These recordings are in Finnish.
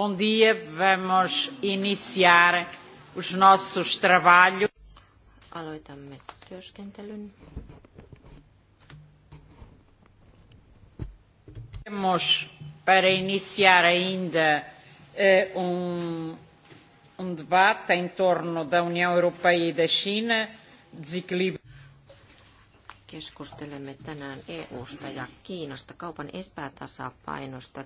Bom dia, vamos iniciar os nossos trabalhos. Aloitamme työskentelyn. Temos para iniciar ainda eh, um, um debate em torno da União Europeia e da China, desequilíbrio. Keskustelemme tänään EU-sta ja Kiinasta kaupan epätasapainosta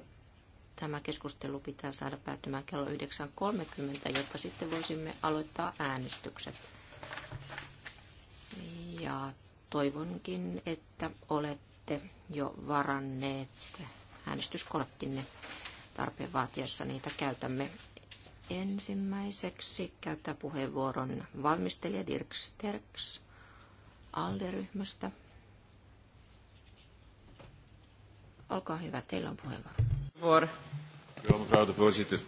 Tämä keskustelu pitää saada päättymään kello 9.30, jotta sitten voisimme aloittaa äänestykset. Ja toivonkin, että olette jo varanneet äänestyskorttinne tarpeen vaatiessa niitä käytämme. Ensimmäiseksi käyttää puheenvuoron valmistelija Dirk Sterks ALDE-ryhmästä. Olkaa hyvä, teillä on puheenvuoro. Voor. Joo, mevrouw de voorzitter.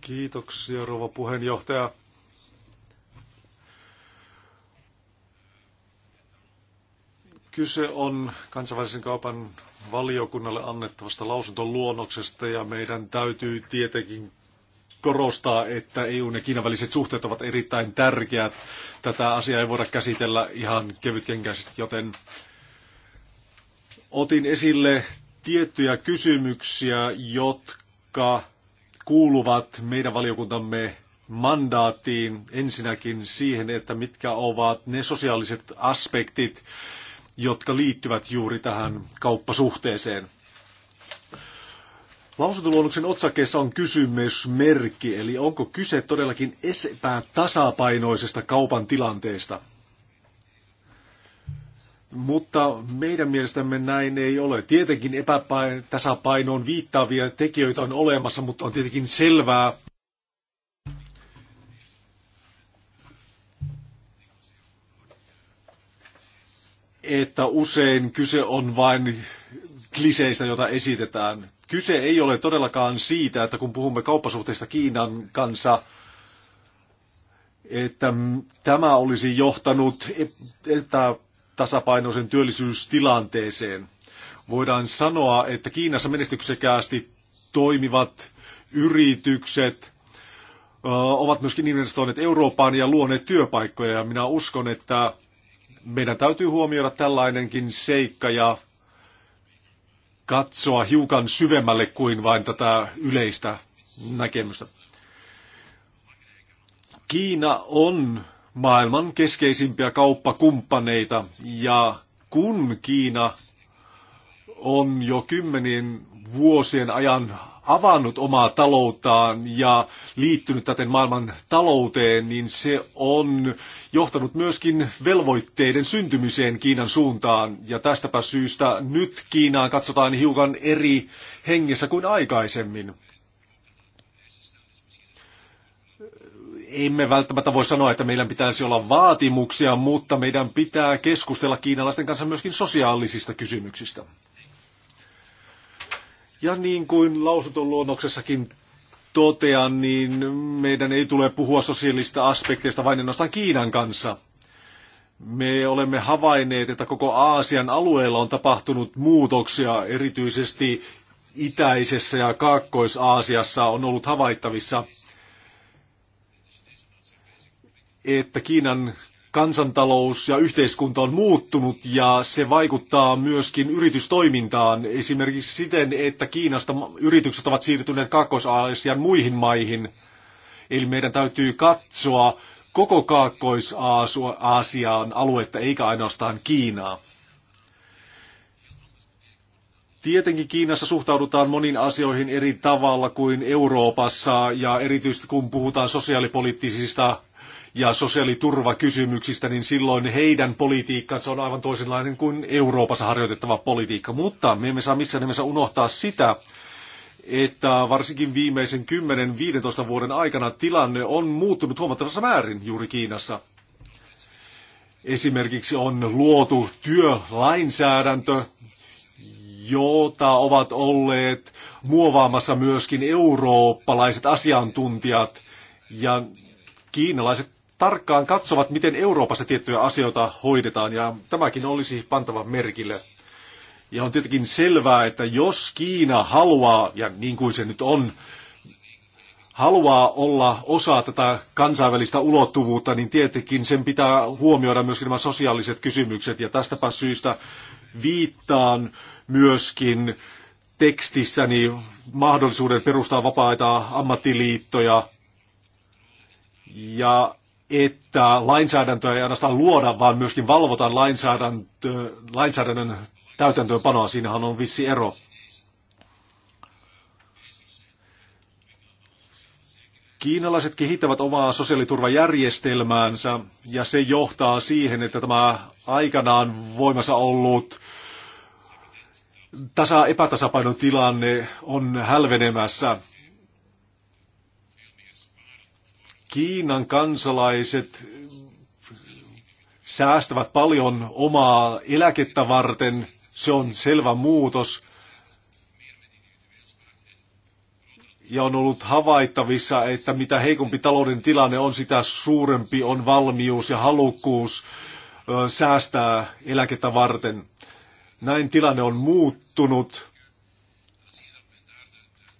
Kiitoksia, rouva puheenjohtaja. Kyse on kansainvälisen kaupan valiokunnalle annettavasta lausuntoluonnoksesta ja meidän täytyy tietenkin korostaa, että EUn ja Kiinan väliset suhteet ovat erittäin tärkeät. Tätä asiaa ei voida käsitellä ihan kevytkenkäisesti, joten otin esille tiettyjä kysymyksiä, jotka kuuluvat meidän valiokuntamme mandaattiin ensinnäkin siihen, että mitkä ovat ne sosiaaliset aspektit, jotka liittyvät juuri tähän kauppasuhteeseen. Lausuntoluonnoksen otsakeessa on kysymysmerkki, eli onko kyse todellakin epätasapainoisesta kaupan tilanteesta. Mutta meidän mielestämme näin ei ole. Tietenkin epätasapainoon viittaavia tekijöitä on olemassa, mutta on tietenkin selvää, että usein kyse on vain kliseistä, joita esitetään. Kyse ei ole todellakaan siitä, että kun puhumme kauppasuhteista Kiinan kanssa, että tämä olisi johtanut e- että tasapainoisen työllisyystilanteeseen. Voidaan sanoa, että Kiinassa menestyksekäästi toimivat yritykset ovat myöskin investoineet Eurooppaan ja luoneet työpaikkoja. Ja minä uskon, että meidän täytyy huomioida tällainenkin seikka ja katsoa hiukan syvemmälle kuin vain tätä yleistä näkemystä. Kiina on maailman keskeisimpiä kauppakumppaneita. Ja kun Kiina on jo kymmenien vuosien ajan avannut omaa talouttaan ja liittynyt täten maailman talouteen, niin se on johtanut myöskin velvoitteiden syntymiseen Kiinan suuntaan. Ja tästäpä syystä nyt Kiinaan katsotaan hiukan eri hengessä kuin aikaisemmin. emme välttämättä voi sanoa, että meillä pitäisi olla vaatimuksia, mutta meidän pitää keskustella kiinalaisten kanssa myöskin sosiaalisista kysymyksistä. Ja niin kuin luonnoksessakin totean, niin meidän ei tule puhua sosiaalista aspekteista vain ainoastaan Kiinan kanssa. Me olemme havainneet, että koko Aasian alueella on tapahtunut muutoksia, erityisesti itäisessä ja kaakkois-Aasiassa on ollut havaittavissa – että Kiinan kansantalous ja yhteiskunta on muuttunut ja se vaikuttaa myöskin yritystoimintaan esimerkiksi siten, että Kiinasta yritykset ovat siirtyneet Kaakkois-Aasian muihin maihin. Eli meidän täytyy katsoa koko Kaakkois-Aasian aluetta eikä ainoastaan Kiinaa. Tietenkin Kiinassa suhtaudutaan moniin asioihin eri tavalla kuin Euroopassa ja erityisesti kun puhutaan sosiaalipoliittisista ja sosiaaliturvakysymyksistä, niin silloin heidän politiikkansa on aivan toisenlainen kuin Euroopassa harjoitettava politiikka. Mutta me emme saa missään nimessä unohtaa sitä, että varsinkin viimeisen 10-15 vuoden aikana tilanne on muuttunut huomattavassa määrin juuri Kiinassa. Esimerkiksi on luotu työlainsäädäntö, jota ovat olleet muovaamassa myöskin eurooppalaiset asiantuntijat ja kiinalaiset tarkkaan katsovat, miten Euroopassa tiettyjä asioita hoidetaan, ja tämäkin olisi pantava merkille. Ja on tietenkin selvää, että jos Kiina haluaa, ja niin kuin se nyt on, haluaa olla osa tätä kansainvälistä ulottuvuutta, niin tietenkin sen pitää huomioida myös nämä sosiaaliset kysymykset. Ja tästäpä syystä viittaan myöskin tekstissäni mahdollisuuden perustaa vapaita ammattiliittoja ja että lainsäädäntöä ei ainoastaan luoda, vaan myöskin valvotaan lainsäädäntö, lainsäädännön täytäntöönpanoa. Siinähän on vissi ero. Kiinalaiset kehittävät omaa sosiaaliturvajärjestelmäänsä ja se johtaa siihen, että tämä aikanaan voimassa ollut tasa-epätasapainon tilanne on hälvenemässä. Kiinan kansalaiset säästävät paljon omaa eläkettä varten. Se on selvä muutos. Ja on ollut havaittavissa, että mitä heikompi talouden tilanne on, sitä suurempi on valmius ja halukkuus säästää eläkettä varten. Näin tilanne on muuttunut.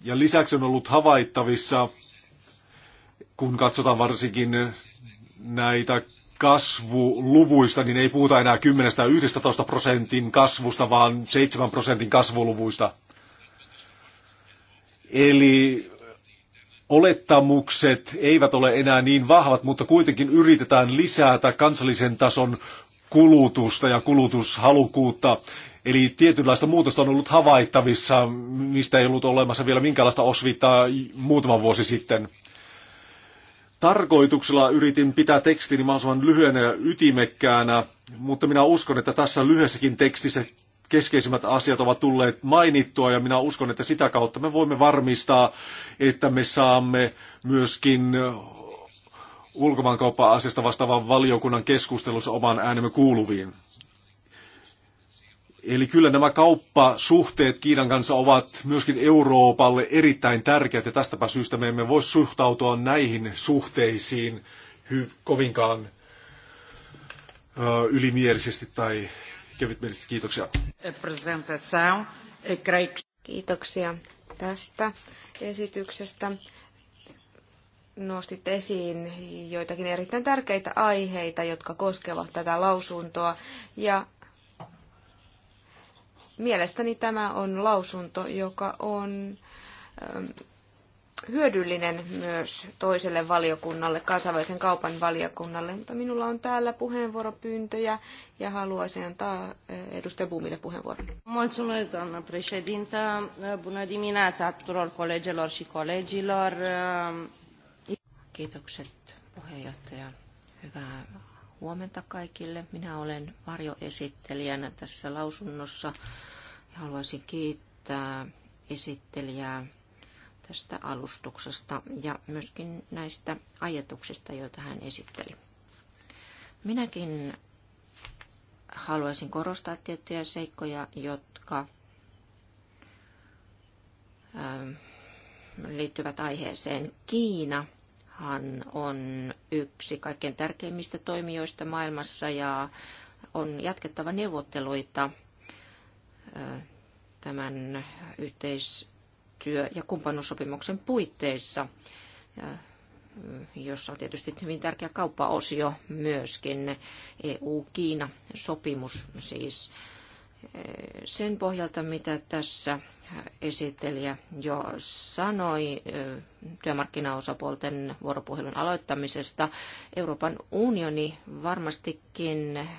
Ja lisäksi on ollut havaittavissa, kun katsotaan varsinkin näitä kasvuluvuista, niin ei puhuta enää 10-11 prosentin kasvusta, vaan 7 prosentin kasvuluvuista. Eli olettamukset eivät ole enää niin vahvat, mutta kuitenkin yritetään lisätä kansallisen tason kulutusta ja kulutushalukkuutta. Eli tietynlaista muutosta on ollut havaittavissa, mistä ei ollut olemassa vielä minkälaista osvittaa muutama vuosi sitten tarkoituksella yritin pitää tekstini mahdollisimman lyhyenä ja ytimekkäänä, mutta minä uskon, että tässä lyhyessäkin tekstissä keskeisimmät asiat ovat tulleet mainittua ja minä uskon, että sitä kautta me voimme varmistaa, että me saamme myöskin ulkomaankauppa-asiasta vastaavan valiokunnan keskustelussa oman äänemme kuuluviin. Eli kyllä nämä kauppasuhteet Kiinan kanssa ovat myöskin Euroopalle erittäin tärkeät ja tästäpä syystä me emme voi suhtautua näihin suhteisiin hy- kovinkaan ö, ylimielisesti tai kevytmielisesti. Kiitoksia. Eh, Kiitoksia tästä esityksestä. Nostit esiin joitakin erittäin tärkeitä aiheita, jotka koskevat tätä lausuntoa ja Mielestäni tämä on lausunto, joka on ähm, hyödyllinen myös toiselle valiokunnalle, kansainvälisen kaupan valiokunnalle, mutta minulla on täällä puheenvuoropyyntöjä ja haluaisin antaa äh, edustaja Bumille puheenvuoron. Mulțumesc, doamnă președintă. Bună dimineața tuturor colegilor și colegilor. Kiitokset puheenjohtaja. Hyvää huomenta kaikille. Minä olen varjoesittelijänä tässä lausunnossa ja haluaisin kiittää esittelijää tästä alustuksesta ja myöskin näistä ajatuksista, joita hän esitteli. Minäkin haluaisin korostaa tiettyjä seikkoja, jotka ähm, liittyvät aiheeseen. Kiina – hän on yksi kaikkein tärkeimmistä toimijoista maailmassa ja on jatkettava neuvotteluita tämän yhteistyö- ja kumppanuussopimuksen puitteissa, jossa on tietysti hyvin tärkeä kauppaosio myöskin, EU-Kiina-sopimus siis. Sen pohjalta, mitä tässä esittelijä jo sanoi työmarkkinaosapuolten vuoropuhelun aloittamisesta. Euroopan unioni varmastikin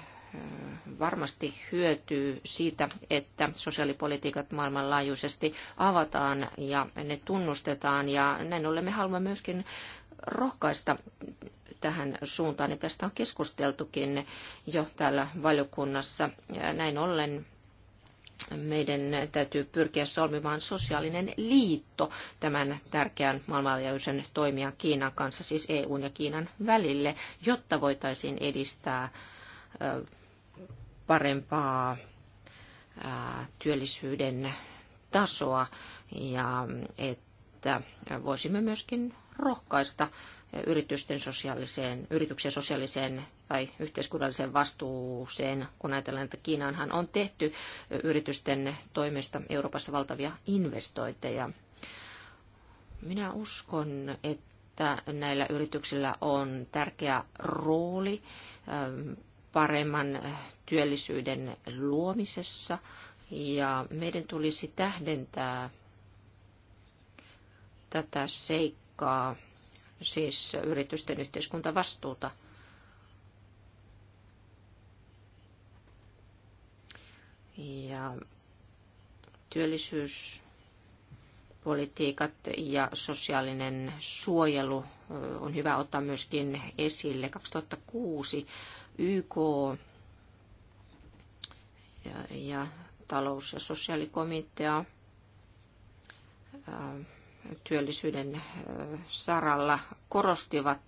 varmasti hyötyy siitä, että sosiaalipolitiikat maailmanlaajuisesti avataan ja ne tunnustetaan. Ja näin ollen me haluamme myöskin rohkaista tähän suuntaan. Ja tästä on keskusteltukin jo täällä valiokunnassa. Ja näin ollen meidän täytyy pyrkiä solmimaan sosiaalinen liitto tämän tärkeän maailmanlaajuisen toimijan Kiinan kanssa, siis EUn ja Kiinan välille, jotta voitaisiin edistää parempaa työllisyyden tasoa ja että voisimme myöskin rohkaista yritysten sosiaaliseen, yrityksen sosiaaliseen tai yhteiskunnalliseen vastuuseen, kun ajatellaan, että Kiinaanhan on tehty yritysten toimesta Euroopassa valtavia investointeja. Minä uskon, että näillä yrityksillä on tärkeä rooli ähm, paremman työllisyyden luomisessa ja meidän tulisi tähdentää tätä seikkaa, siis yritysten yhteiskuntavastuuta – ja työllisyyspolitiikat ja sosiaalinen suojelu on hyvä ottaa myöskin esille. 2006 YK ja, ja talous- ja sosiaalikomitea työllisyyden saralla korostivat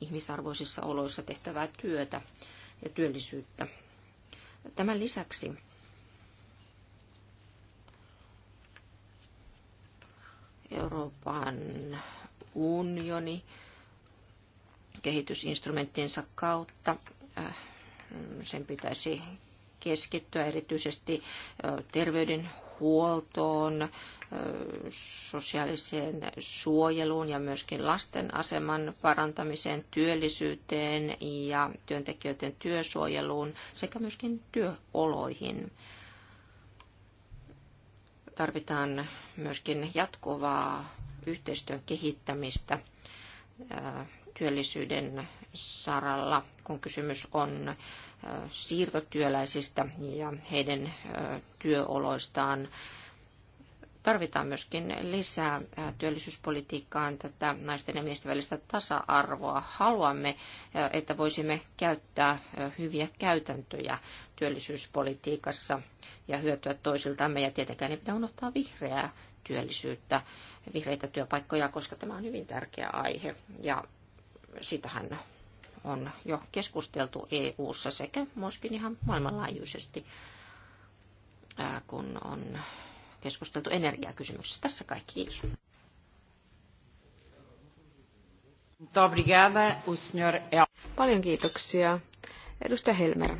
ihmisarvoisissa oloissa tehtävää työtä ja työllisyyttä. Tämän lisäksi Euroopan unioni kehitysinstrumenttinsa kautta. Äh, sen pitäisi keskittyä erityisesti äh, terveyden huoltoon, sosiaaliseen suojeluun ja myöskin lasten aseman parantamiseen, työllisyyteen ja työntekijöiden työsuojeluun sekä myöskin työoloihin. Tarvitaan myöskin jatkuvaa yhteistyön kehittämistä työllisyyden saralla, kun kysymys on siirtotyöläisistä ja heidän työoloistaan. Tarvitaan myöskin lisää työllisyyspolitiikkaan tätä naisten ja miesten välistä tasa-arvoa. Haluamme, että voisimme käyttää hyviä käytäntöjä työllisyyspolitiikassa ja hyötyä toisiltamme. Ja tietenkään ei pidä unohtaa vihreää työllisyyttä, vihreitä työpaikkoja, koska tämä on hyvin tärkeä aihe. Ja sitähän on jo keskusteltu EU-ssa sekä myöskin ihan maailmanlaajuisesti, kun on keskusteltu energiakysymyksistä. Tässä kaikki. Kiitos. Paljon kiitoksia. Edustaja Helmer.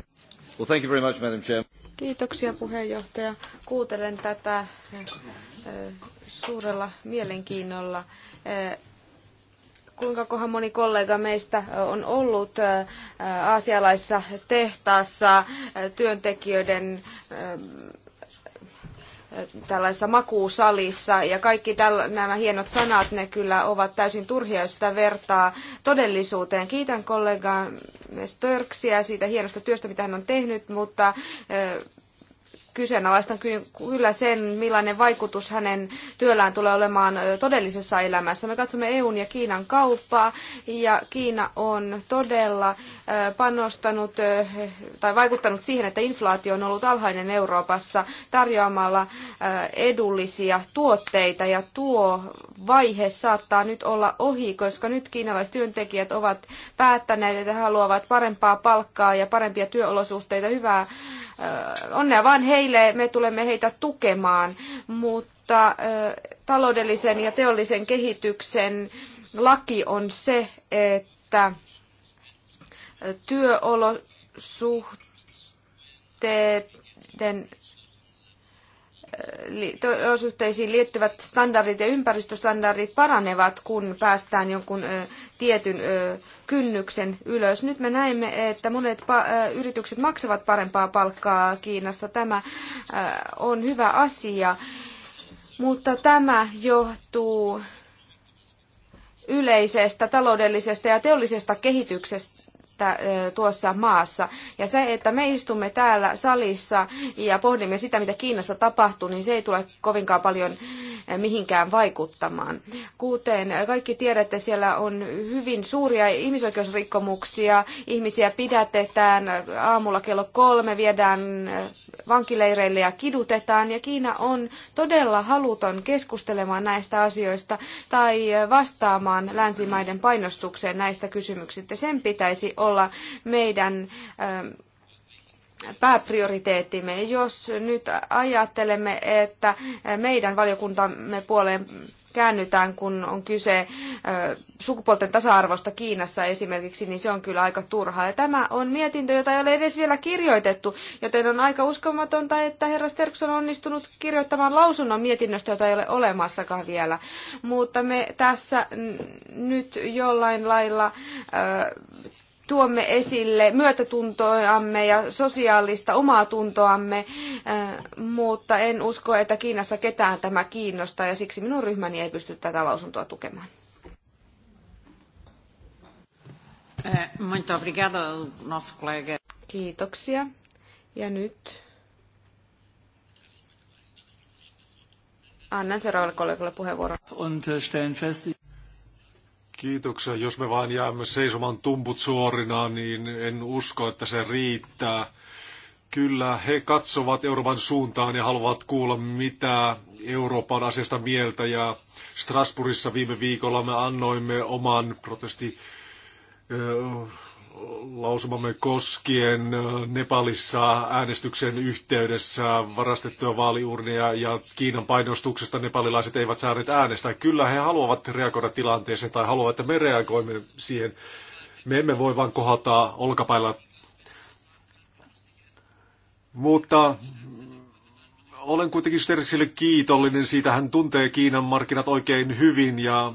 Well, thank you very much, Madam Chair. Kiitoksia puheenjohtaja. Kuuntelen tätä suurella mielenkiinnolla kuinka kohan moni kollega meistä on ollut aasialaisessa tehtaassa työntekijöiden tällaisessa makuusalissa ja kaikki täl, nämä hienot sanat, ne kyllä ovat täysin turhia, jos sitä vertaa todellisuuteen. Kiitän kollegaa Störksiä siitä hienosta työstä, mitä hän on tehnyt, mutta kyseenalaistan kyllä sen, millainen vaikutus hänen työllään tulee olemaan todellisessa elämässä. Me katsomme EUn ja Kiinan kauppaa ja Kiina on todella panostanut tai vaikuttanut siihen, että inflaatio on ollut alhainen Euroopassa tarjoamalla edullisia tuotteita ja tuo vaihe saattaa nyt olla ohi, koska nyt kiinalaiset työntekijät ovat päättäneet, että he haluavat parempaa palkkaa ja parempia työolosuhteita, hyvää onnea vaan heille, me tulemme heitä tukemaan, mutta taloudellisen ja teollisen kehityksen laki on se, että työolosuhteiden olosuhteisiin liittyvät standardit ja ympäristöstandardit paranevat, kun päästään jonkun tietyn kynnyksen ylös. Nyt me näemme, että monet yritykset maksavat parempaa palkkaa Kiinassa. Tämä on hyvä asia, mutta tämä johtuu yleisestä taloudellisesta ja teollisesta kehityksestä tuossa maassa. Ja se, että me istumme täällä salissa ja pohdimme sitä, mitä Kiinassa tapahtuu, niin se ei tule kovinkaan paljon Eh, mihinkään vaikuttamaan. Kuten kaikki tiedätte, siellä on hyvin suuria ihmisoikeusrikkomuksia. Ihmisiä pidätetään aamulla kello kolme, viedään eh, vankileireille ja kidutetaan. Ja Kiina on todella haluton keskustelemaan näistä asioista tai vastaamaan länsimaiden painostukseen näistä kysymyksistä. Sen pitäisi olla meidän eh, pääprioriteettimme. Jos nyt ajattelemme, että meidän valiokuntamme puoleen käännytään, kun on kyse sukupuolten tasa-arvosta Kiinassa esimerkiksi, niin se on kyllä aika turhaa. Ja tämä on mietintö, jota ei ole edes vielä kirjoitettu, joten on aika uskomatonta, että herra Sterks on onnistunut kirjoittamaan lausunnon mietinnöstä, jota ei ole olemassakaan vielä. Mutta me tässä nyt jollain lailla tuomme esille myötätuntoamme ja sosiaalista omaa tuntoamme, äh, mutta en usko, että Kiinassa ketään tämä kiinnostaa ja siksi minun ryhmäni ei pysty tätä lausuntoa tukemaan. Eh, muito nosso colega. Kiitoksia. Ja nyt annan seuraavalle kollegalle puheenvuoron. Äh, Kiitoksia. Jos me vain jäämme seisomaan tumput suorina, niin en usko, että se riittää. Kyllä, he katsovat Euroopan suuntaan ja haluavat kuulla, mitä Euroopan asiasta mieltä. Ja Strasbourgissa viime viikolla me annoimme oman protesti lausumamme koskien äh, Nepalissa äänestyksen yhteydessä varastettua vaaliurnia ja Kiinan painostuksesta nepalilaiset eivät saaneet äänestää. Kyllä he haluavat reagoida tilanteeseen tai haluavat, että me reagoimme siihen. Me emme voi vain kohottaa olkapailla. Mutta olen kuitenkin Sterksille kiitollinen siitä. Hän tuntee Kiinan markkinat oikein hyvin ja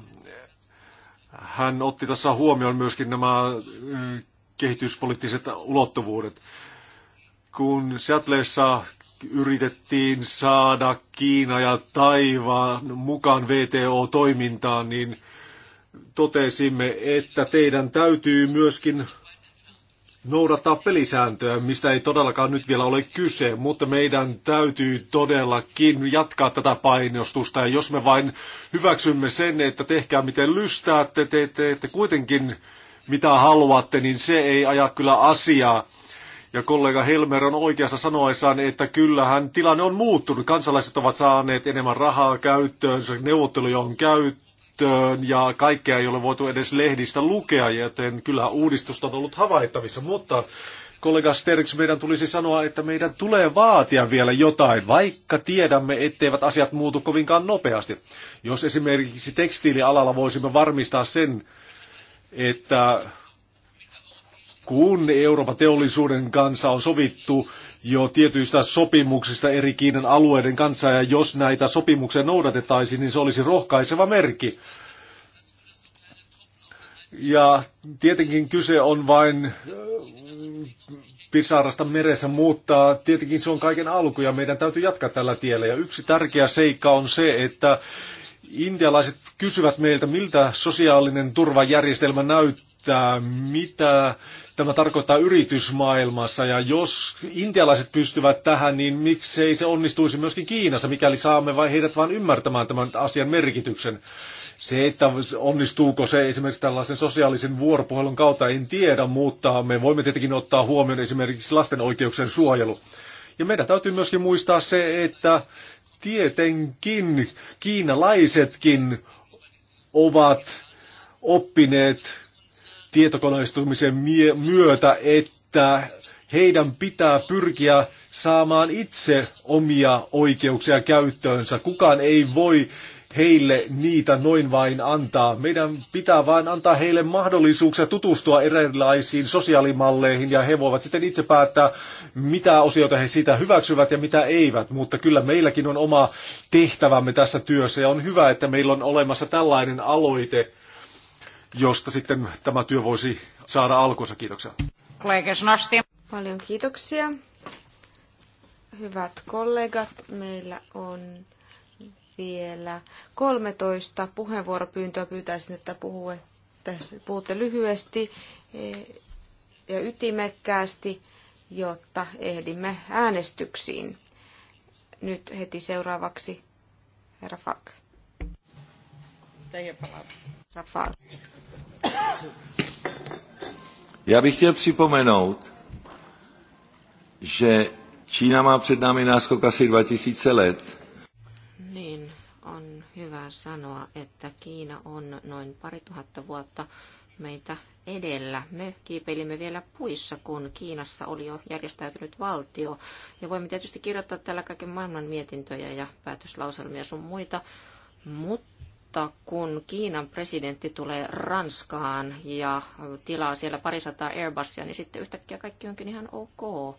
hän otti tässä huomioon myöskin nämä mm, kehityspoliittiset ulottuvuudet. Kun Seattleissa yritettiin saada Kiina ja Taivaan mukaan VTO-toimintaan, niin totesimme, että teidän täytyy myöskin noudattaa pelisääntöä, mistä ei todellakaan nyt vielä ole kyse, mutta meidän täytyy todellakin jatkaa tätä painostusta. Ja jos me vain hyväksymme sen, että tehkää miten lystäätte, te teette kuitenkin mitä haluatte, niin se ei aja kyllä asiaa. Ja kollega Helmer on oikeassa sanoessaan, että kyllähän tilanne on muuttunut. Kansalaiset ovat saaneet enemmän rahaa käyttöön, neuvotteluja on käyttöön ja kaikkea ei ole voitu edes lehdistä lukea, joten kyllä uudistusta on ollut havaittavissa. Mutta kollega Sterks, meidän tulisi sanoa, että meidän tulee vaatia vielä jotain, vaikka tiedämme, etteivät asiat muutu kovinkaan nopeasti. Jos esimerkiksi tekstiilialalla voisimme varmistaa sen, että kun Euroopan teollisuuden kanssa on sovittu jo tietyistä sopimuksista eri Kiinan alueiden kanssa, ja jos näitä sopimuksia noudatettaisiin, niin se olisi rohkaiseva merkki. Ja tietenkin kyse on vain äh, pisarasta meressä, mutta tietenkin se on kaiken alku ja meidän täytyy jatkaa tällä tiellä. Ja yksi tärkeä seikka on se, että Intialaiset kysyvät meiltä, miltä sosiaalinen turvajärjestelmä näyttää, mitä tämä tarkoittaa yritysmaailmassa. Ja jos intialaiset pystyvät tähän, niin miksei se onnistuisi myöskin Kiinassa, mikäli saamme vai heidät vain ymmärtämään tämän asian merkityksen. Se, että onnistuuko se esimerkiksi tällaisen sosiaalisen vuoropuhelun kautta, en tiedä, mutta me voimme tietenkin ottaa huomioon esimerkiksi lasten oikeuksien suojelu. Ja meidän täytyy myöskin muistaa se, että tietenkin kiinalaisetkin ovat oppineet tietokoneistumisen myötä, että heidän pitää pyrkiä saamaan itse omia oikeuksia käyttöönsä. Kukaan ei voi heille niitä noin vain antaa. Meidän pitää vain antaa heille mahdollisuuksia tutustua erilaisiin sosiaalimalleihin ja he voivat sitten itse päättää, mitä osioita he sitä hyväksyvät ja mitä eivät. Mutta kyllä meilläkin on oma tehtävämme tässä työssä ja on hyvä, että meillä on olemassa tällainen aloite, josta sitten tämä työ voisi saada alkuunsa. Kiitoksia. nosti. Paljon kiitoksia. Hyvät kollegat, meillä on vielä 13 puheenvuoropyyntöä. Pyytäisin, että puhuette, puhutte lyhyesti eh, ja ytimekkäästi, jotta ehdimme äänestyksiin. Nyt heti seuraavaksi herra Falk. Herra Já bych chtěl připomenout, že Čína má před námi náskok asi 2000 let voidaan sanoa, että Kiina on noin pari tuhatta vuotta meitä edellä. Me kiipeilimme vielä puissa, kun Kiinassa oli jo järjestäytynyt valtio. Ja voimme tietysti kirjoittaa täällä kaiken maailman mietintöjä ja päätöslauselmia sun muita, mutta kun Kiinan presidentti tulee Ranskaan ja tilaa siellä parisataa Airbusia, niin sitten yhtäkkiä kaikki onkin ihan ok.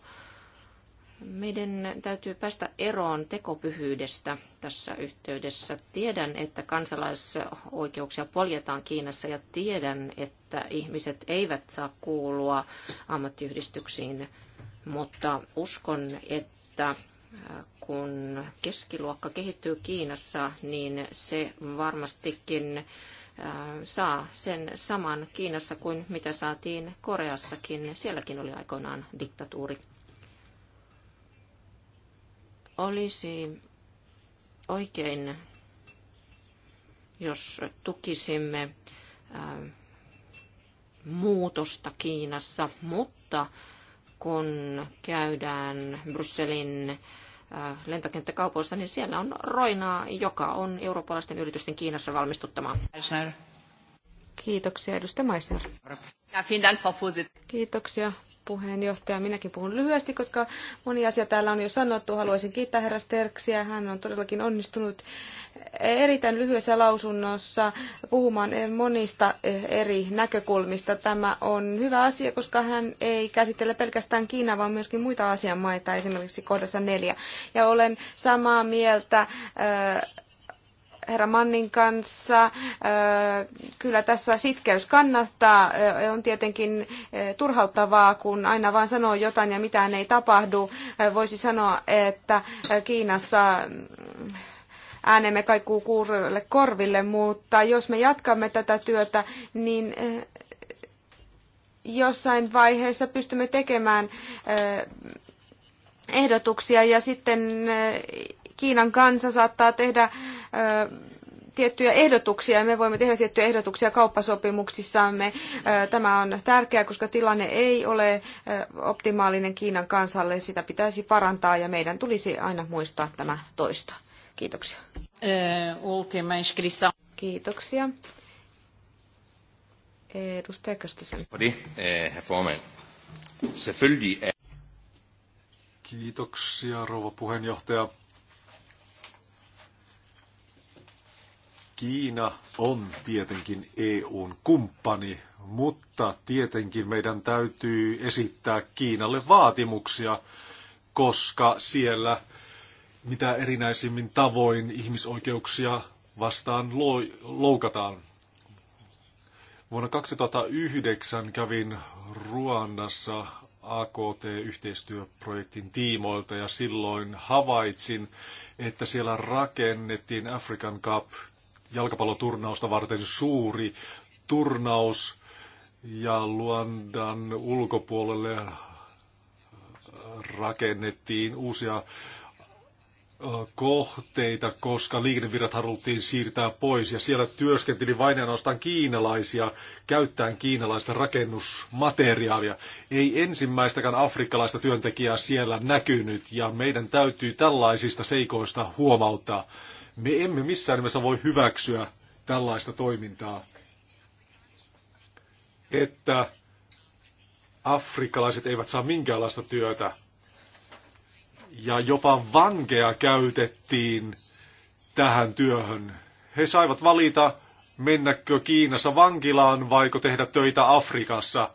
Meidän täytyy päästä eroon tekopyhyydestä tässä yhteydessä. Tiedän, että kansalaisoikeuksia poljetaan Kiinassa ja tiedän, että ihmiset eivät saa kuulua ammattiyhdistyksiin, mutta uskon, että äh, kun keskiluokka kehittyy Kiinassa, niin se varmastikin äh, saa sen saman Kiinassa kuin mitä saatiin Koreassakin. Sielläkin oli aikoinaan diktatuuri. Olisi oikein, jos tukisimme äh, muutosta Kiinassa, mutta kun käydään Brysselin äh, lentokenttäkaupoissa, niin siellä on roinaa, joka on eurooppalaisten yritysten Kiinassa valmistuttama. Kiitoksia, edustaja Meissner. Kiitoksia, puheenjohtaja. Minäkin puhun lyhyesti, koska moni asia täällä on jo sanottu. Haluaisin kiittää herra Sterksiä. Hän on todellakin onnistunut erittäin lyhyessä lausunnossa puhumaan monista eri näkökulmista. Tämä on hyvä asia, koska hän ei käsittele pelkästään Kiinaa, vaan myöskin muita asianmaita, esimerkiksi kohdassa neljä. Ja olen samaa mieltä äh, herra Mannin kanssa. Kyllä tässä sitkeys kannattaa. On tietenkin turhauttavaa, kun aina vain sanoo jotain ja mitään ei tapahdu. Voisi sanoa, että Kiinassa mm, äänemme kaikuu kuurille korville, mutta jos me jatkamme tätä työtä, niin jossain vaiheessa pystymme tekemään ehdotuksia ja sitten Kiinan kansa saattaa tehdä tiettyjä ehdotuksia ja me voimme tehdä tiettyjä ehdotuksia kauppasopimuksissamme. Tämä on tärkeää, koska tilanne ei ole optimaalinen Kiinan kansalle. Sitä pitäisi parantaa ja meidän tulisi aina muistaa tämä toista. Kiitoksia. Kiitoksia. Edustaja Köstisen. Eh, er- Kiitoksia, rouva puheenjohtaja. Kiina on tietenkin EUn kumppani, mutta tietenkin meidän täytyy esittää Kiinalle vaatimuksia, koska siellä mitä erinäisimmin tavoin ihmisoikeuksia vastaan loukataan. Vuonna 2009 kävin Ruandassa AKT-yhteistyöprojektin tiimoilta ja silloin havaitsin, että siellä rakennettiin African Cup jalkapalloturnausta varten suuri turnaus ja Luandan ulkopuolelle rakennettiin uusia kohteita, koska liikennevirrat haluttiin siirtää pois ja siellä työskenteli vain ainoastaan kiinalaisia käyttäen kiinalaista rakennusmateriaalia. Ei ensimmäistäkään afrikkalaista työntekijää siellä näkynyt ja meidän täytyy tällaisista seikoista huomauttaa. Me emme missään nimessä voi hyväksyä tällaista toimintaa, että afrikkalaiset eivät saa minkäänlaista työtä ja jopa vankeja käytettiin tähän työhön. He saivat valita, mennäkö Kiinassa vankilaan vaiko tehdä töitä Afrikassa.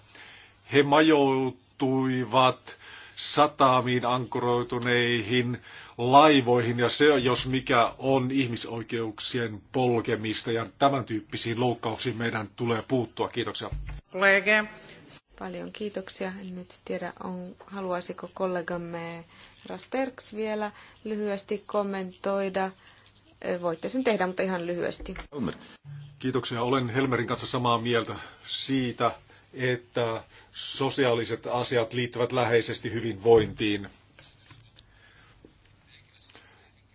He majoutuivat satamiin ankkuroituneihin laivoihin, ja se, jos mikä on ihmisoikeuksien polkemista, ja tämän tyyppisiin loukkauksiin meidän tulee puuttua. Kiitoksia. Kollega. Paljon kiitoksia. En nyt tiedä, on, haluaisiko kollegamme Rasterks vielä lyhyesti kommentoida. Eh, voitte sen tehdä, mutta ihan lyhyesti. Kiitoksia. Olen Helmerin kanssa samaa mieltä siitä, että sosiaaliset asiat liittyvät läheisesti hyvinvointiin.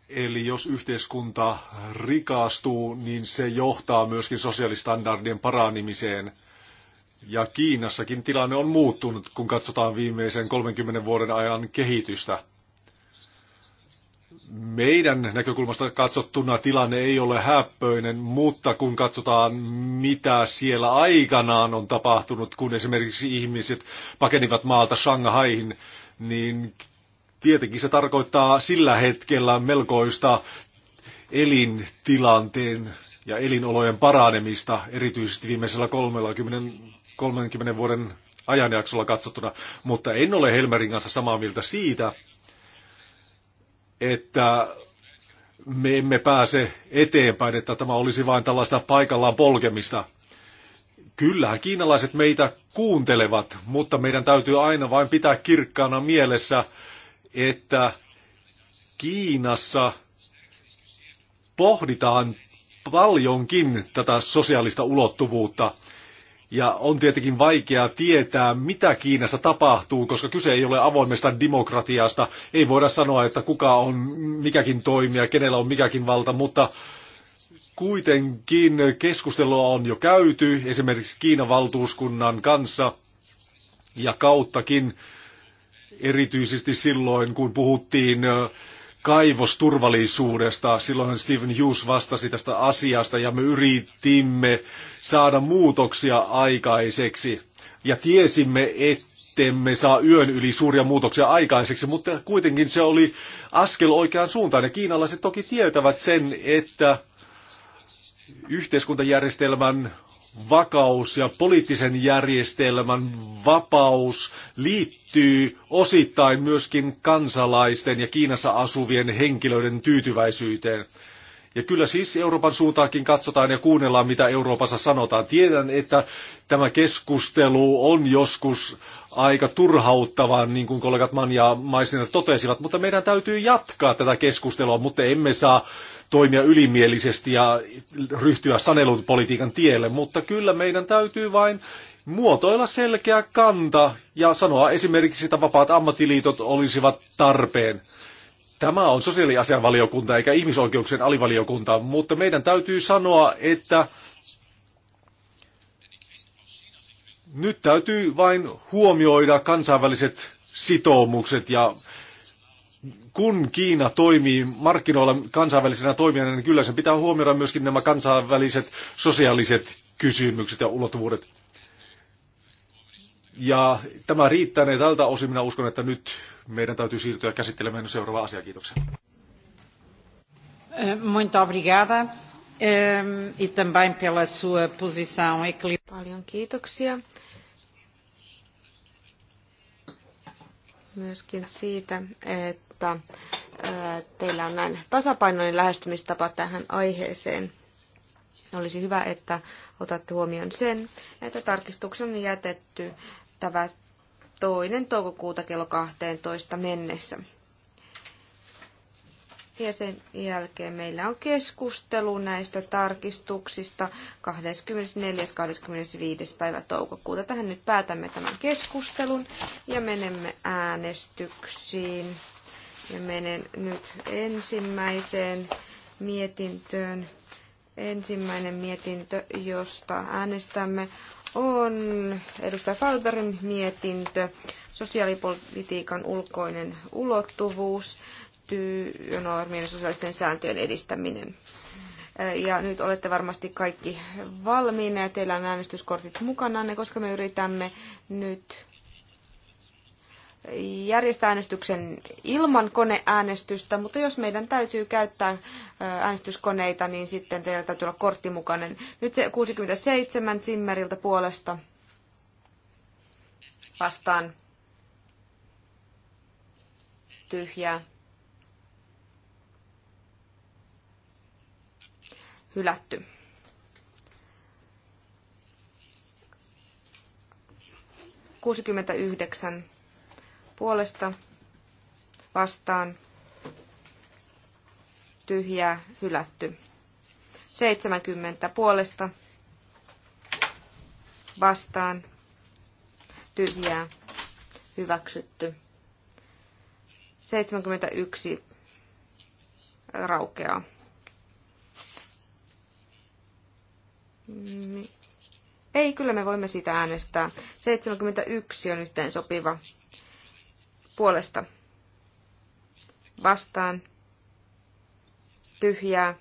Eli jos yhteiskunta rikastuu, niin se johtaa myöskin sosiaalistandardien paranimiseen. Ja Kiinassakin tilanne on muuttunut, kun katsotaan viimeisen 30 vuoden ajan kehitystä meidän näkökulmasta katsottuna tilanne ei ole häppöinen, mutta kun katsotaan, mitä siellä aikanaan on tapahtunut, kun esimerkiksi ihmiset pakenivat maalta Shanghaihin, niin tietenkin se tarkoittaa sillä hetkellä melkoista elintilanteen ja elinolojen paranemista, erityisesti viimeisellä 30, 30 vuoden ajanjaksolla katsottuna, mutta en ole Helmerin kanssa samaa mieltä siitä, että me emme pääse eteenpäin, että tämä olisi vain tällaista paikallaan polkemista. Kyllähän kiinalaiset meitä kuuntelevat, mutta meidän täytyy aina vain pitää kirkkaana mielessä, että Kiinassa pohditaan paljonkin tätä sosiaalista ulottuvuutta – ja on tietenkin vaikeaa tietää, mitä Kiinassa tapahtuu, koska kyse ei ole avoimesta demokratiasta. Ei voida sanoa, että kuka on mikäkin toimija, kenellä on mikäkin valta, mutta kuitenkin keskustelua on jo käyty esimerkiksi Kiinan valtuuskunnan kanssa ja kauttakin erityisesti silloin, kun puhuttiin kaivosturvallisuudesta. Silloin Stephen Hughes vastasi tästä asiasta ja me yritimme saada muutoksia aikaiseksi. Ja tiesimme, ettemme saa yön yli suuria muutoksia aikaiseksi, mutta kuitenkin se oli askel oikeaan suuntaan. Ja kiinalaiset toki tietävät sen, että yhteiskuntajärjestelmän vakaus ja poliittisen järjestelmän vapaus liittyy osittain myöskin kansalaisten ja Kiinassa asuvien henkilöiden tyytyväisyyteen. Ja kyllä siis Euroopan suuntaakin katsotaan ja kuunnellaan, mitä Euroopassa sanotaan. Tiedän, että tämä keskustelu on joskus aika turhauttavan, niin kuin kollegat Man ja Maisner totesivat, mutta meidän täytyy jatkaa tätä keskustelua, mutta emme saa toimia ylimielisesti ja ryhtyä sanelun politiikan tielle, mutta kyllä meidän täytyy vain muotoilla selkeä kanta ja sanoa esimerkiksi, että vapaat ammattiliitot olisivat tarpeen. Tämä on sosiaaliasianvaliokunta eikä ihmisoikeuksien alivaliokunta, mutta meidän täytyy sanoa, että nyt täytyy vain huomioida kansainväliset sitoumukset ja kun Kiina toimii markkinoilla kansainvälisenä toimijana, niin kyllä sen pitää huomioida myöskin nämä kansainväliset sosiaaliset kysymykset ja ulottuvuudet. Ja tämä riittää, ja tältä osin minä uskon, että nyt meidän täytyy siirtyä käsittelemään seuraavaa asiaa. Kiitoksia. Eh, muito obrigada. Eh, e também pela sua posição equilibrada. Paljon kiitoksia myöskin siitä, että teillä on näin tasapainoinen lähestymistapa tähän aiheeseen. Olisi hyvä, että otatte huomioon sen, että tarkistuksen on jätetty toinen toukokuuta kello 12 mennessä. Ja sen jälkeen meillä on keskustelu näistä tarkistuksista 24.–25. päivä toukokuuta. Tähän nyt päätämme tämän keskustelun ja menemme äänestyksiin. Ja menen nyt ensimmäiseen mietintöön. Ensimmäinen mietintö, josta äänestämme, on edustaja Falberin mietintö, sosiaalipolitiikan ulkoinen ulottuvuus työnormien ja sosiaalisten sääntöjen edistäminen. Ja nyt olette varmasti kaikki valmiina ja teillä on äänestyskortit mukana, koska me yritämme nyt järjestää äänestyksen ilman koneäänestystä, mutta jos meidän täytyy käyttää äänestyskoneita, niin sitten teillä täytyy olla kortti mukainen. Nyt se 67 Simmeriltä puolesta vastaan tyhjää hylätty. Kuusikymmentäyhdeksän puolesta vastaan tyhjää hylätty. 70 puolesta vastaan tyhjää hyväksytty. 71 raukeaa. Mm, ei, kyllä me voimme sitä äänestää. 71 on yhteen sopiva puolesta. Vastaan. Tyhjää.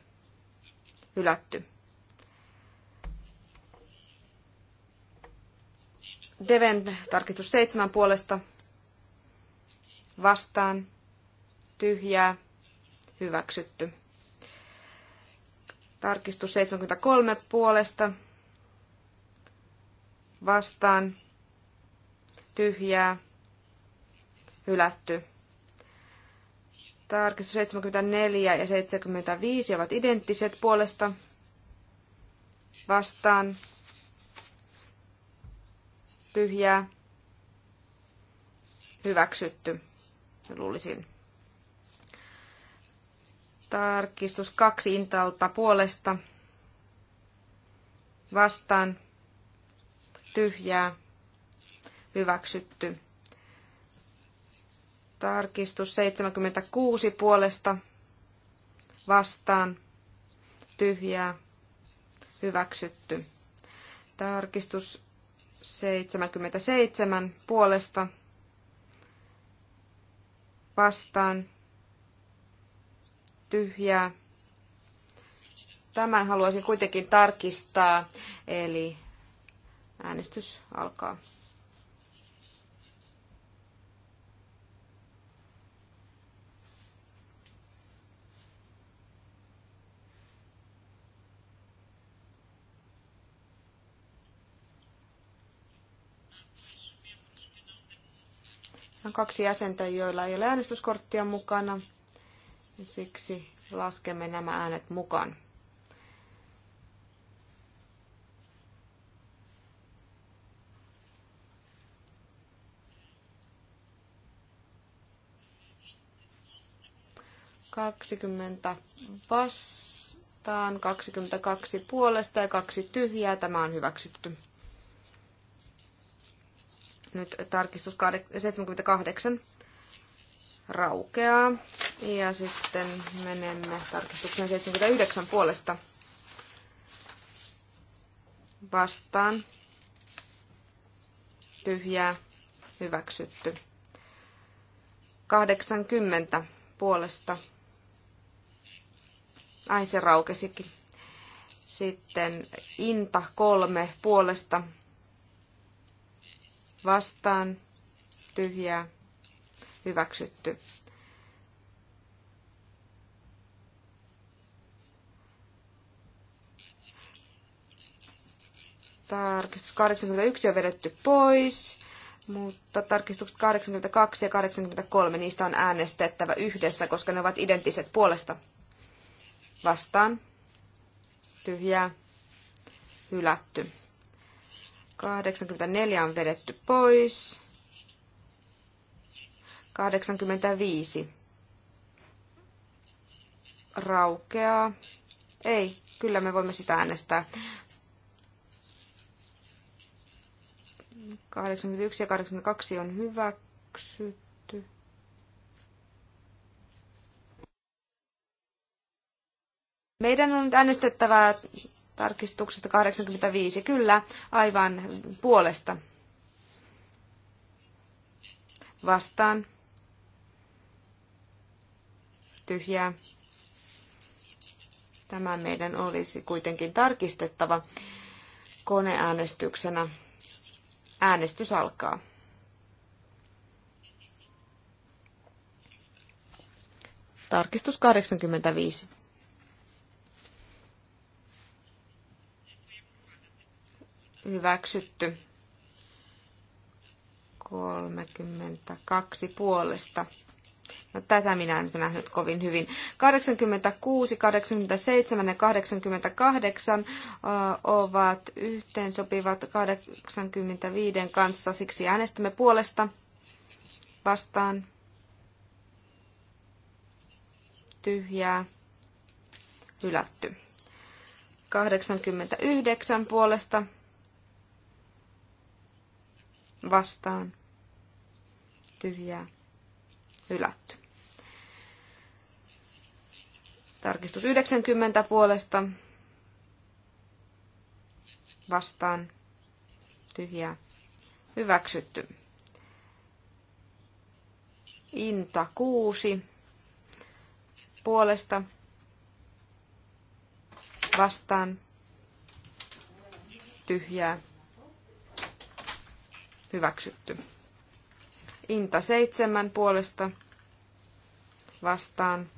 Hylätty. Deven tarkistus seitsemän puolesta. Vastaan. Tyhjää. Hyväksytty. Tarkistus 73 puolesta vastaan tyhjää hylätty. Tarkistus 74 ja 75 ovat identtiset puolesta vastaan tyhjää hyväksytty, luulisin. Tarkistus kaksi intalta puolesta. Vastaan. Tyhjää. Hyväksytty. Tarkistus 76 puolesta. Vastaan. Tyhjää. Hyväksytty. Tarkistus 77 puolesta. Vastaan tyhjää. Tämän haluaisin kuitenkin tarkistaa, eli äänestys alkaa. on kaksi jäsentä, joilla ei ole äänestyskorttia mukana. Siksi laskemme nämä äänet mukaan. Kaksikymmentä vastaan, 22 puolesta ja kaksi tyhjää. Tämä on hyväksytty. Nyt tarkistus 78 raukeaa. Ja sitten menemme tarkistukseen 79 puolesta vastaan. Tyhjää, hyväksytty. 80 puolesta. Ai se raukesikin. Sitten Inta kolme puolesta vastaan tyhjää hyväksytty. Tarkistus 81 on vedetty pois, mutta tarkistukset 82 ja 83, niistä on äänestettävä yhdessä, koska ne ovat identtiset puolesta. Vastaan. Tyhjää. Hylätty. 84 on vedetty pois. 85 raukeaa. Ei, kyllä me voimme sitä äänestää. 81 ja 82 on hyväksytty. Meidän on nyt äänestettävää tarkistuksesta 85, kyllä, aivan puolesta. Vastaan tyhjää. Tämä meidän olisi kuitenkin tarkistettava koneäänestyksenä. Äänestys alkaa. Tarkistus 85. Hyväksytty. 32 puolesta No, tätä minä en nähnyt kovin hyvin. 86, 87 ja 88 ovat yhteen sopivat 85 kanssa, siksi äänestämme puolesta vastaan tyhjää hylätty. 89 puolesta vastaan tyhjää hylätty. Tarkistus 90 puolesta vastaan tyhjää hyväksytty. Inta 6 puolesta vastaan tyhjää hyväksytty. Inta 7 puolesta vastaan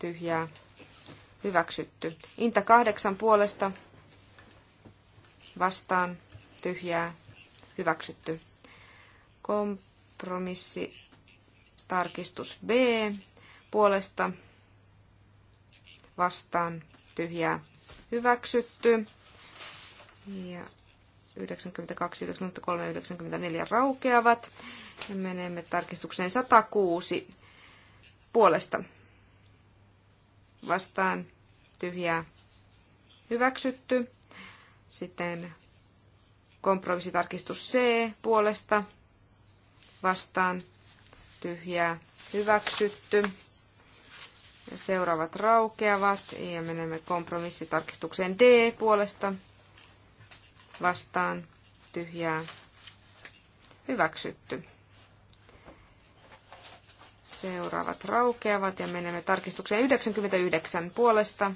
tyhjää hyväksytty. Inta kahdeksan puolesta vastaan tyhjää hyväksytty. Kompromissi tarkistus B puolesta vastaan tyhjää hyväksytty. Ja 92, 93, 94 raukeavat. Ja menemme tarkistukseen 106 puolesta vastaan tyhjää hyväksytty. Sitten kompromissitarkistus C puolesta vastaan tyhjää hyväksytty. Ja seuraavat raukeavat ja menemme kompromissitarkistukseen D puolesta vastaan tyhjää hyväksytty. Seuraavat raukeavat ja menemme tarkistukseen 99 puolesta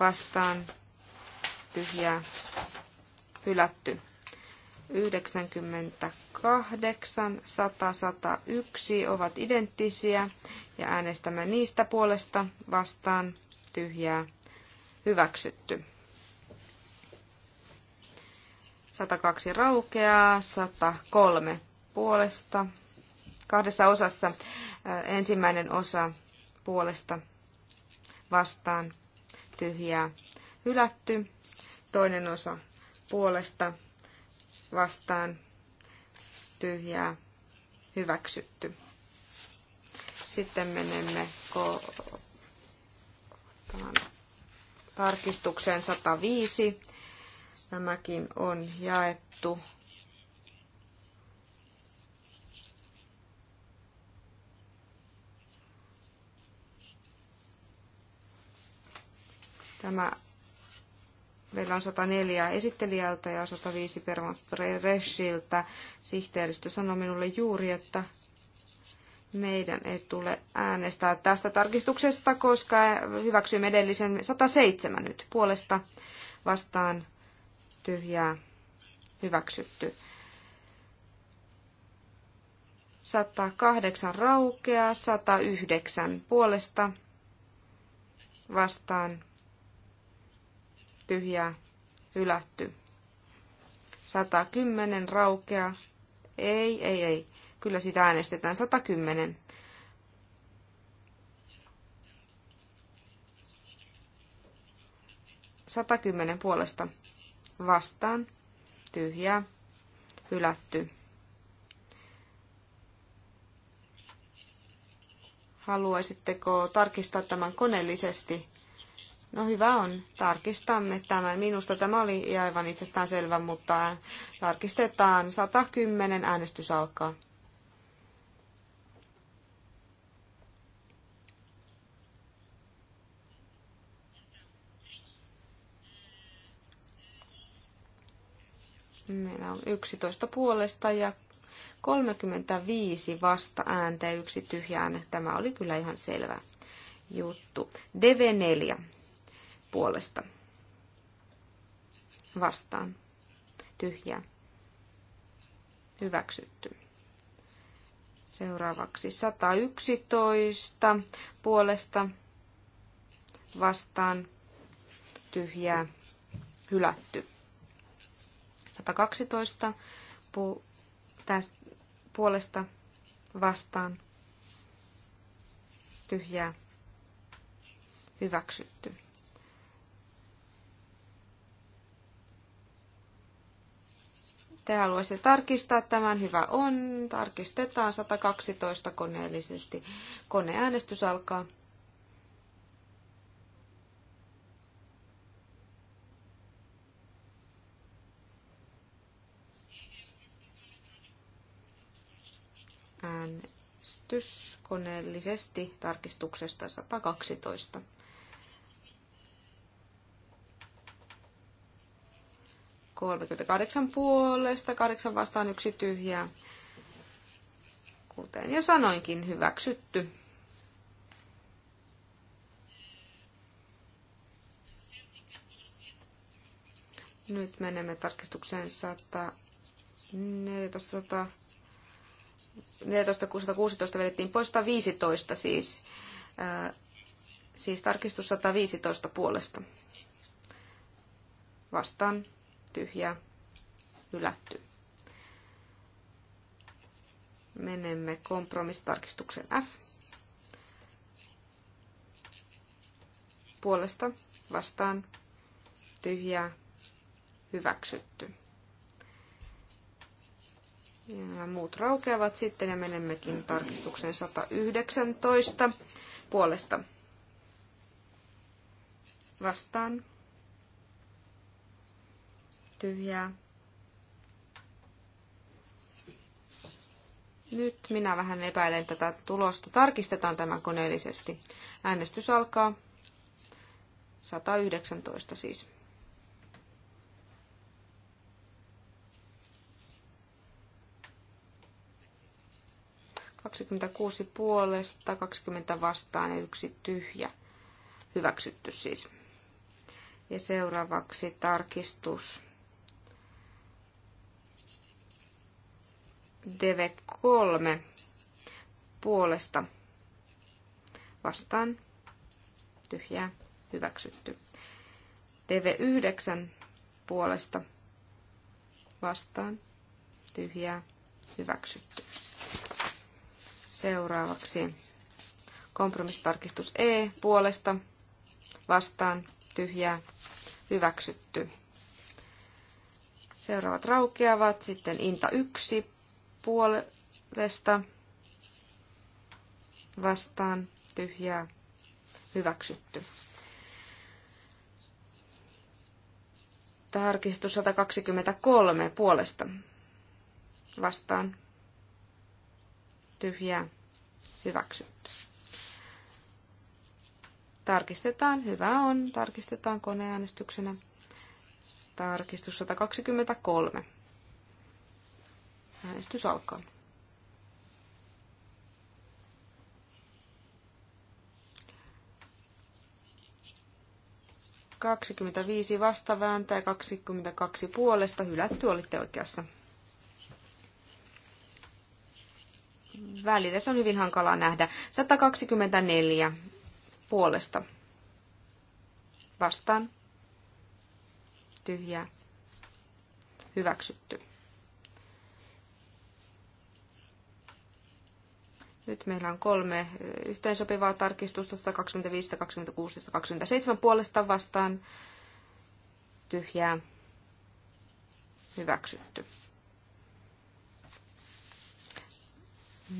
vastaan tyhjää hylätty. 98, 100, 101 ovat identtisiä ja äänestämme niistä puolesta vastaan tyhjää hyväksytty. 102 raukeaa, 103 puolesta kahdessa osassa. Ensimmäinen osa puolesta vastaan tyhjää hylätty. Toinen osa puolesta vastaan tyhjää hyväksytty. Sitten menemme ko- tarkistukseen 105. Nämäkin on jaettu Tämä Meillä on 104 esittelijältä ja 105 Perman Freshiltä. Sihteeristö sanoi minulle juuri, että meidän ei tule äänestää tästä tarkistuksesta, koska hyväksyimme edellisen 107 nyt puolesta vastaan tyhjää hyväksytty. 108 raukeaa, 109 puolesta vastaan tyhjää, hylätty. 110 raukea. Ei, ei, ei. Kyllä sitä äänestetään. 110. Satakymmenen puolesta vastaan. Tyhjä. Hylätty. Haluaisitteko tarkistaa tämän koneellisesti? No hyvä on, tarkistamme tämän. Minusta tämä oli aivan itsestään selvä, mutta tarkistetaan. 110 äänestys alkaa. Meillä on 11 puolesta ja 35 vasta ääntä ja yksi tyhjään. Tämä oli kyllä ihan selvä juttu. DV4 puolesta. Vastaan. tyhjä Hyväksytty. Seuraavaksi 111 puolesta vastaan tyhjää hylätty. 112 pu- tästä puolesta vastaan tyhjää hyväksytty. te haluaisitte tarkistaa tämän, hyvä on. Tarkistetaan 112 koneellisesti. Koneäänestys alkaa. Äänestys koneellisesti tarkistuksesta 112. 38 puolesta, 8 vastaan yksi tyhjää. Kuten jo sanoinkin, hyväksytty. Nyt menemme tarkistukseen 114, 14, vedettiin pois 115 siis, äh, siis tarkistus 115 puolesta. Vastaan tyhjä, hylätty. Menemme kompromissitarkistuksen F. Puolesta vastaan tyhjä, hyväksytty. Ja nämä muut raukeavat sitten ja menemmekin tarkistukseen 119 puolesta vastaan tyhjää. Nyt minä vähän epäilen tätä tulosta. Tarkistetaan tämä koneellisesti. Äänestys alkaa. 119 siis. Kaksikymmentäkuusi puolesta, 20 vastaan ja yksi tyhjä. Hyväksytty siis. Ja seuraavaksi tarkistus DV3 puolesta vastaan tyhjää hyväksytty. DV9 puolesta vastaan tyhjää hyväksytty. Seuraavaksi kompromissitarkistus E puolesta vastaan tyhjää hyväksytty. Seuraavat raukeavat, sitten Inta 1 puolesta vastaan tyhjää hyväksytty. Tarkistus 123 puolesta vastaan tyhjää hyväksytty. Tarkistetaan, hyvä on, tarkistetaan koneäänestyksenä. Tarkistus 123. Äänestys alkaa. Kaksikymmentäviisi vastavääntä ja 22 puolesta. Hylätty olitte oikeassa. Välillä se on hyvin hankalaa nähdä. 124 puolesta. Vastaan. Tyhjää. Hyväksytty. Nyt meillä on kolme yhteensopivaa tarkistusta, 125, 126 ja 127 puolesta vastaan. Tyhjää. Hyväksytty.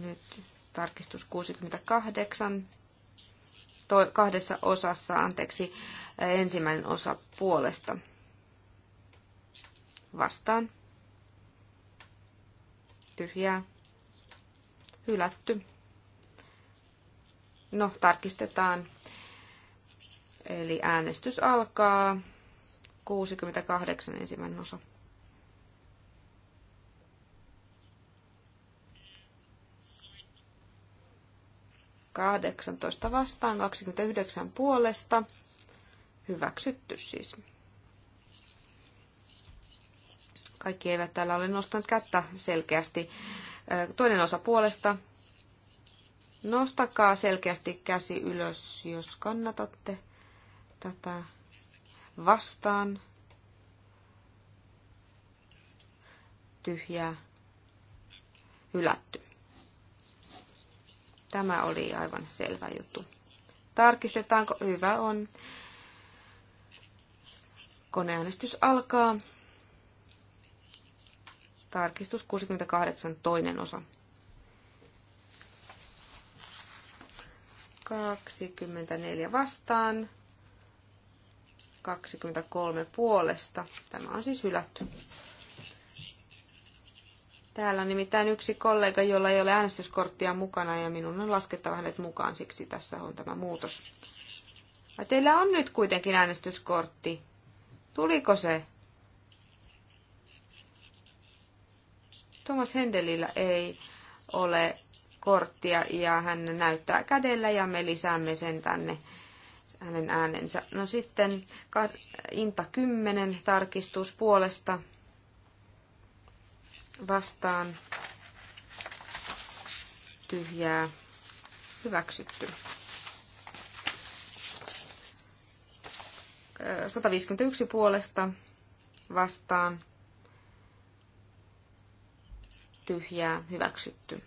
Nyt tarkistus 68 to, kahdessa osassa, anteeksi, ensimmäinen osa puolesta vastaan. Tyhjää. Hylätty. No, tarkistetaan. Eli äänestys alkaa. 68 ensimmäinen osa. Kahdeksantoista vastaan, 29 puolesta. Hyväksytty siis. Kaikki eivät täällä ole nostaneet kättä selkeästi. Toinen osa puolesta Nostakaa selkeästi käsi ylös, jos kannatatte tätä vastaan. Tyhjää. Hylätty. Tämä oli aivan selvä juttu. Tarkistetaanko? Hyvä on. Koneäänestys alkaa. Tarkistus 68, toinen osa. 24 vastaan, 23 puolesta. Tämä on siis hylätty. Täällä on nimittäin yksi kollega, jolla ei ole äänestyskorttia mukana ja minun on laskettava hänet mukaan, siksi tässä on tämä muutos. Ja teillä on nyt kuitenkin äänestyskortti. Tuliko se? Thomas Hendelillä ei ole korttia ja hän näyttää kädellä ja me lisäämme sen tänne hänen äänensä. No sitten Inta 10 tarkistus puolesta vastaan tyhjää hyväksytty. 151 puolesta vastaan tyhjää hyväksytty.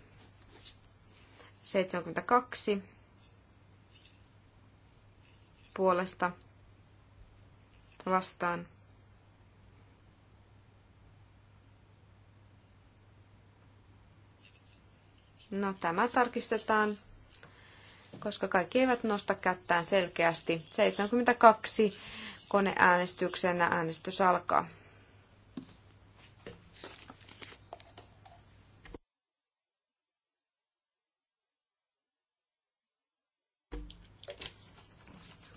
72 puolesta vastaan. No tämä tarkistetaan, koska kaikki eivät nosta kättään selkeästi. 72 koneäänestyksenä äänestys alkaa.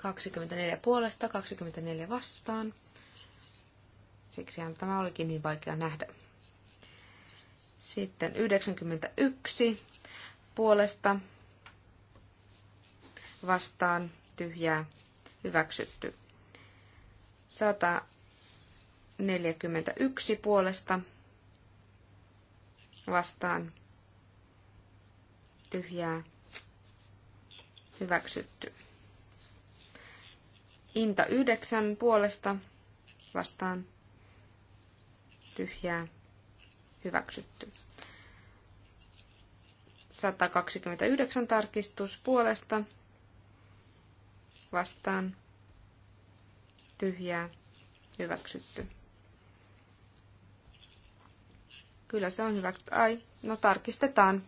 24 puolesta, 24 vastaan. Siksi tämä olikin niin vaikea nähdä. Sitten 91 puolesta vastaan tyhjää hyväksytty. 141 puolesta vastaan tyhjää hyväksytty. Inta yhdeksän puolesta vastaan tyhjää hyväksytty. 129 tarkistus puolesta vastaan tyhjää hyväksytty. Kyllä se on hyväksytty. Ai, no tarkistetaan.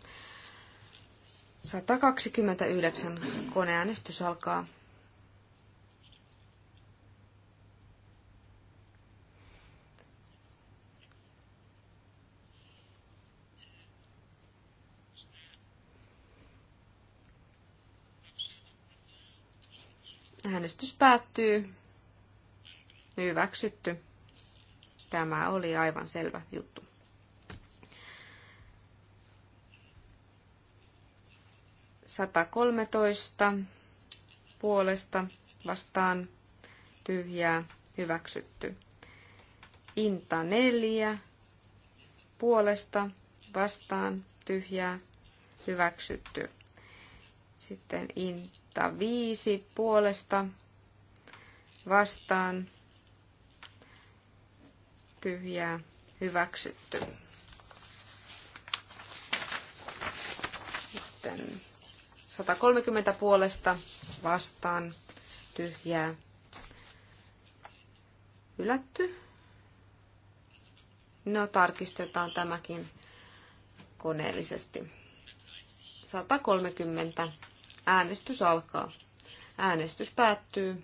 129 koneäänestys alkaa. Äänestys päättyy. Hyväksytty. Tämä oli aivan selvä juttu. Sata kolmetoista puolesta vastaan tyhjää hyväksytty. Inta neljä puolesta vastaan tyhjää hyväksytty. Sitten inta viisi puolesta vastaan tyhjää hyväksytty. Sitten 130 puolesta vastaan tyhjää hylätty. No tarkistetaan tämäkin koneellisesti. 130 Äänestys alkaa. Äänestys päättyy.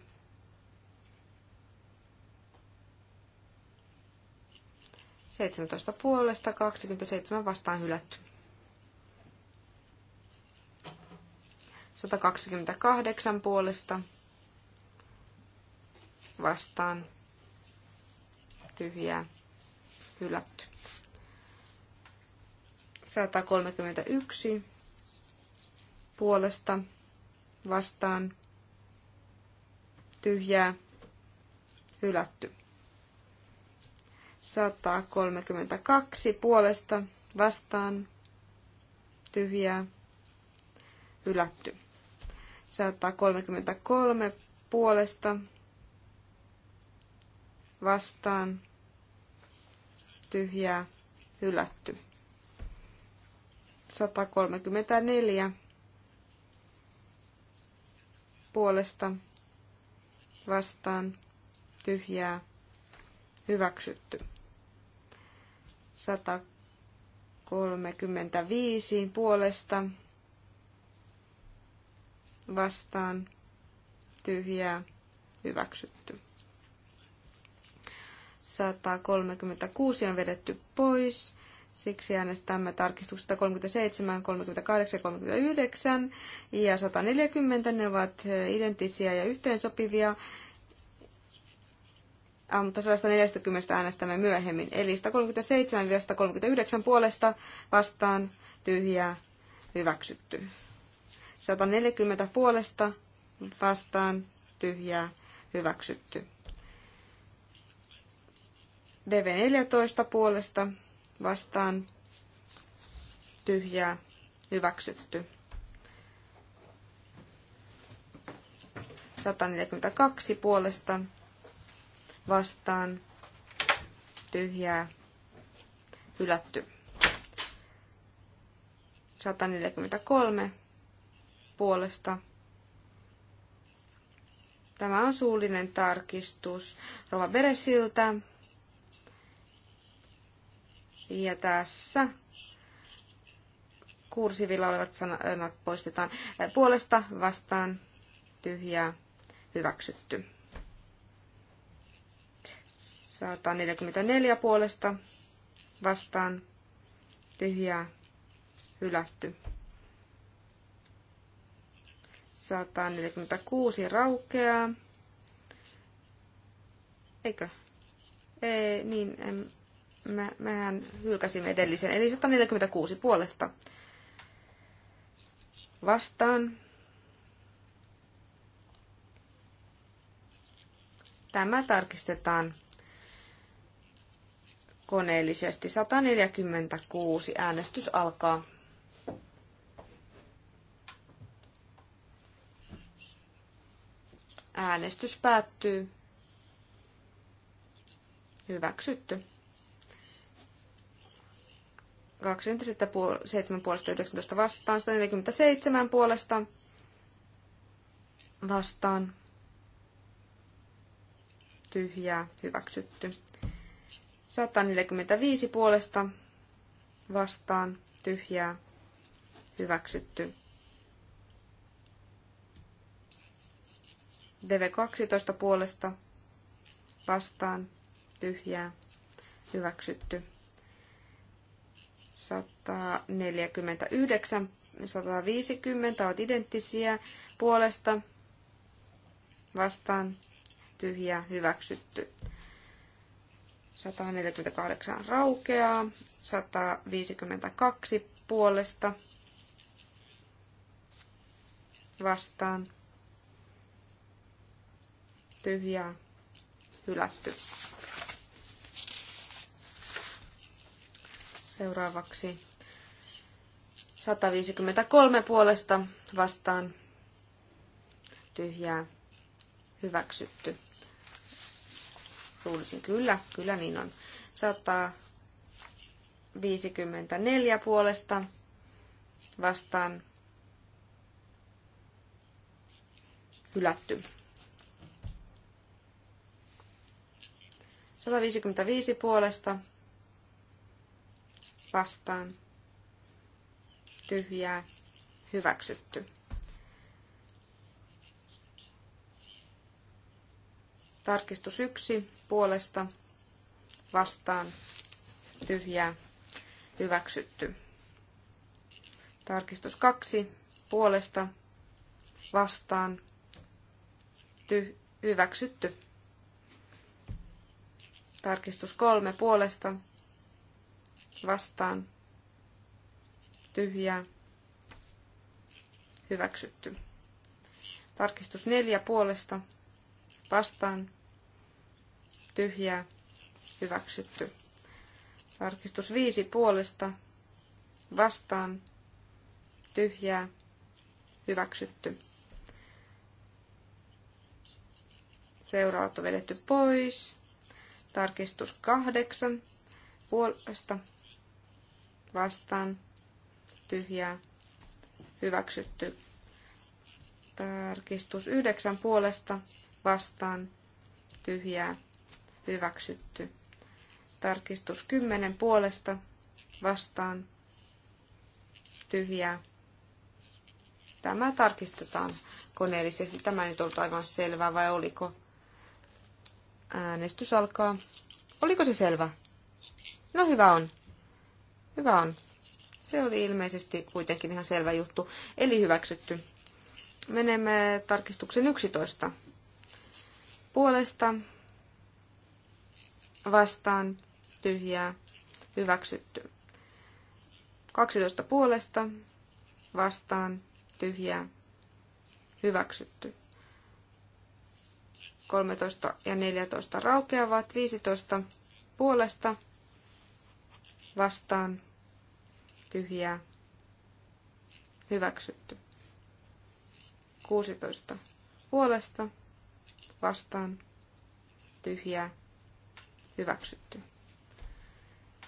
Seitsemäntoista puolesta, 27 vastaan hylätty. 128 puolesta vastaan tyhjää hylätty. 131 puolesta vastaan tyhjää hylätty. 132 puolesta vastaan tyhjää hylätty. 133 puolesta vastaan tyhjää hylätty. 134 puolesta vastaan tyhjää hyväksytty. 135 puolesta vastaan tyhjää hyväksytty. 136 on vedetty pois. Siksi äänestämme tarkistuksesta 37, 38 ja 39 ja 140. Ne ovat e, identtisiä ja yhteensopivia. Ah, mutta 140 äänestämme myöhemmin. Eli 137-139 puolesta vastaan tyhjää hyväksytty. 140 puolesta vastaan tyhjää hyväksytty. DV14 puolesta vastaan tyhjää hyväksytty. 142 puolesta vastaan tyhjää hylätty. 143 puolesta. Tämä on suullinen tarkistus Rova Beresiltä. Ja tässä kursivilla olevat sanat poistetaan. Puolesta vastaan tyhjää hyväksytty. 144 puolesta vastaan tyhjää hylätty. 146 raukeaa. Eikö? Ei, niin, en me, mehän hylkäsimme edellisen, eli 146 puolesta vastaan. Tämä tarkistetaan koneellisesti. 146 äänestys alkaa. Äänestys päättyy. Hyväksytty. 27 puolesta 19 vastaan, 147 puolesta vastaan, tyhjää, hyväksytty. 145 puolesta vastaan, tyhjää, hyväksytty. DV12 puolesta vastaan, tyhjää, hyväksytty. 149, 150 ovat identtisiä puolesta vastaan tyhjä hyväksytty. 148 raukeaa, 152 puolesta vastaan tyhjää hylätty. Seuraavaksi 153 puolesta vastaan tyhjää hyväksytty. Luulisin kyllä, kyllä niin on. 154 puolesta vastaan hylätty. 155 puolesta vastaan tyhjää hyväksytty. Tarkistus 1 puolesta vastaan tyhjää hyväksytty. Tarkistus 2 puolesta vastaan ty- hyväksytty. Tarkistus 3 puolesta vastaan tyhjää hyväksytty. Tarkistus neljä puolesta vastaan tyhjää hyväksytty. Tarkistus viisi puolesta vastaan tyhjää hyväksytty. Seuraavat on vedetty pois. Tarkistus kahdeksan puolesta vastaan tyhjää hyväksytty. Tarkistus yhdeksän puolesta vastaan tyhjää hyväksytty. Tarkistus kymmenen puolesta vastaan tyhjää. Tämä tarkistetaan koneellisesti. Tämä nyt ollut aivan selvää vai oliko? Äänestys alkaa. Oliko se selvä? No hyvä on. Hyvä on. Se oli ilmeisesti kuitenkin ihan selvä juttu. Eli hyväksytty. Menemme tarkistuksen 11. Puolesta vastaan tyhjää hyväksytty. 12 puolesta vastaan tyhjää hyväksytty. 13 ja 14 raukeavat, 15 puolesta vastaan tyhjää, hyväksytty. 16. Puolesta, vastaan, tyhjää, hyväksytty.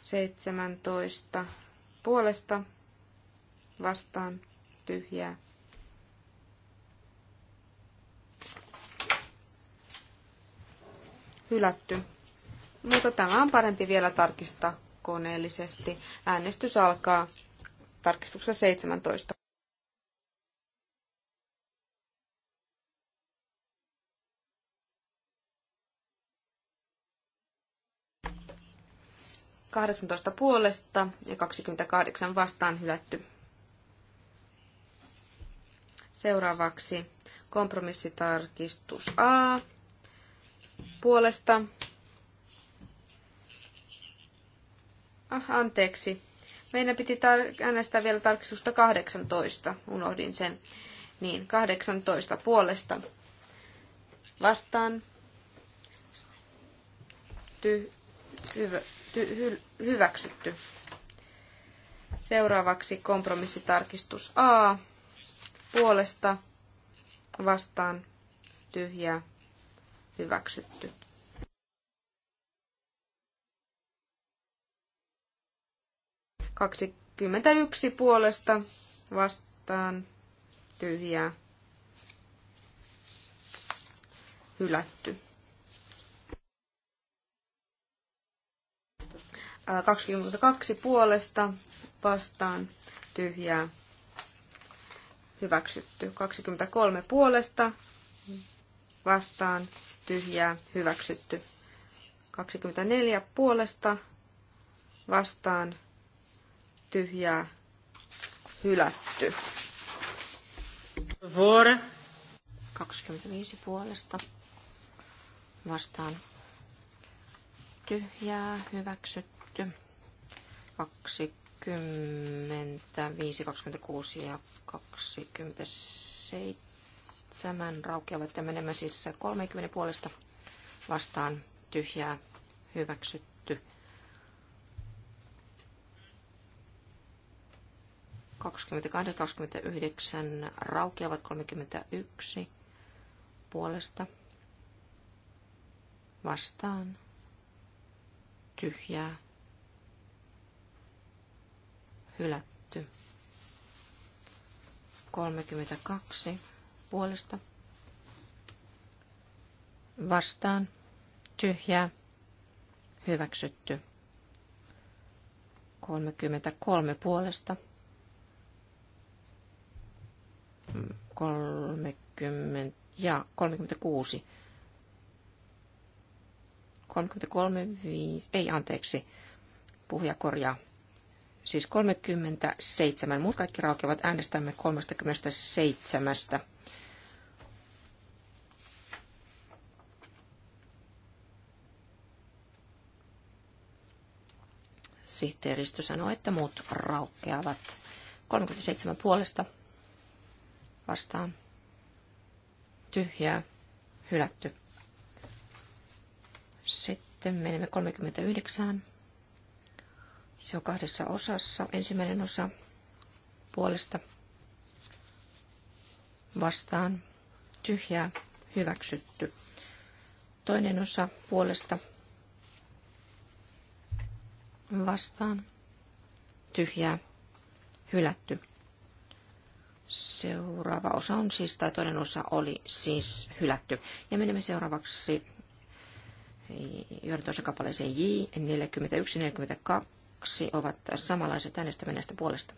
17. Puolesta, vastaan, tyhjää, hylätty. Mutta tämä on parempi vielä tarkistaa koneellisesti. Äänestys alkaa tarkistuksessa 17. Kahdeksantoista puolesta ja 28 vastaan hylätty. Seuraavaksi kompromissitarkistus A puolesta Ah, anteeksi. Meidän piti tar- äänestää vielä tarkistusta 18. Unohdin sen. Niin, 18 puolesta. Vastaan. Ty- hyvä- ty- hy- hyväksytty. Seuraavaksi kompromissitarkistus A. Puolesta. Vastaan. Tyhjää. Hyväksytty. 21 puolesta vastaan tyhjää hylätty. 22 puolesta vastaan tyhjää hyväksytty. 23 puolesta vastaan tyhjää hyväksytty. 24 puolesta vastaan tyhjää hylätty. Vuore. 25 puolesta vastaan tyhjää hyväksytty. 25, 26 ja 27 raukeavat ja menemme siis 30 puolesta vastaan tyhjää hyväksytty. 28, 29 raukeavat 31 puolesta vastaan tyhjää hylätty 32 puolesta vastaan tyhjää hyväksytty 33 puolesta 30 ja 36. 33, 5, ei anteeksi, puhuja korjaa. Siis 37. Muut kaikki raukeavat. Äänestämme 37. Sihteeristö sanoo, että muut raukeavat. 37 puolesta vastaan tyhjää hylätty. Sitten menemme 39. Se on kahdessa osassa. Ensimmäinen osa puolesta vastaan tyhjää hyväksytty. Toinen osa puolesta vastaan tyhjää hylätty. Seuraava osa on siis, tai toinen osa oli siis hylätty. Ja menemme seuraavaksi johdantoisen kappaleeseen J, 41 42 ovat samanlaiset äänestäminestä puolesta.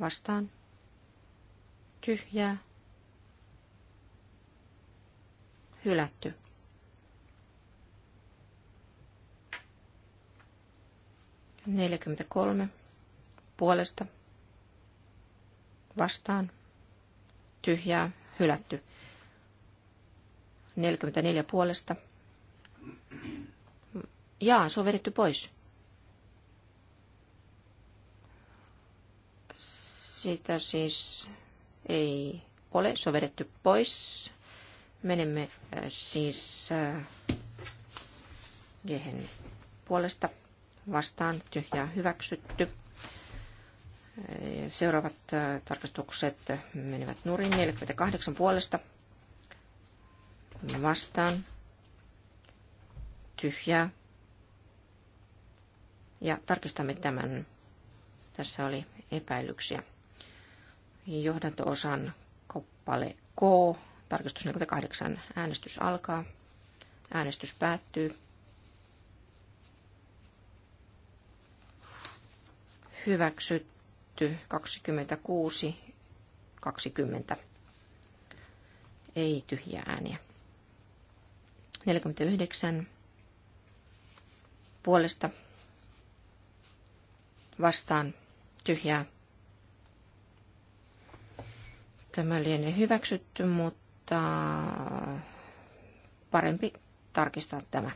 Vastaan. Tyhjää. Hylätty. kolme puolesta vastaan, tyhjää, hylätty. 44 puolesta. Jaa, se on vedetty pois. Sitä siis ei ole, se on vedetty pois. Menemme äh, siis Jehen äh, puolesta vastaan tyhjää hyväksytty. Seuraavat äh, tarkastukset menivät nurin 48 puolesta vastaan tyhjää. Ja tarkistamme tämän. Tässä oli epäilyksiä. Johdanto-osan kappale K, tarkistus 48, äänestys alkaa. Äänestys päättyy. Hyväksyt hylätty 26, 20. Ei tyhjiä ääniä. 49 puolesta vastaan tyhjää. Tämä lienee hyväksytty, mutta parempi tarkistaa tämä.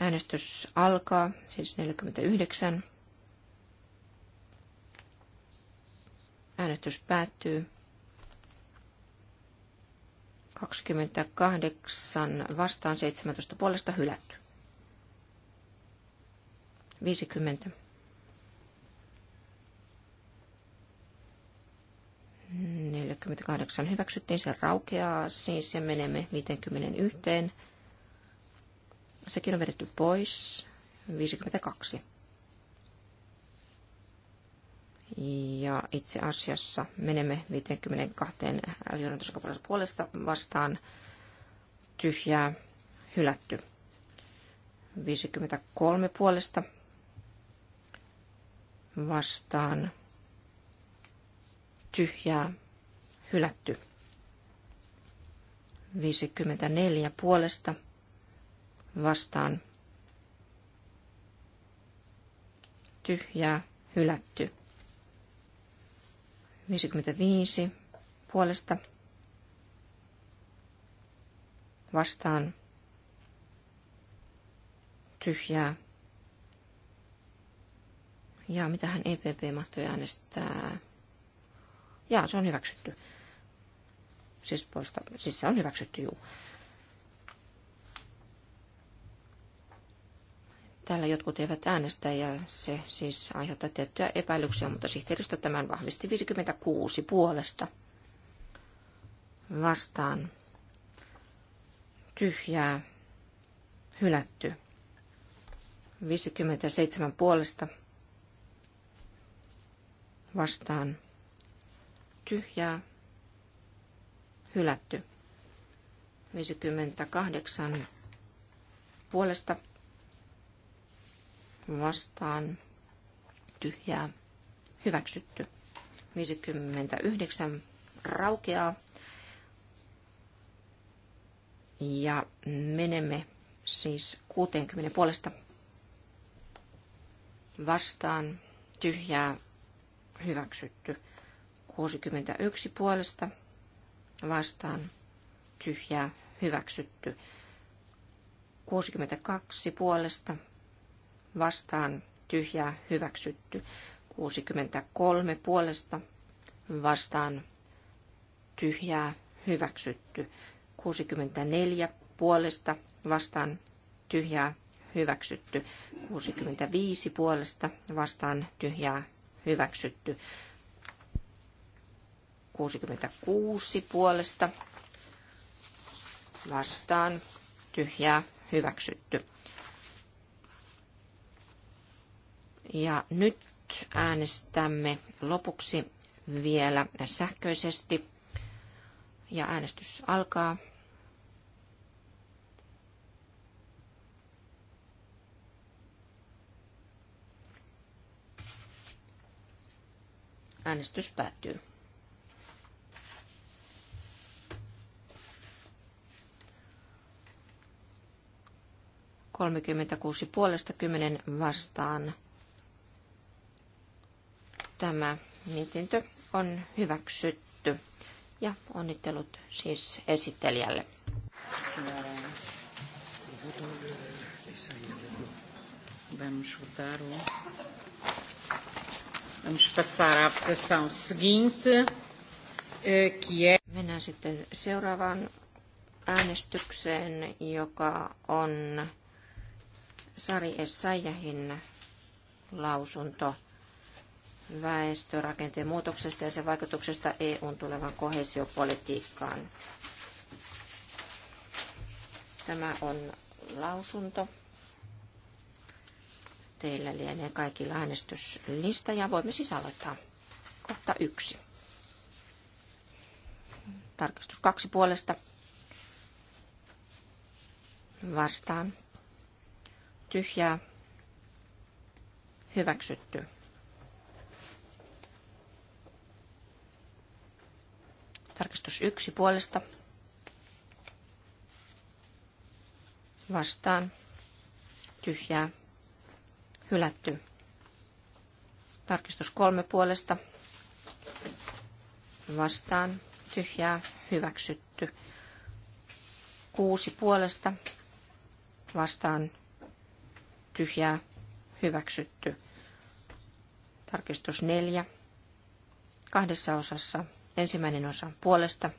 Äänestys alkaa, siis 49. Äänestys päättyy. 28 vastaan 17 puolesta hylätty. 50. hyväksyttiin, se raukeaa siis ja menemme 51. Sekin on vedetty pois. 52 ja itse asiassa menemme 52 johdantoskapuolesta puolesta vastaan tyhjää hylätty. 53 puolesta vastaan tyhjää hylätty. 54 puolesta vastaan tyhjää hylätty. 55 puolesta vastaan tyhjää. Ja mitä hän EPP mahtoi äänestää? Jaa, se on hyväksytty. Siis, poista, siis se on hyväksytty, juu. Täällä jotkut eivät äänestä ja se siis aiheuttaa tiettyjä epäilyksiä, mutta sihteeristö tämän vahvisti 56 puolesta vastaan tyhjää hylätty. 57 puolesta vastaan tyhjää hylätty. 58 puolesta vastaan tyhjää hyväksytty. 59 raukeaa. Ja menemme siis 60 puolesta vastaan tyhjää hyväksytty. 61 puolesta vastaan tyhjää hyväksytty. 62 puolesta vastaan tyhjää hyväksytty. 63 puolesta vastaan tyhjää hyväksytty. 64 puolesta vastaan tyhjää hyväksytty. 65 puolesta vastaan tyhjää hyväksytty. 66 puolesta vastaan tyhjää hyväksytty. Ja nyt äänestämme lopuksi vielä sähköisesti. Ja äänestys alkaa. Äänestys päättyy. Kolmekymmentäkuusi puolesta kymmenen vastaan Tämä mietintö on hyväksytty ja onnittelut siis esittelijälle. Vamos votar Vamos passar à votação seguinte, eh, que é. Mennään sitten seuraavaan äänestykseen, joka on Sari Essayahin lausunto väestörakenteen muutoksesta ja sen vaikutuksesta EUn tulevan kohesiopolitiikkaan. Tämä on lausunto. Teillä lienee kaikilla äänestyslista ja voimme siis aloittaa. Kohta yksi. Tarkistus kaksi puolesta. Vastaan. Tyhjää. Hyväksytty. Tarkistus yksi puolesta. Vastaan. Tyhjää. Hylätty. Tarkistus kolme puolesta. Vastaan. Tyhjää. Hyväksytty. Kuusi puolesta. Vastaan. Tyhjää. Hyväksytty. Tarkistus neljä. Kahdessa osassa Ensimmäinen osa puolesta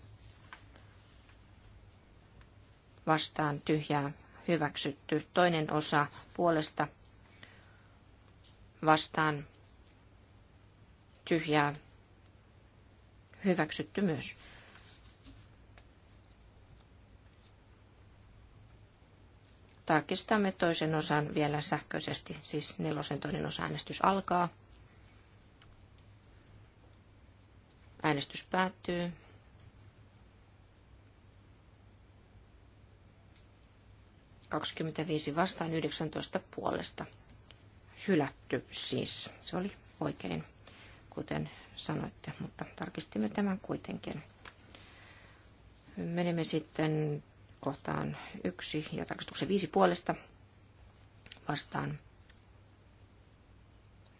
vastaan tyhjää hyväksytty. Toinen osa puolesta vastaan tyhjää hyväksytty myös. Tarkistamme toisen osan vielä sähköisesti, siis nelosen toinen osa äänestys alkaa. Äänestys päättyy. Kaksikymmentäviisi vastaan 19 puolesta. Hylätty siis. Se oli oikein, kuten sanoitte, mutta tarkistimme tämän kuitenkin. Menemme sitten kohtaan yksi ja tarkistuksen viisi puolesta vastaan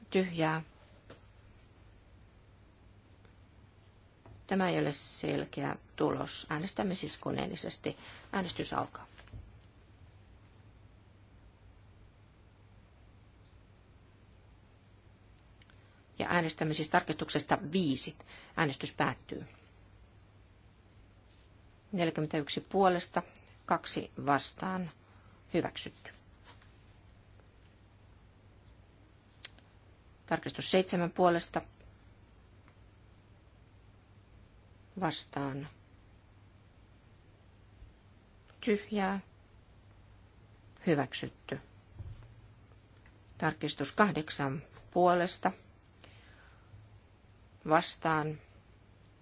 tyhjää Tämä ei ole selkeä tulos. Äänestämme siis koneellisesti. Äänestys alkaa. Ja äänestämme siis tarkistuksesta viisi Äänestys päättyy. 41 puolesta, kaksi vastaan, hyväksytty. Tarkistus 7 puolesta, vastaan tyhjää hyväksytty. Tarkistus kahdeksan puolesta vastaan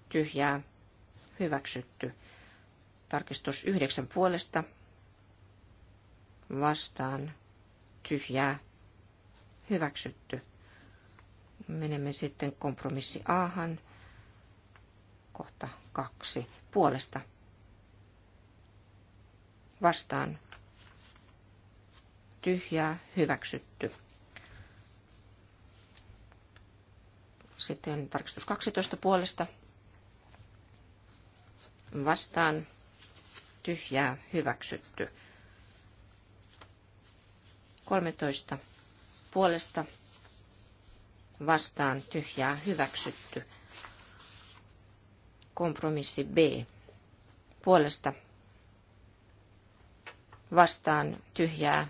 tyhjää hyväksytty. Tarkistus yhdeksän puolesta vastaan tyhjää hyväksytty. Menemme sitten kompromissi Ahan kohta kaksi puolesta vastaan tyhjää hyväksytty. Sitten tarkistus 12 puolesta vastaan tyhjää hyväksytty. 13 puolesta vastaan tyhjää hyväksytty. Kompromissi B puolesta vastaan tyhjää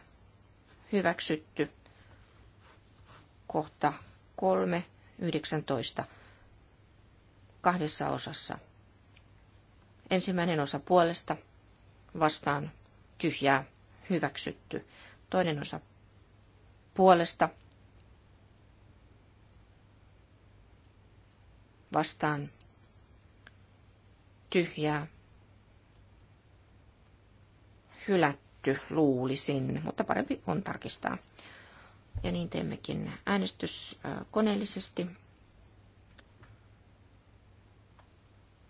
hyväksytty. Kohta 3, 19 kahdessa osassa. Ensimmäinen osa puolesta vastaan tyhjää hyväksytty. Toinen osa puolesta vastaan tyhjää. Hylätty, luulisin, mutta parempi on tarkistaa. Ja niin teemmekin äänestys koneellisesti.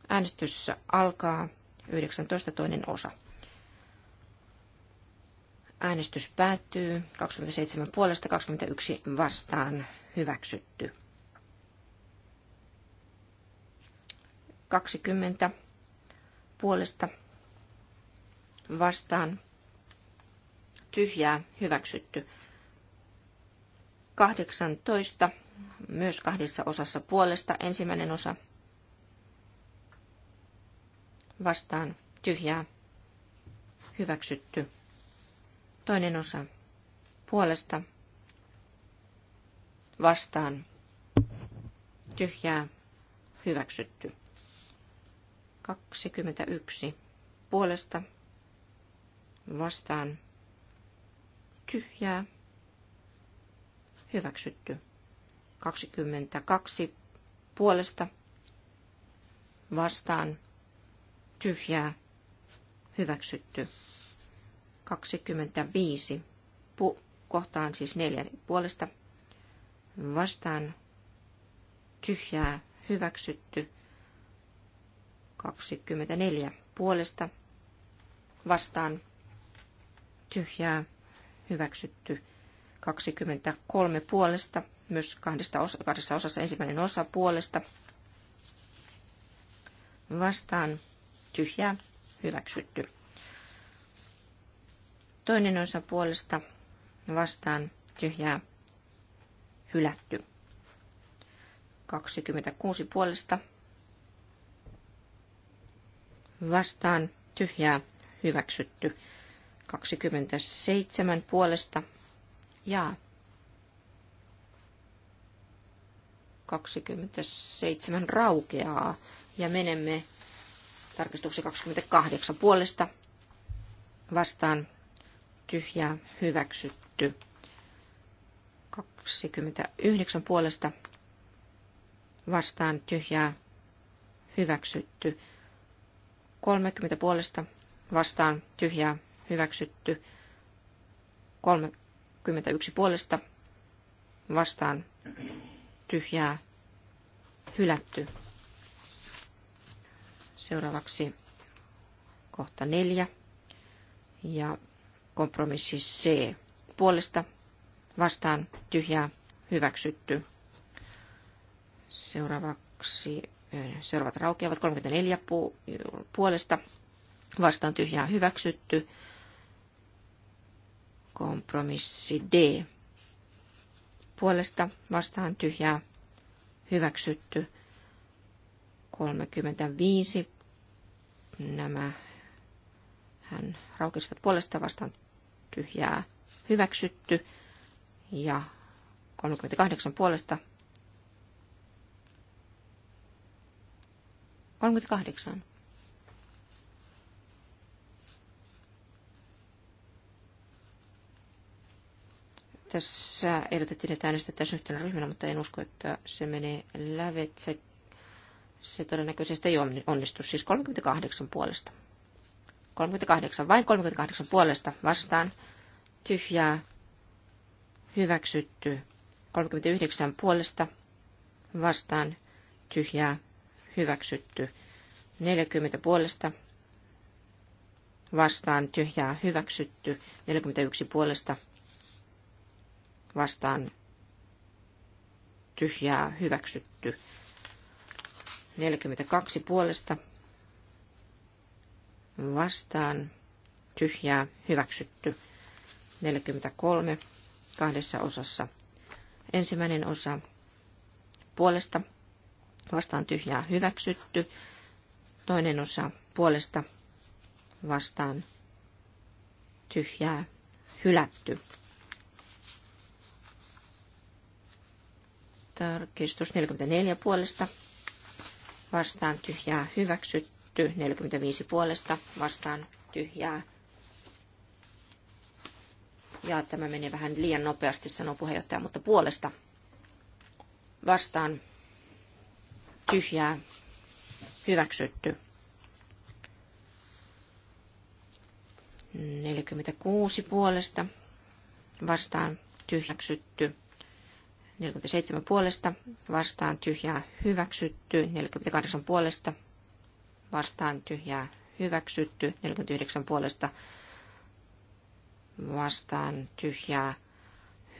Äänestys alkaa 19. toinen osa. Äänestys päättyy 27 puolesta 21 vastaan hyväksytty. 20 puolesta vastaan tyhjää hyväksytty. 18 myös kahdessa osassa puolesta ensimmäinen osa vastaan tyhjää hyväksytty. Toinen osa puolesta vastaan tyhjää hyväksytty. 21 puolesta vastaan tyhjää hyväksytty. 22 puolesta vastaan tyhjää hyväksytty. 25 pu- kohtaan siis neljä puolesta vastaan tyhjää hyväksytty. 24 puolesta vastaan tyhjää hyväksytty 23 puolesta, myös kahdessa osassa ensimmäinen osa puolesta vastaan tyhjää hyväksytty. Toinen osa puolesta vastaan tyhjää hylätty. 26 puolesta vastaan tyhjää hyväksytty. 27 puolesta ja 27 raukeaa ja menemme tarkistuksen 28 puolesta vastaan tyhjää hyväksytty. 29 puolesta vastaan tyhjää hyväksytty. 30 puolesta vastaan tyhjää hyväksytty. 31 puolesta vastaan tyhjää hylätty. Seuraavaksi kohta 4 ja kompromissi C puolesta vastaan tyhjää hyväksytty. Seuraavaksi Seuraavat raukeavat 34 puolesta vastaan tyhjää hyväksytty. Kompromissi D puolesta vastaan tyhjää hyväksytty. 35 nämä hän raukesivat puolesta vastaan tyhjää hyväksytty ja 38 puolesta 38. Tässä ehdotettiin, että äänestettäisiin yhtenä ryhmänä, mutta en usko, että se menee lävetse. Se todennäköisesti ei onnistu, siis 38 puolesta. 38, vain 38 puolesta vastaan. Tyhjää, hyväksytty. 39 puolesta vastaan, tyhjää, hyväksytty. 40 puolesta vastaan tyhjää hyväksytty. 41 puolesta vastaan tyhjää hyväksytty. 42 puolesta vastaan tyhjää hyväksytty. 43 kahdessa osassa. Ensimmäinen osa puolesta vastaan tyhjää hyväksytty. Toinen osa puolesta vastaan tyhjää hylätty. Tarkistus 44 puolesta vastaan tyhjää hyväksytty. 45 puolesta vastaan tyhjää ja tämä meni vähän liian nopeasti, sanoo puheenjohtaja, mutta puolesta vastaan tyhjää hyväksytty. 46 puolesta vastaan tyhjäksytty. 47 puolesta vastaan tyhjää hyväksytty. 48 puolesta vastaan tyhjää hyväksytty. 49 puolesta vastaan tyhjää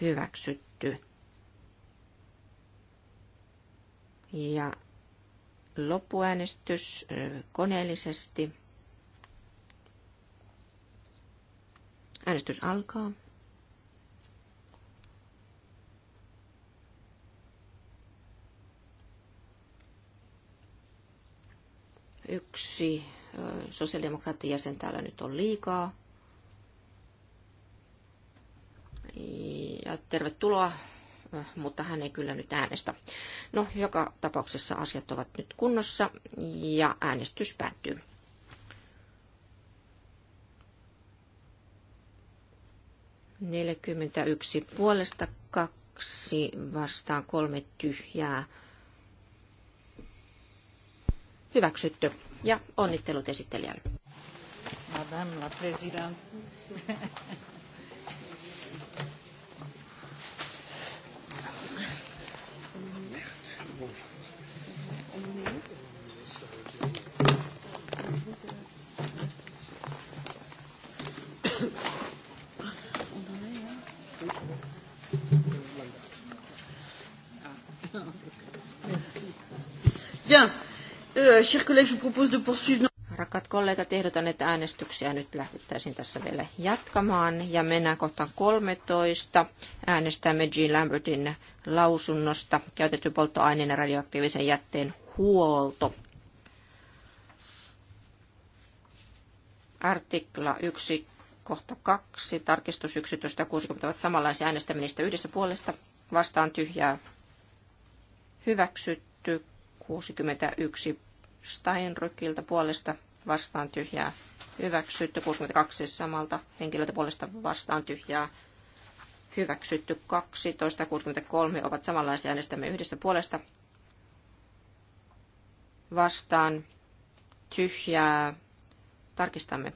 hyväksytty. Ja loppuäänestys koneellisesti. Äänestys alkaa. Yksi sosiaalidemokraattien jäsen täällä nyt on liikaa. Ja tervetuloa mutta hän ei kyllä nyt äänestä. No, joka tapauksessa asiat ovat nyt kunnossa ja äänestys päättyy. yksi puolesta kaksi vastaan kolme tyhjää. Hyväksytty ja onnittelut esittelijälle. Madame la présidente. Bien. Euh, chers collègues, je vous propose de poursuivre rakkaat kollegat, ehdotan, että äänestyksiä nyt lähdettäisiin tässä vielä jatkamaan. Ja mennään kohtaan 13. Äänestämme Jean Lambertin lausunnosta käytetty polttoaineen ja radioaktiivisen jätteen huolto. Artikla 1, kohta 2, tarkistus 11 ja 60 ovat samanlaisia äänestäminen yhdessä puolesta. Vastaan tyhjää hyväksytty 61 Steinrykiltä puolesta vastaan tyhjää hyväksytty, 62 samalta henkilöltä puolesta vastaan tyhjää hyväksytty, 12 63 ovat samanlaisia äänestämme yhdessä puolesta vastaan tyhjää tarkistamme.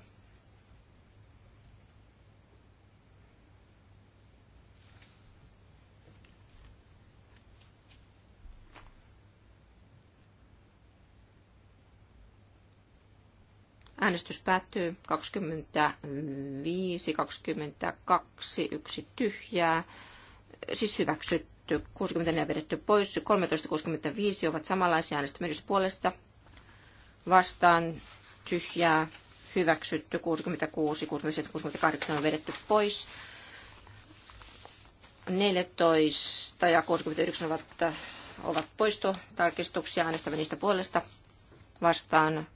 Äänestys päättyy 25, 22, yksi tyhjää. Siis hyväksytty. 64 vedetty pois. 13-65 ovat samanlaisia äänestämisen puolesta. Vastaan tyhjää. Hyväksytty. 66, 67, 68 on vedetty pois. 14 ja 69 ovat, ovat poistotarkistuksia. Äänestämme puolesta. Vastaan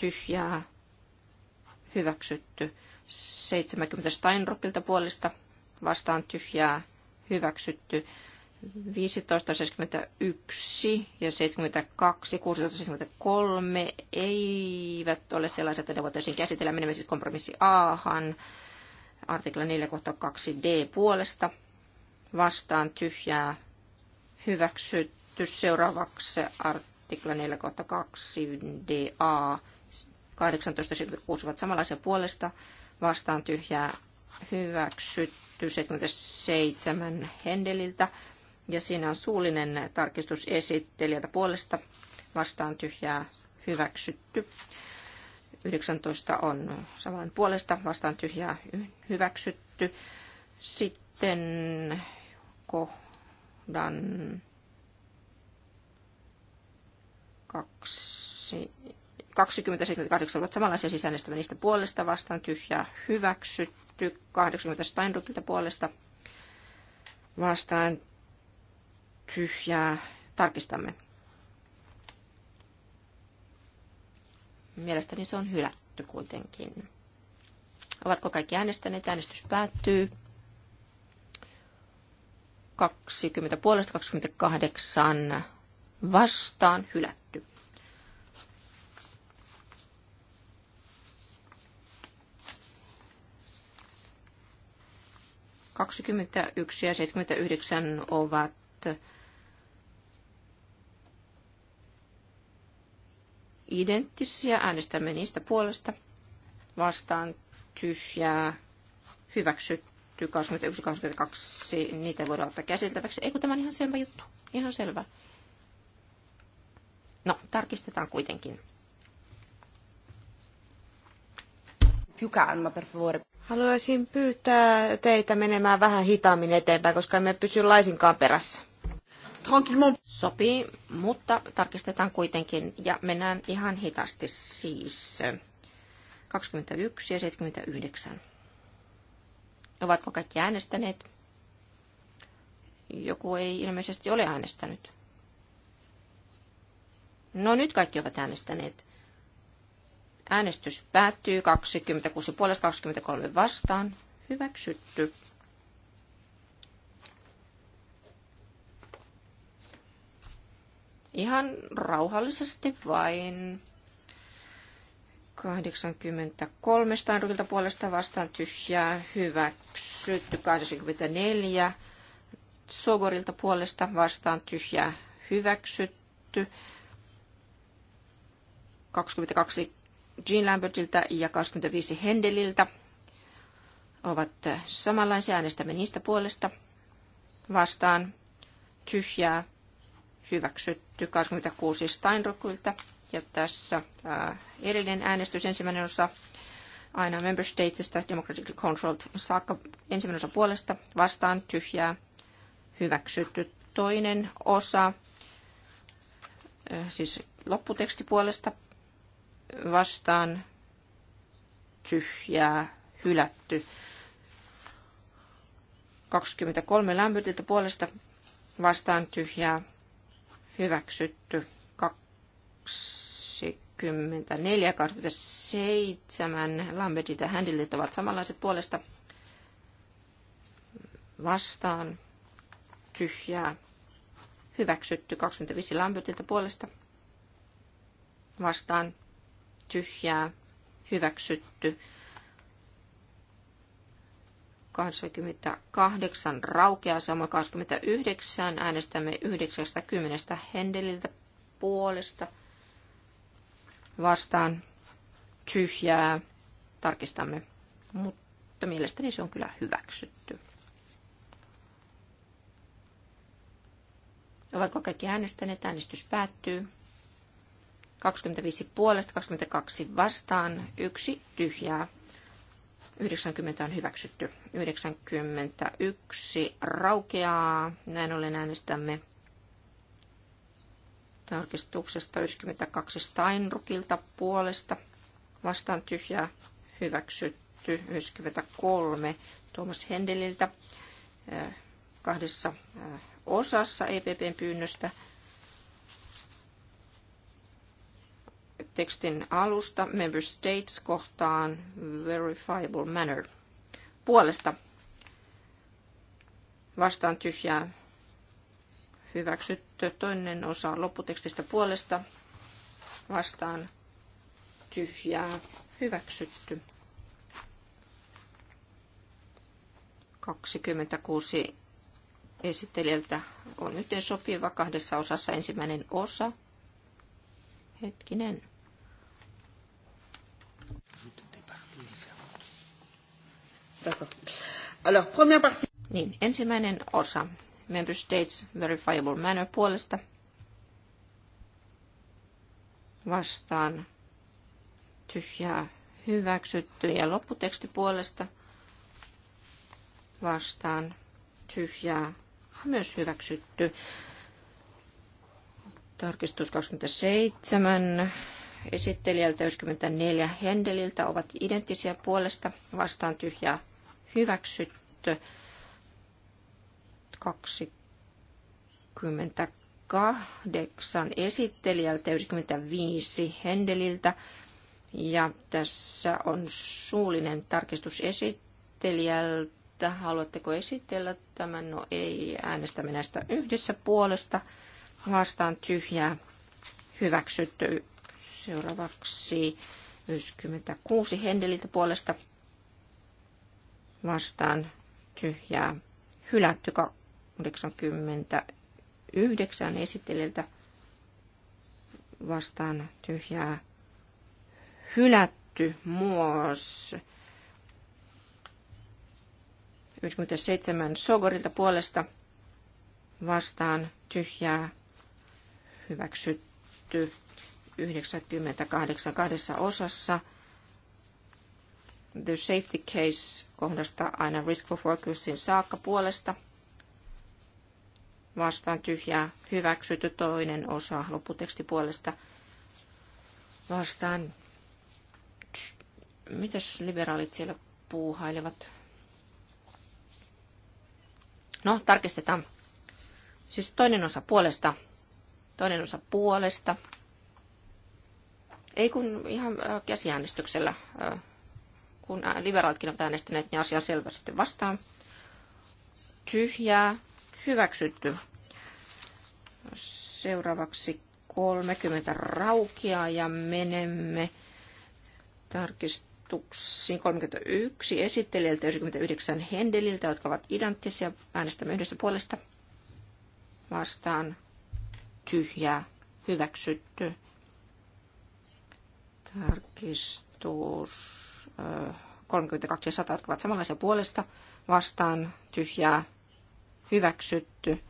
tyhjää hyväksytty. 70 Steinrockilta puolesta vastaan tyhjää hyväksytty. 15, ja 72, 16, eivät ole sellaisia, että ne voitaisiin käsitellä. Menemme siis kompromissi Ahan, artikla 42 d puolesta. Vastaan tyhjää hyväksytty. Seuraavaksi artikla 4.2 kohta 2da 18 76 ovat samanlaisia puolesta, vastaan tyhjää hyväksytty 77 Hendeliltä. Ja siinä on suullinen tarkistus esittelijältä puolesta, vastaan tyhjää hyväksytty. 19 on saman puolesta, vastaan tyhjää hyväksytty. Sitten kohdan kaksi 20 ja 78 ovat samanlaisia niistä puolesta vastaan. Tyhjää hyväksytty. 80 Steinruckilta puolesta vastaan. Tyhjää. Tarkistamme. Mielestäni se on hylätty kuitenkin. Ovatko kaikki äänestäneet? Äänestys päättyy. 20 puolesta 28 vastaan hylätty. 21 ja 79 ovat identtisiä. Äänestämme niistä puolesta. Vastaan tyhjää. Hyväksytty 21, 22. Niitä voidaan ottaa käsiteltäväksi. Eikö tämä ihan selvä juttu? Ihan selvä. No, tarkistetaan kuitenkin. Più calma, per favore. Haluaisin pyytää teitä menemään vähän hitaammin eteenpäin, koska emme pysy laisinkaan perässä. Sopii, mutta tarkistetaan kuitenkin ja mennään ihan hitaasti siis. 21 ja 79. Ovatko kaikki äänestäneet? Joku ei ilmeisesti ole äänestänyt. No nyt kaikki ovat äänestäneet. Äänestys päättyy 26 puolesta 23 vastaan. Hyväksytty. Ihan rauhallisesti vain. 83 Steinrykiltä puolesta vastaan tyhjää hyväksytty. 84 Sogorilta puolesta vastaan tyhjää hyväksytty. 22 Jean Lambertilta ja 25 Hendeliltä ovat samanlaisia. Äänestämme niistä puolesta vastaan tyhjää hyväksytty 26 Steinrockilta. Ja tässä ää, äh, erillinen äänestys ensimmäinen osa aina Member Statesista Democratic Controlled saakka ensimmäinen osa puolesta vastaan tyhjää hyväksytty toinen osa, äh, siis lopputeksti puolesta vastaan tyhjää hylätty. 23 lämpötiltä puolesta vastaan tyhjää hyväksytty. 24 27 Lambertit ja Händilit ovat samanlaiset puolesta vastaan tyhjää hyväksytty 25 lämpötilta puolesta vastaan tyhjää hyväksytty. 28 raukeaa, sama 29. Äänestämme 90 Hendeliltä puolesta vastaan tyhjää. Tarkistamme, mutta mielestäni se on kyllä hyväksytty. Ovatko kaikki äänestäneet? Äänestys päättyy. 25 puolesta, 22 vastaan, yksi tyhjää. 90 on hyväksytty. 91 raukeaa. Näin ollen äänestämme tarkistuksesta 92 Steinrukilta puolesta. Vastaan tyhjää hyväksytty. 93 Tuomas Hendeliltä eh, kahdessa eh, osassa EPPn pyynnöstä tekstin alusta Member States kohtaan verifiable manner. Puolesta vastaan tyhjää hyväksytty. Toinen osa lopputekstistä puolesta vastaan tyhjää hyväksytty. 26 esittelijältä on sopiva kahdessa osassa ensimmäinen osa. Hetkinen. Alors, première partie. Niin, ensimmäinen osa. Member States Verifiable Manner puolesta vastaan tyhjää hyväksytty ja lopputeksti puolesta vastaan tyhjää myös hyväksytty. Tarkistus 27 esittelijältä 94 Hendeliltä ovat identtisiä puolesta vastaan tyhjää hyväksytty. 28 esittelijältä 95 Hendeliltä. Ja tässä on suullinen tarkistus esittelijältä. Haluatteko esitellä tämän? No ei, äänestämme näistä yhdessä puolesta. Vastaan tyhjää. Hyväksytty. Seuraavaksi 96 Hendeliltä puolesta vastaan tyhjää hylätty 89 esittelijältä vastaan tyhjää hylätty muos 97 Sogorilta puolesta vastaan tyhjää hyväksytty 98 kahdessa osassa – The Safety Case-kohdasta aina Risk for Workersin saakka puolesta. Vastaan tyhjää hyväksytty toinen osa lopputeksti puolesta. Vastaan. Mitäs liberaalit siellä puuhailevat? No, tarkistetaan. Siis toinen osa puolesta. Toinen osa puolesta. Ei kun ihan äh, käsiäänestyksellä äh, kun liberaalitkin ovat äänestäneet, niin asia on selvästi vastaan. Tyhjää, hyväksytty. Seuraavaksi 30 raukia ja menemme tarkistuksiin 31 esittelijältä 99 Hendeliltä, jotka ovat identtisiä. Äänestämme yhdessä puolesta vastaan tyhjää hyväksytty tarkistus 32 ja 100, jotka ovat samanlaisia puolesta vastaan, tyhjää, hyväksytty.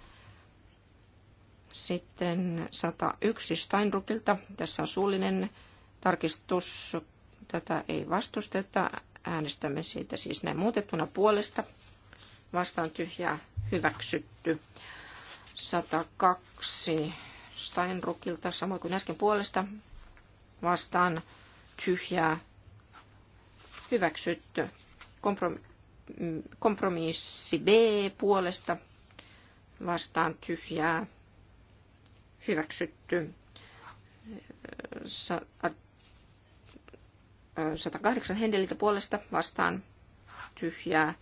Sitten 101 Steinrukilta. Tässä on suullinen tarkistus. Tätä ei vastusteta. Äänestämme siitä siis näin muutettuna puolesta. Vastaan tyhjää hyväksytty. 102 Steinrukilta, samoin kuin äsken puolesta. Vastaan tyhjää hyväksytty. Mm, kompromissi B puolesta vastaan tyhjää hyväksytty. 108 hendeliltä puolesta vastaan tyhjää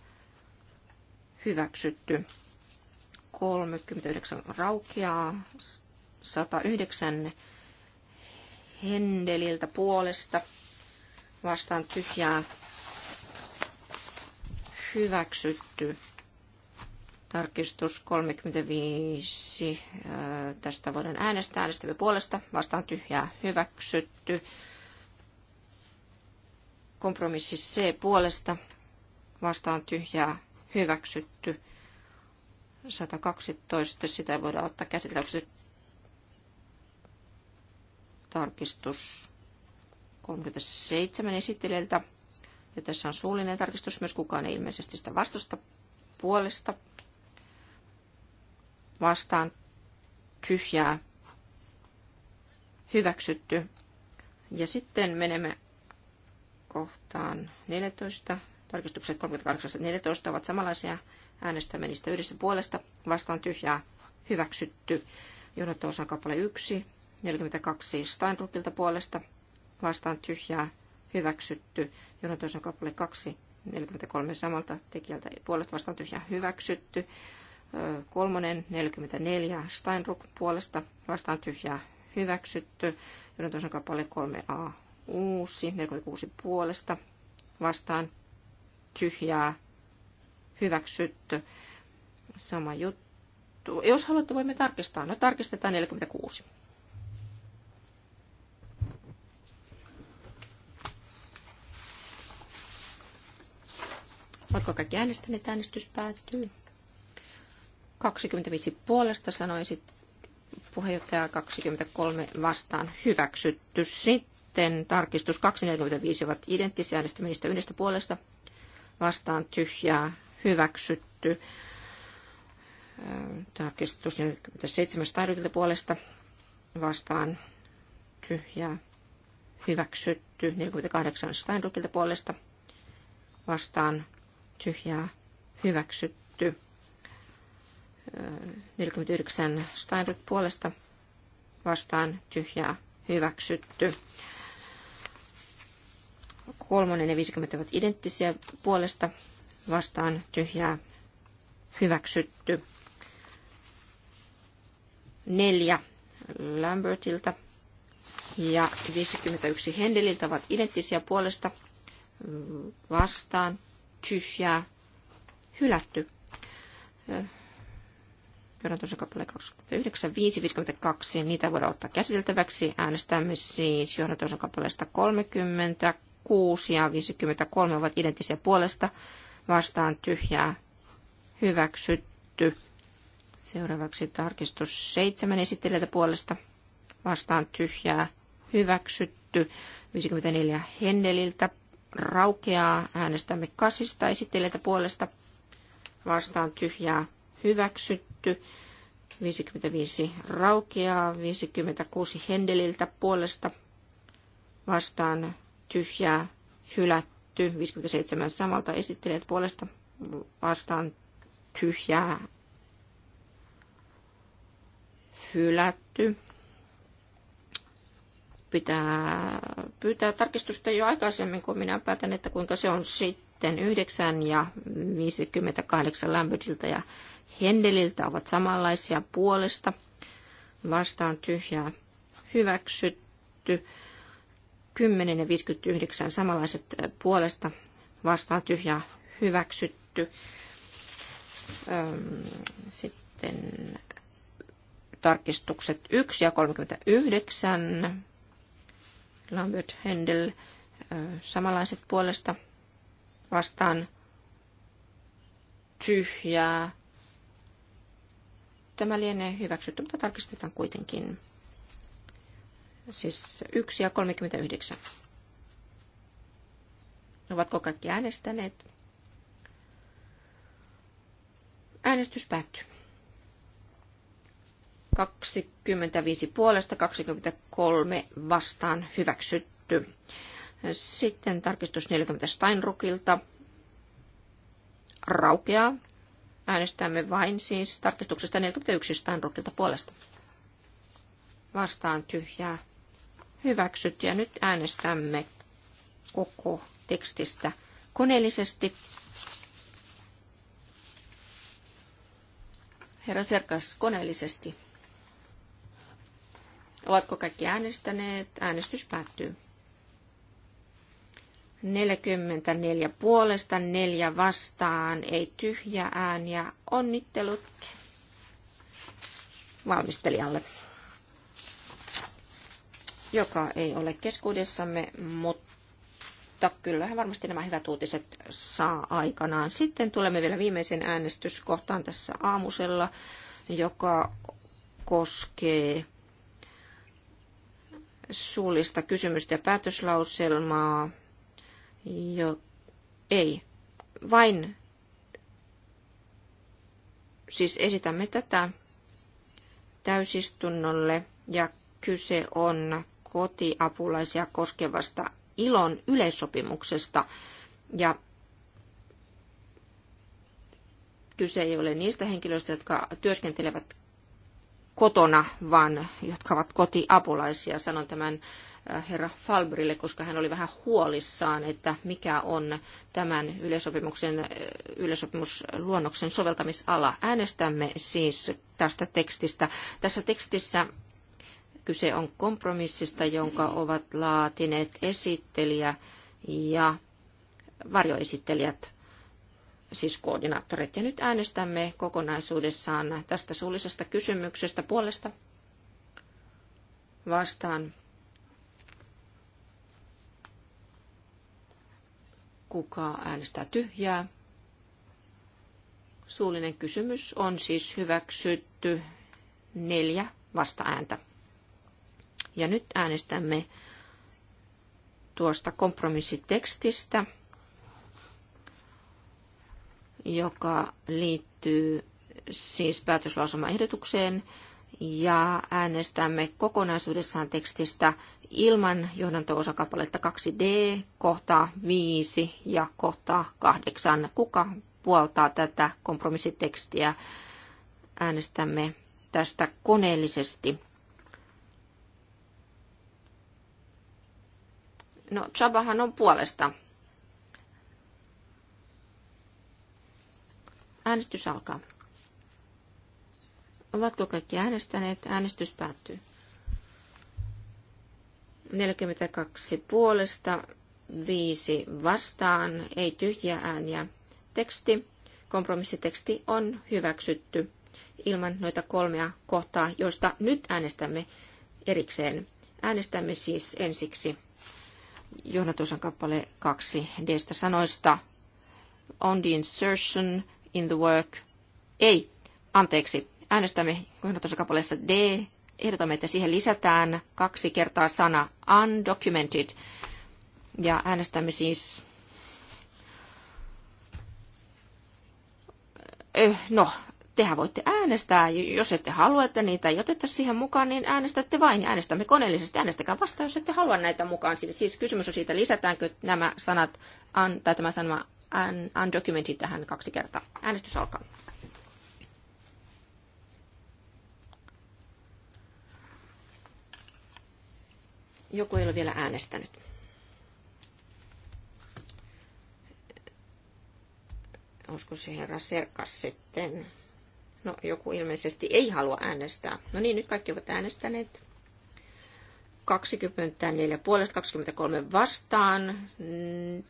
hyväksytty. 39 raukeaa, 109 hendeliltä puolesta vastaan tyhjää hyväksytty. Tarkistus 35. Äh, tästä voidaan äänestää. Äänestämme puolesta. Vastaan tyhjää hyväksytty. Kompromissi C puolesta. Vastaan tyhjää hyväksytty. 112. Sitä voidaan ottaa käsiteltäväksi. Tarkistus 37 esittelijältä. Ja tässä on suullinen tarkistus, myös kukaan ei ilmeisesti sitä vastusta puolesta. Vastaan tyhjää hyväksytty. Ja sitten menemme kohtaan 14. Tarkistukset 38-14 ovat samanlaisia. Äänestämme niistä yhdessä puolesta. Vastaan tyhjää hyväksytty. Johdatto osa kappale 1. 42 Steinruckilta puolesta vastaan tyhjää hyväksytty. Jonatoisen kappale 2, 43 samalta tekijältä puolesta vastaan tyhjää hyväksytty. Kolmonen, 44, Steinruck puolesta vastaan tyhjää hyväksytty. Jonatoisen kappale 3a uusi, 46 puolesta vastaan tyhjää hyväksytty. Sama juttu. Jos haluatte, voimme tarkistaa. No tarkistetaan 46. Oletko kaikki äänestäneet? Äänestys päättyy. 25 puolesta sanoi puheenjohtaja 23 vastaan hyväksytty. Sitten tarkistus 245 ovat identtisiä äänestämistä yhdestä puolesta vastaan tyhjää hyväksytty. Tarkistus 47 puolesta vastaan tyhjää hyväksytty. 48 Steinrukilta puolesta vastaan tyhjää hyväksytty. 49 Steinrück puolesta vastaan tyhjää hyväksytty. Kolmonen ja 50 ovat identtisiä puolesta vastaan tyhjää hyväksytty. Neljä Lambertilta ja 51 Hendeliltä ovat identtisiä puolesta vastaan tyhjää hylätty. Johdantoosakappale 29, 5, 52, niitä voidaan ottaa käsiteltäväksi. Äänestämme siis tuossa kappaleesta 36 ja 53 ovat identtisiä puolesta vastaan tyhjää hyväksytty. Seuraavaksi tarkistus 7 esittelijältä puolesta vastaan tyhjää hyväksytty. 54 Henneliltä raukeaa. Äänestämme kasista esittelijältä puolesta vastaan tyhjää hyväksytty. 55 raukeaa, 56 hendeliltä puolesta vastaan tyhjää hylätty, 57 samalta esittelijät puolesta vastaan tyhjää hylätty pitää pyytää tarkistusta jo aikaisemmin, kun minä päätän, että kuinka se on sitten 9 ja 58 lämpötiltä ja Hendeliltä ovat samanlaisia puolesta. Vastaan tyhjää hyväksytty. 10 ja 59 samanlaiset puolesta vastaan tyhjää hyväksytty. Sitten tarkistukset 1 ja 39 Lambert Händel, samanlaiset puolesta vastaan tyhjää. Tämä lienee hyväksytty, mutta tarkistetaan kuitenkin. Siis 1 ja 39. Ovatko kaikki äänestäneet? Äänestys päättyy. 25 puolesta, 23 vastaan hyväksytty. Sitten tarkistus 40 Steinrukilta raukeaa. Äänestämme vain siis tarkistuksesta 41 Steinrukilta puolesta. Vastaan tyhjää hyväksytty ja nyt äänestämme koko tekstistä koneellisesti. Herra Serkas, koneellisesti. Ovatko kaikki äänestäneet? Äänestys päättyy. 44 puolesta, 4 vastaan, ei tyhjä ääniä. Onnittelut valmistelijalle, joka ei ole keskuudessamme, mutta kyllähän varmasti nämä hyvät uutiset saa aikanaan. Sitten tulemme vielä viimeisen äänestyskohtaan tässä aamusella, joka koskee suullista kysymystä ja päätöslauselmaa. Jo, ei, vain siis esitämme tätä täysistunnolle ja kyse on kotiapulaisia koskevasta ilon yleissopimuksesta ja kyse ei ole niistä henkilöistä, jotka työskentelevät kotona, vaan jotka ovat kotiapulaisia. Sanon tämän äh, herra Falbrille, koska hän oli vähän huolissaan, että mikä on tämän yleisopimuksen, äh, yleisopimusluonnoksen soveltamisala. Äänestämme siis tästä tekstistä. Tässä tekstissä kyse on kompromissista, jonka ovat laatineet esittelijä ja varjoesittelijät siis koordinaattorit. Ja nyt äänestämme kokonaisuudessaan tästä suullisesta kysymyksestä puolesta vastaan. Kuka äänestää tyhjää? Suullinen kysymys on siis hyväksytty neljä vasta-ääntä. Ja nyt äänestämme tuosta kompromissitekstistä joka liittyy siis päätöslausumaehdotukseen ja äänestämme kokonaisuudessaan tekstistä ilman johdanto-osakappaletta 2D, kohtaa 5 ja kohtaa 8. Kuka puoltaa tätä kompromissitekstiä? Äänestämme tästä koneellisesti. No, Chabahan on puolesta. Äänestys alkaa. Ovatko kaikki äänestäneet? Äänestys päättyy. 42 puolesta, 5 vastaan, ei tyhjiä ääniä. Teksti, kompromissiteksti on hyväksytty ilman noita kolmea kohtaa, joista nyt äänestämme erikseen. Äänestämme siis ensiksi johdatusan kappale 2 d sanoista on the insertion in the work. Ei, anteeksi, äänestämme kohdatusokapuolessa D. Ehdotamme, että siihen lisätään kaksi kertaa sana undocumented. Ja äänestämme siis... no, tehän voitte äänestää, jos ette halua, että niitä ei oteta siihen mukaan, niin äänestätte vain äänestämme koneellisesti. Äänestäkää vasta, jos ette halua näitä mukaan. Siis kysymys on siitä, lisätäänkö nämä sanat, tai tämä sana undocumented tähän kaksi kertaa. Äänestys alkaa. Joku ei ole vielä äänestänyt. Olisiko se herra Serkas sitten? No, joku ilmeisesti ei halua äänestää. No niin, nyt kaikki ovat äänestäneet. 24 puolesta 23 vastaan.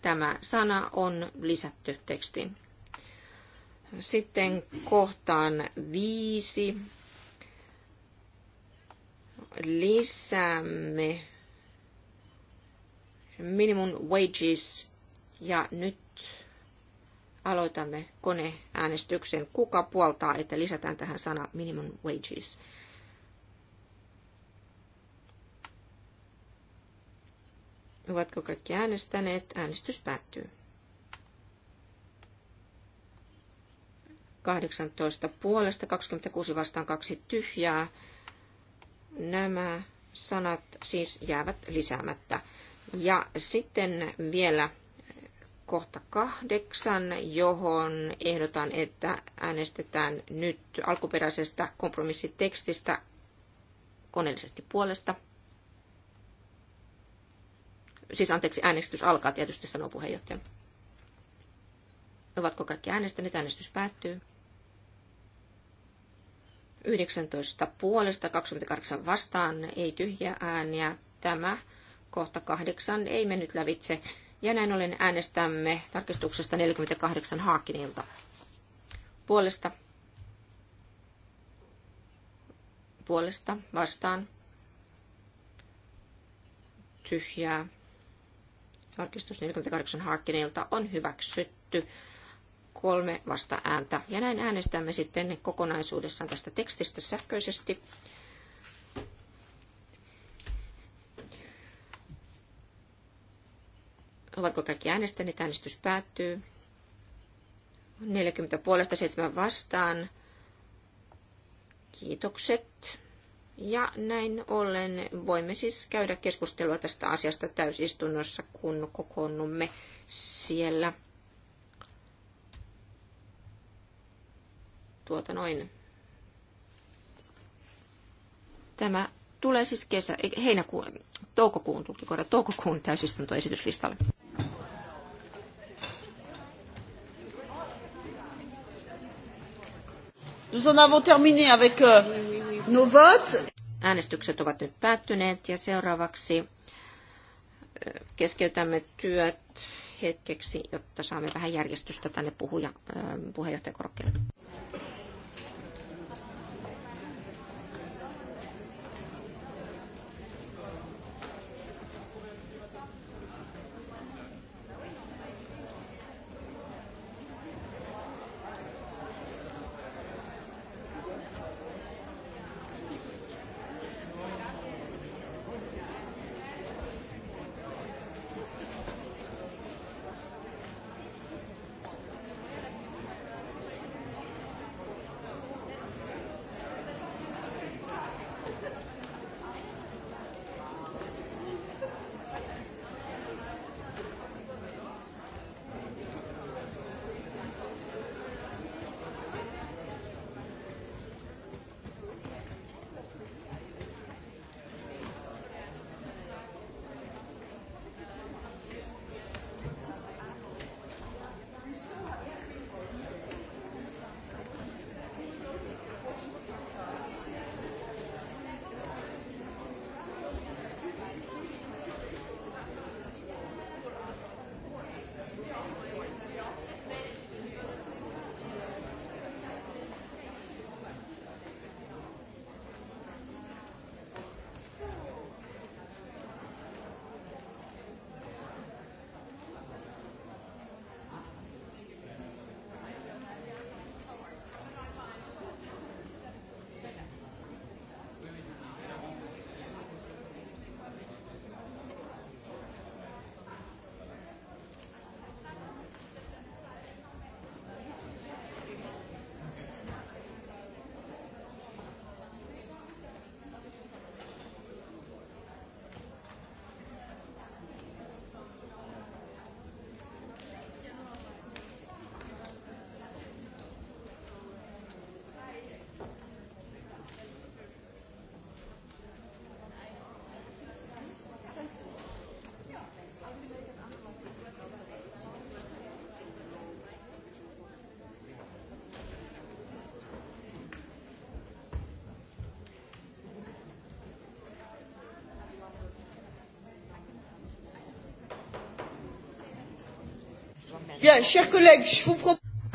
Tämä sana on lisätty tekstiin. Sitten kohtaan 5 lisäämme minimum wages ja nyt aloitamme koneäänestyksen. Kuka puoltaa, että lisätään tähän sana minimum wages? Ovatko kaikki äänestäneet? Äänestys päättyy. 18 puolesta, 26 vastaan kaksi tyhjää. Nämä sanat siis jäävät lisäämättä. Ja sitten vielä kohta kahdeksan, johon ehdotan, että äänestetään nyt alkuperäisestä kompromissitekstistä koneellisesti puolesta. Siis anteeksi, äänestys alkaa tietysti, sanoo puheenjohtaja. Ovatko kaikki äänestäneet? Äänestys päättyy. 19 puolesta, 28 vastaan, ei tyhjä ääniä. Tämä kohta kahdeksan ei mennyt lävitse. Ja näin ollen äänestämme tarkistuksesta 48 Haakinilta. Puolesta. Puolesta vastaan. Tyhjää. Tarkistus 48 Harkkineilta on hyväksytty kolme vasta ääntä. Ja näin äänestämme sitten kokonaisuudessaan tästä tekstistä sähköisesti. Ovatko kaikki äänestäneet? Äänestys päättyy. 40 puolesta 7 vastaan. Kiitokset. Ja näin ollen voimme siis käydä keskustelua tästä asiasta täysistunnossa, kun kokoonnumme siellä. Tuota noin. Tämä tulee siis kesä, heinäkuun, toukokuun, tulkikohda, toukokuun täysistuntoesityslistalle. Nous en avons terminé avec euh, Nos Äänestykset ovat nyt päättyneet ja seuraavaksi keskeytämme työt hetkeksi, jotta saamme vähän järjestystä tänne puhuja, puheenjohtajakorokkeelle.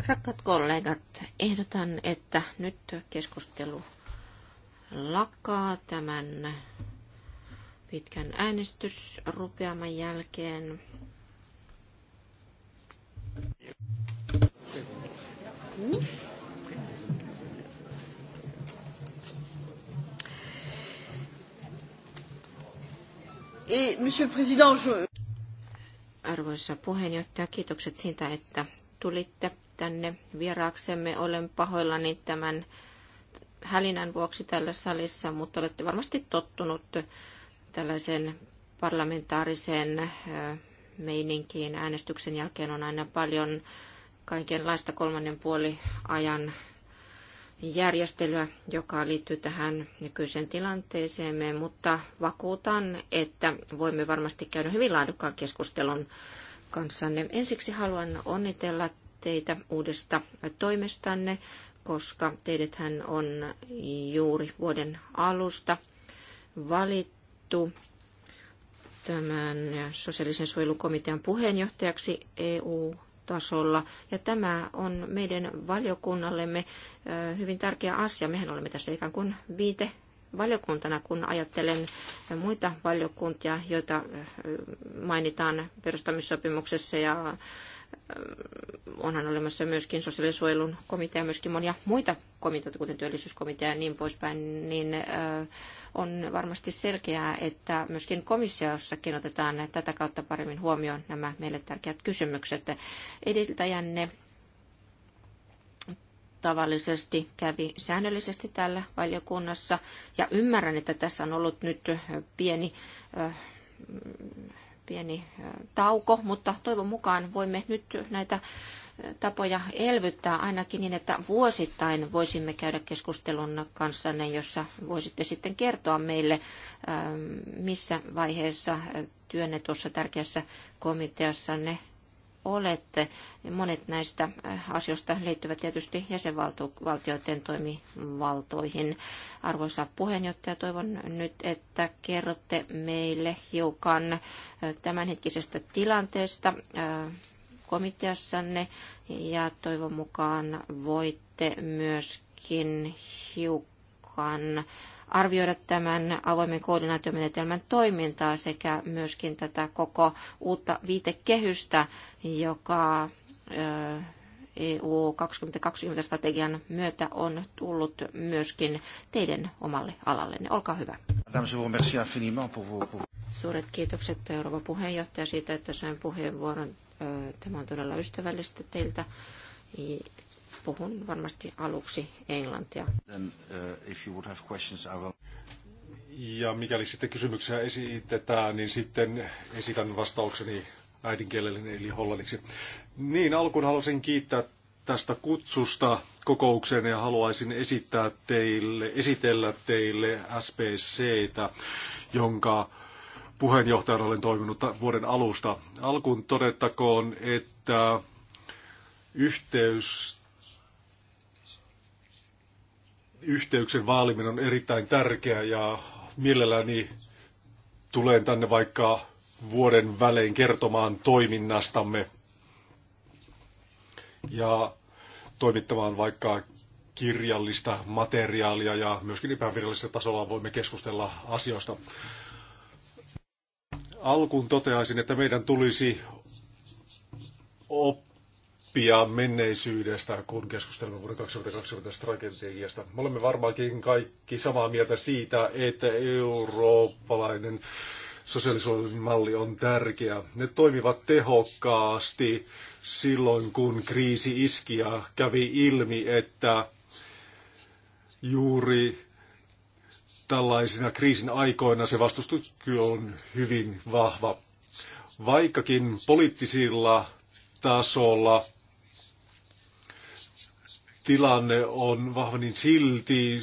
Rakkaat kollegat, ehdotan, että nyt keskustelu lakkaa tämän pitkän äänestysrupeaman jälkeen. Et, Monsieur le Président, je... Kiitos puheenjohtaja. Kiitokset siitä, että tulitte tänne vieraaksemme. Olen pahoillani tämän hälinän vuoksi tällä salissa, mutta olette varmasti tottunut tällaisen parlamentaariseen meininkiin. Äänestyksen jälkeen on aina paljon kaikenlaista kolmannen puoli ajan järjestelyä, joka liittyy tähän nykyiseen tilanteeseemme, mutta vakuutan, että voimme varmasti käydä hyvin laadukkaan keskustelun kanssanne. Ensiksi haluan onnitella teitä uudesta toimestanne, koska hän on juuri vuoden alusta valittu tämän sosiaalisen suojelukomitean puheenjohtajaksi EU tasolla. Ja tämä on meidän valiokunnallemme hyvin tärkeä asia. Mehän olemme tässä ikään kuin viite valiokuntana, kun ajattelen muita valiokuntia, joita eh, mainitaan perustamissopimuksessa ja eh, onhan olemassa myöskin sosiaalisuojelun komitea, myöskin monia muita komiteoita, kuten työllisyyskomitea ja niin poispäin, niin eh, on varmasti selkeää, että myöskin komissiossakin otetaan tätä kautta paremmin huomioon nämä meille tärkeät kysymykset. Edeltäjänne tavallisesti kävi säännöllisesti täällä valiokunnassa. Ja ymmärrän, että tässä on ollut nyt pieni, pieni tauko, mutta toivon mukaan voimme nyt näitä tapoja elvyttää ainakin niin, että vuosittain voisimme käydä keskustelun kanssanne, jossa voisitte sitten kertoa meille, missä vaiheessa työnne tuossa tärkeässä komiteassanne olette. Monet näistä äh, asioista liittyvät tietysti jäsenvaltioiden toimivaltoihin. Arvoisa puheenjohtaja, toivon nyt, että kerrotte meille hiukan äh, tämänhetkisestä tilanteesta äh, komiteassanne ja toivon mukaan voitte myöskin hiukan arvioida tämän avoimen koordinaatiomenetelmän toimintaa sekä myöskin tätä koko uutta viitekehystä, joka EU 2020-strategian myötä on tullut myöskin teidän omalle alallenne. Olkaa hyvä. Suuret kiitokset Euroopan puheenjohtaja siitä, että sain puheenvuoron. Tämä on todella ystävällistä teiltä. Puhun varmasti aluksi englantia. Then, uh, ja mikäli sitten kysymyksiä esitetään, niin sitten esitän vastaukseni äidinkielelleni eli hollanniksi. Niin, alkuun haluaisin kiittää tästä kutsusta kokoukseen ja haluaisin esittää teille, esitellä teille SPCtä, jonka puheenjohtajana olen toiminut vuoden alusta. Alkuun todettakoon, että yhteys yhteyksen vaaliminen on erittäin tärkeää ja mielelläni tulen tänne vaikka vuoden välein kertomaan toiminnastamme ja toimittamaan vaikka kirjallista materiaalia ja myöskin epävirallisella tasolla voimme keskustella asioista. Alkuun toteaisin, että meidän tulisi oppia oppia menneisyydestä, kun keskustelemme vuoden 2020 strategiasta. Me olemme varmaankin kaikki samaa mieltä siitä, että eurooppalainen sosiaalisuuden malli on tärkeä. Ne toimivat tehokkaasti silloin, kun kriisi iski ja kävi ilmi, että juuri tällaisina kriisin aikoina se vastustuskyky on hyvin vahva. Vaikkakin poliittisilla tasolla tilanne on vahva, niin silti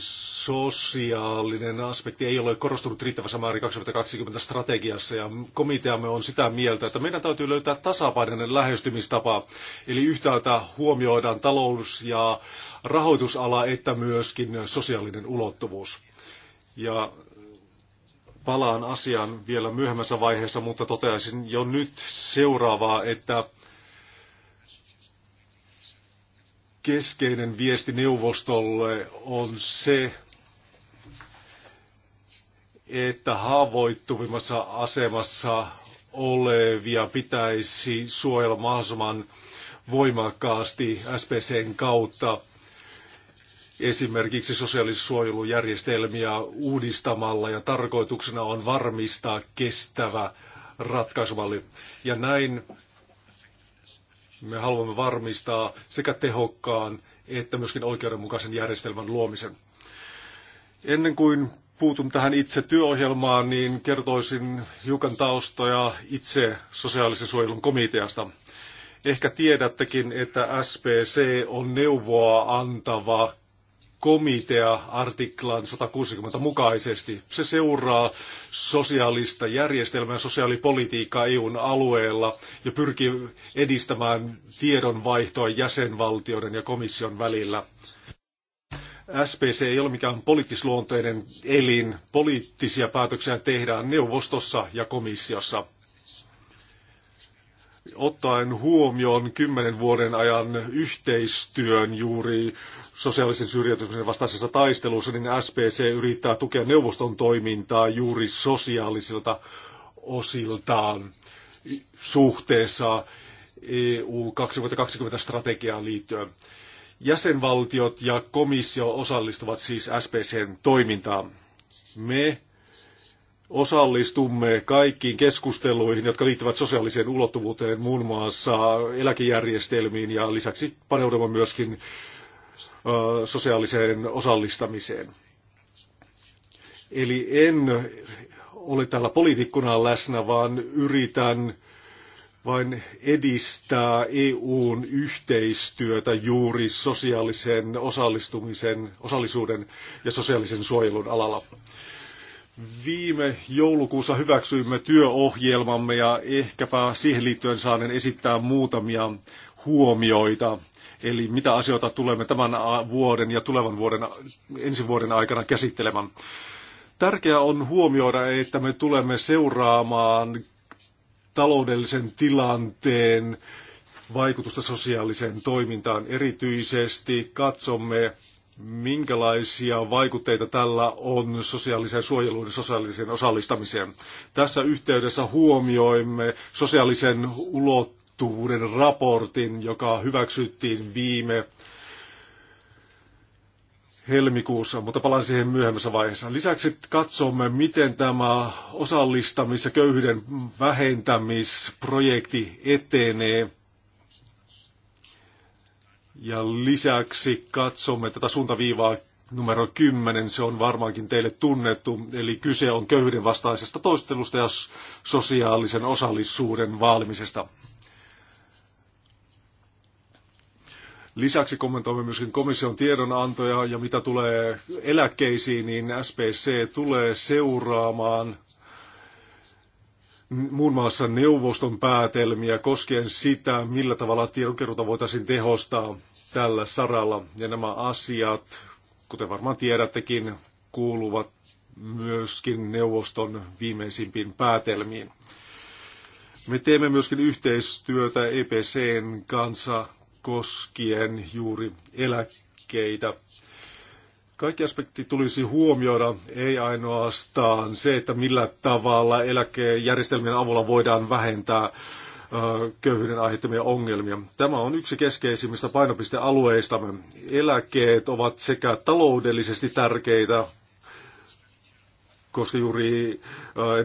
sosiaalinen aspekti ei ole korostunut riittävässä määrin 2020 strategiassa. Ja komiteamme on sitä mieltä, että meidän täytyy löytää tasapainoinen lähestymistapa. Eli yhtäältä huomioidaan talous- ja rahoitusala, että myöskin sosiaalinen ulottuvuus. Ja palaan asiaan vielä myöhemmässä vaiheessa, mutta toteaisin jo nyt seuraavaa, että keskeinen viesti neuvostolle on se, että haavoittuvimmassa asemassa olevia pitäisi suojella mahdollisimman voimakkaasti SPCn kautta esimerkiksi sosiaalisuojelujärjestelmiä uudistamalla ja tarkoituksena on varmistaa kestävä ratkaisumalli. Ja näin me haluamme varmistaa sekä tehokkaan että myöskin oikeudenmukaisen järjestelmän luomisen. Ennen kuin puutun tähän itse työohjelmaan, niin kertoisin hiukan taustoja itse sosiaalisen suojelun komiteasta. Ehkä tiedättekin, että SPC on neuvoa antava komitea artiklan 160 mukaisesti. Se seuraa sosiaalista järjestelmää, sosiaalipolitiikkaa EUn alueella ja pyrkii edistämään tiedonvaihtoa jäsenvaltioiden ja komission välillä. SPC ei ole mikään poliittisluonteinen elin. Poliittisia päätöksiä tehdään neuvostossa ja komissiossa ottaen huomioon kymmenen vuoden ajan yhteistyön juuri sosiaalisen syrjäytymisen vastaisessa taistelussa, niin SPC yrittää tukea neuvoston toimintaa juuri sosiaalisilta osiltaan suhteessa EU 2020-strategiaan liittyen. Jäsenvaltiot ja komissio osallistuvat siis SPCn toimintaan. Me osallistumme kaikkiin keskusteluihin, jotka liittyvät sosiaaliseen ulottuvuuteen muun muassa eläkejärjestelmiin ja lisäksi paneudumme myöskin sosiaaliseen osallistamiseen. Eli en ole täällä poliitikkona läsnä, vaan yritän vain edistää EUn yhteistyötä juuri sosiaalisen osallistumisen, osallisuuden ja sosiaalisen suojelun alalla. Viime joulukuussa hyväksyimme työohjelmamme ja ehkäpä siihen liittyen saanen esittää muutamia huomioita. Eli mitä asioita tulemme tämän vuoden ja tulevan vuoden, ensi vuoden aikana käsittelemään. Tärkeää on huomioida, että me tulemme seuraamaan taloudellisen tilanteen vaikutusta sosiaaliseen toimintaan. Erityisesti katsomme minkälaisia vaikutteita tällä on sosiaaliseen suojeluun ja sosiaaliseen osallistamiseen. Tässä yhteydessä huomioimme sosiaalisen ulottuvuuden raportin, joka hyväksyttiin viime helmikuussa, mutta palaan siihen myöhemmässä vaiheessa. Lisäksi katsomme, miten tämä osallistamis- ja köyhyyden vähentämisprojekti etenee – ja lisäksi katsomme tätä suuntaviivaa numero 10, se on varmaankin teille tunnettu, eli kyse on köyhyyden vastaisesta toistelusta ja sosiaalisen osallisuuden vaalimisesta. Lisäksi kommentoimme myöskin komission tiedonantoja ja mitä tulee eläkkeisiin, niin SPC tulee seuraamaan muun muassa neuvoston päätelmiä koskien sitä, millä tavalla tiedonkeruuta voitaisiin tehostaa tällä saralla. Ja nämä asiat, kuten varmaan tiedättekin, kuuluvat myöskin neuvoston viimeisimpiin päätelmiin. Me teemme myöskin yhteistyötä EPCn kanssa koskien juuri eläkkeitä. Kaikki aspekti tulisi huomioida, ei ainoastaan se, että millä tavalla eläkejärjestelmien avulla voidaan vähentää köyhyyden aiheuttamia ongelmia. Tämä on yksi keskeisimmistä painopistealueistamme. Eläkeet ovat sekä taloudellisesti tärkeitä, koska juuri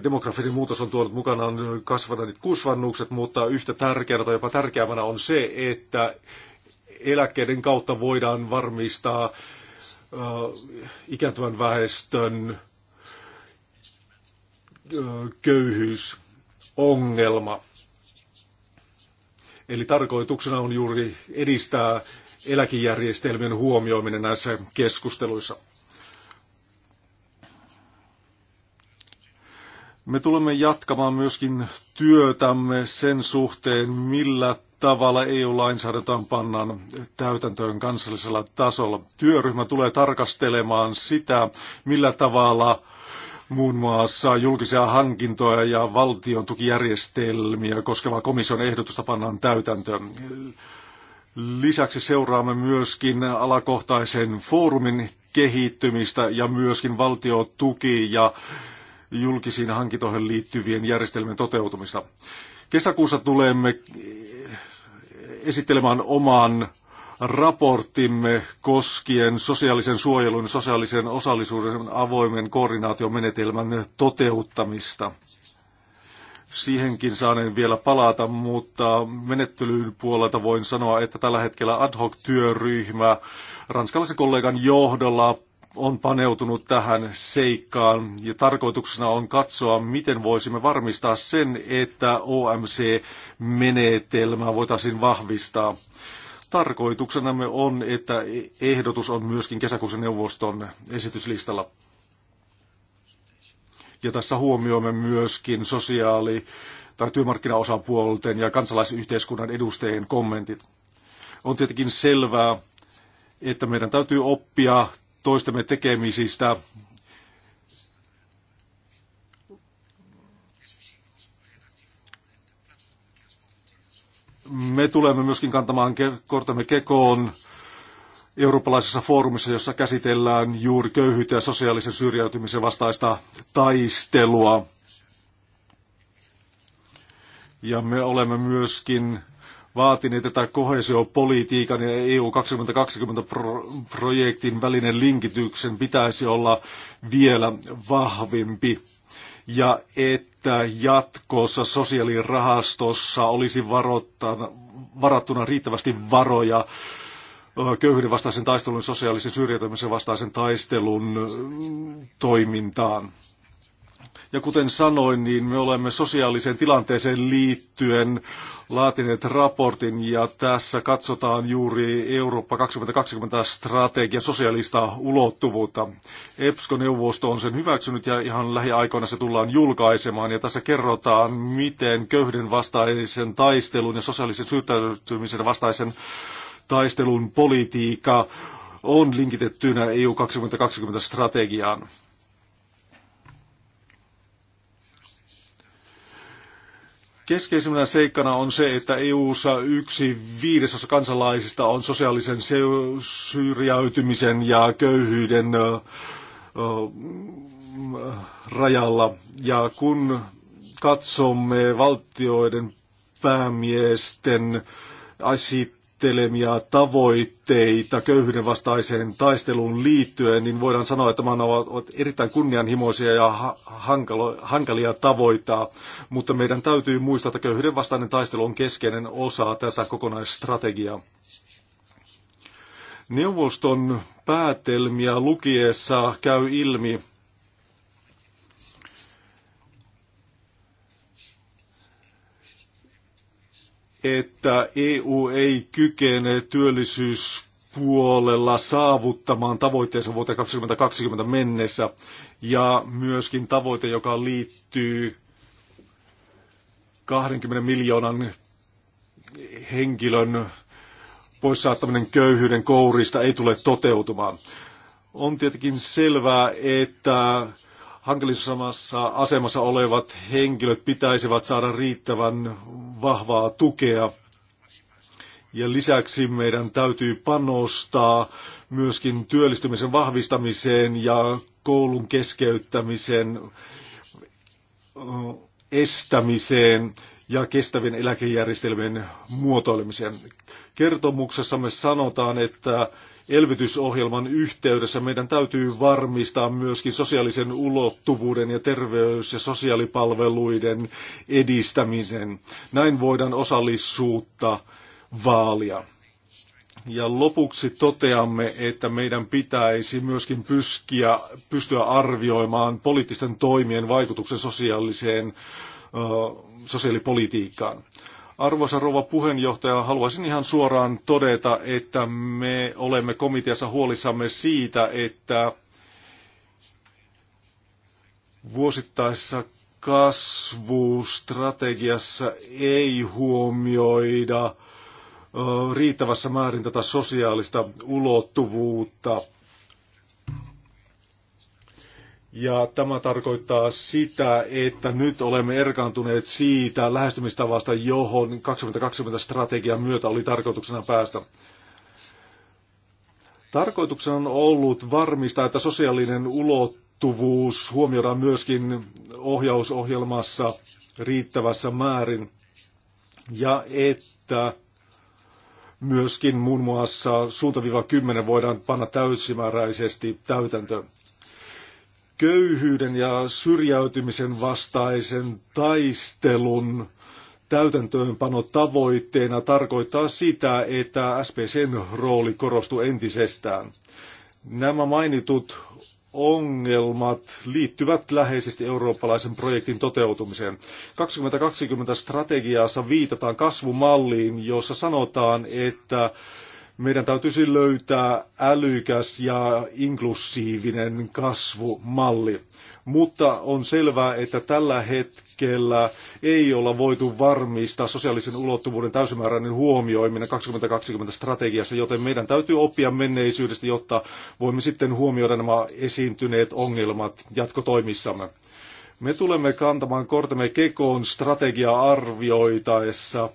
demografinen muutos on tuonut mukanaan kasvaneet kustannukset, mutta yhtä tärkeänä tai jopa tärkeämpänä on se, että eläkkeiden kautta voidaan varmistaa Äh, ikääntyvän väestön äh, köyhyysongelma. Eli tarkoituksena on juuri edistää eläkejärjestelmien huomioiminen näissä keskusteluissa. Me tulemme jatkamaan myöskin työtämme sen suhteen, millä tavalla EU-lainsäädäntöön pannaan täytäntöön kansallisella tasolla. Työryhmä tulee tarkastelemaan sitä, millä tavalla muun muassa julkisia hankintoja ja valtion tukijärjestelmiä koskeva komission ehdotusta pannaan täytäntöön. Lisäksi seuraamme myöskin alakohtaisen foorumin kehittymistä ja myöskin valtiotuki ja julkisiin hankintoihin liittyvien järjestelmien toteutumista. Kesäkuussa tulemme esittelemään oman raporttimme koskien sosiaalisen suojelun ja sosiaalisen osallisuuden avoimen koordinaatiomenetelmän toteuttamista. Siihenkin saaneen vielä palata, mutta menettelyyn puolelta voin sanoa, että tällä hetkellä ad hoc-työryhmä ranskalaisen kollegan johdolla on paneutunut tähän seikkaan ja tarkoituksena on katsoa, miten voisimme varmistaa sen, että OMC-menetelmää voitaisiin vahvistaa. Tarkoituksenamme on, että ehdotus on myöskin kesäkuisen neuvoston esityslistalla. Ja tässä huomioimme myöskin sosiaali- tai työmarkkinaosapuolten ja kansalaisyhteiskunnan edustajien kommentit. On tietenkin selvää, että meidän täytyy oppia toistemme tekemisistä. Me tulemme myöskin kantamaan kortamme kekoon eurooppalaisessa foorumissa, jossa käsitellään juuri köyhyyttä ja sosiaalisen syrjäytymisen vastaista taistelua. Ja me olemme myöskin vaatineet, että kohesiopolitiikan ja EU 2020-projektin välinen linkityksen pitäisi olla vielä vahvempi ja että jatkossa sosiaalirahastossa olisi varattuna riittävästi varoja köyhyyden vastaisen taistelun, sosiaalisen syrjäytymisen vastaisen taistelun toimintaan. Ja kuten sanoin, niin me olemme sosiaaliseen tilanteeseen liittyen laatineet raportin ja tässä katsotaan juuri Eurooppa 2020 strategia sosiaalista ulottuvuutta. EPSCO-neuvosto on sen hyväksynyt ja ihan lähiaikoina se tullaan julkaisemaan ja tässä kerrotaan, miten köyhden vastaisen taistelun ja sosiaalisen syrjäytymisen vastaisen taistelun politiikka on linkitettynä EU 2020 strategiaan. Keskeisimmänä seikkana on se, että EU-ssa yksi viidesosa kansalaisista on sosiaalisen syrjäytymisen ja köyhyyden rajalla. Ja kun katsomme valtioiden päämiesten asioita määrittelemiä tavoitteita köyhyyden vastaiseen taisteluun liittyen, niin voidaan sanoa, että nämä ovat erittäin kunnianhimoisia ja hankalia tavoittaa, mutta meidän täytyy muistaa, että köyhyyden vastainen taistelu on keskeinen osa tätä kokonaisstrategiaa. Neuvoston päätelmiä lukiessa käy ilmi, että EU ei kykene työllisyyspuolella saavuttamaan tavoitteensa vuoteen 2020 mennessä ja myöskin tavoite, joka liittyy 20 miljoonan henkilön poissaattaminen köyhyyden kourista ei tule toteutumaan. On tietenkin selvää, että hankalisuusamassa asemassa olevat henkilöt pitäisivät saada riittävän vahvaa tukea. Ja lisäksi meidän täytyy panostaa myöskin työllistymisen vahvistamiseen ja koulun keskeyttämisen estämiseen ja kestävien eläkejärjestelmien muotoilemiseen. Kertomuksessamme sanotaan, että elvytysohjelman yhteydessä meidän täytyy varmistaa myöskin sosiaalisen ulottuvuuden ja terveys- ja sosiaalipalveluiden edistämisen. Näin voidaan osallisuutta vaalia. Ja lopuksi toteamme, että meidän pitäisi myöskin pyskiä, pystyä arvioimaan poliittisten toimien vaikutuksen sosiaaliseen ö, sosiaalipolitiikkaan. Arvoisa rouva puheenjohtaja, haluaisin ihan suoraan todeta, että me olemme komiteassa huolissamme siitä, että vuosittaisessa kasvustrategiassa ei huomioida riittävässä määrin tätä sosiaalista ulottuvuutta – ja tämä tarkoittaa sitä, että nyt olemme erkaantuneet siitä lähestymistavasta, johon 2020-strategian myötä oli tarkoituksena päästä. Tarkoituksena on ollut varmistaa, että sosiaalinen ulottuvuus huomioidaan myöskin ohjausohjelmassa riittävässä määrin ja että myöskin muun muassa suuntaviiva 10 voidaan panna täysimääräisesti täytäntöön köyhyyden ja syrjäytymisen vastaisen taistelun täytäntöönpano tavoitteena tarkoittaa sitä, että SPCn rooli korostuu entisestään. Nämä mainitut ongelmat liittyvät läheisesti eurooppalaisen projektin toteutumiseen. 2020 strategiassa viitataan kasvumalliin, jossa sanotaan, että meidän täytyisi löytää älykäs ja inklusiivinen kasvumalli. Mutta on selvää, että tällä hetkellä ei olla voitu varmistaa sosiaalisen ulottuvuuden täysimääräinen huomioiminen 2020 strategiassa, joten meidän täytyy oppia menneisyydestä, jotta voimme sitten huomioida nämä esiintyneet ongelmat jatkotoimissamme. Me tulemme kantamaan kortemme kekoon strategiaa arvioitaessa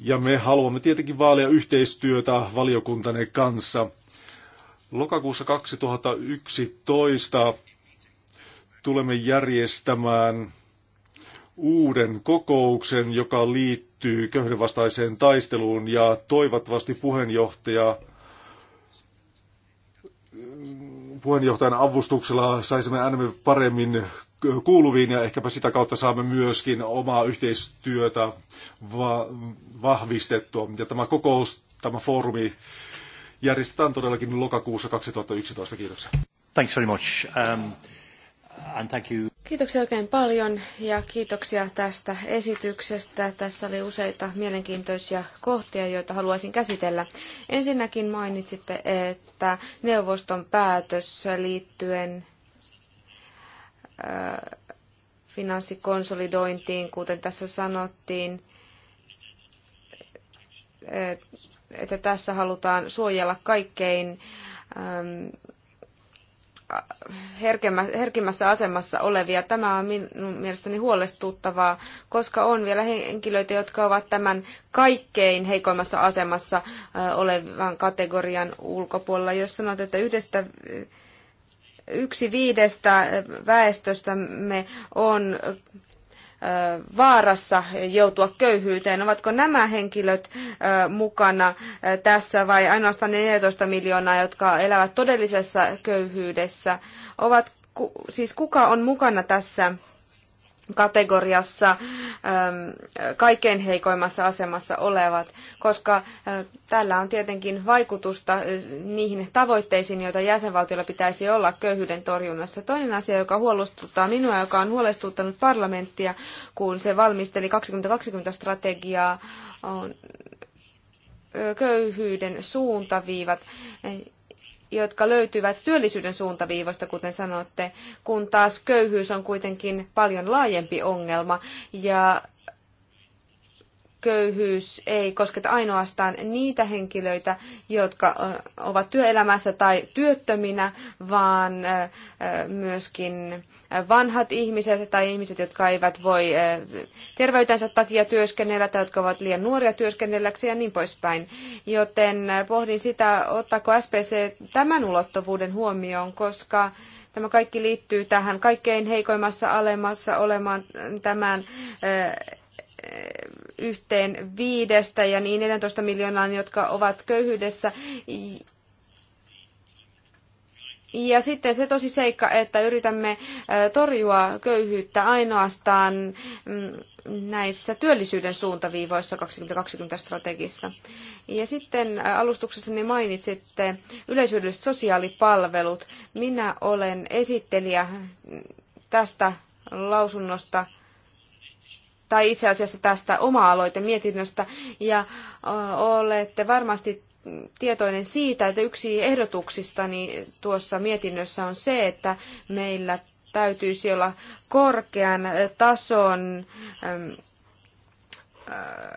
ja me haluamme tietenkin vaalia yhteistyötä valiokuntanne kanssa. Lokakuussa 2011 tulemme järjestämään uuden kokouksen, joka liittyy köyhdenvastaiseen taisteluun ja toivottavasti puheenjohtaja puheenjohtajan avustuksella saisimme äänemme paremmin kuuluviin ja ehkäpä sitä kautta saamme myöskin omaa yhteistyötä va- vahvistettua. Ja tämä kokous, tämä foorumi järjestetään todellakin lokakuussa 2011. Kiitoksia. Thanks very much. Um, and thank you. Kiitoksia oikein paljon ja kiitoksia tästä esityksestä. Tässä oli useita mielenkiintoisia kohtia, joita haluaisin käsitellä. Ensinnäkin mainitsitte, että neuvoston päätös liittyen finanssikonsolidointiin, kuten tässä sanottiin, että tässä halutaan suojella kaikkein ähm, herkimmässä asemassa olevia. Tämä on minun mielestäni huolestuttavaa, koska on vielä henkilöitä, jotka ovat tämän kaikkein heikoimmassa asemassa äh, olevan kategorian ulkopuolella. Jos sanot, että yhdestä yksi viidestä väestöstämme on vaarassa joutua köyhyyteen. Ovatko nämä henkilöt mukana tässä vai ainoastaan ne 14 miljoonaa, jotka elävät todellisessa köyhyydessä? Ovat, siis kuka on mukana tässä kategoriassa ähm, kaikkein heikoimmassa asemassa olevat, koska äh, tällä on tietenkin vaikutusta äh, niihin tavoitteisiin, joita jäsenvaltiolla pitäisi olla köyhyyden torjunnassa. Toinen asia, joka huolestuttaa minua, joka on huolestuttanut parlamenttia, kun se valmisteli 2020-strategiaa, on köyhyyden suuntaviivat jotka löytyvät työllisyyden suuntaviivoista, kuten sanotte, kun taas köyhyys on kuitenkin paljon laajempi ongelma ja köyhyys ei kosketa ainoastaan niitä henkilöitä, jotka ovat työelämässä tai työttöminä, vaan myöskin vanhat ihmiset tai ihmiset, jotka eivät voi terveytensä takia työskennellä tai jotka ovat liian nuoria työskennelläksi ja niin poispäin. Joten pohdin sitä, ottaako SPC tämän ulottuvuuden huomioon, koska tämä kaikki liittyy tähän kaikkein heikoimmassa alemassa olemaan tämän yhteen viidestä ja niin 14 miljoonaan, jotka ovat köyhyydessä. Ja sitten se tosi seikka, että yritämme torjua köyhyyttä ainoastaan mm, näissä työllisyyden suuntaviivoissa 2020 strategissa. Ja sitten alustuksessani mainitsitte yleisyydelliset sosiaalipalvelut. Minä olen esittelijä tästä lausunnosta tai itse asiassa tästä oma-aloitemietinnöstä, ja olette varmasti tietoinen siitä, että yksi ehdotuksistani tuossa mietinnössä on se, että meillä täytyisi olla korkean tason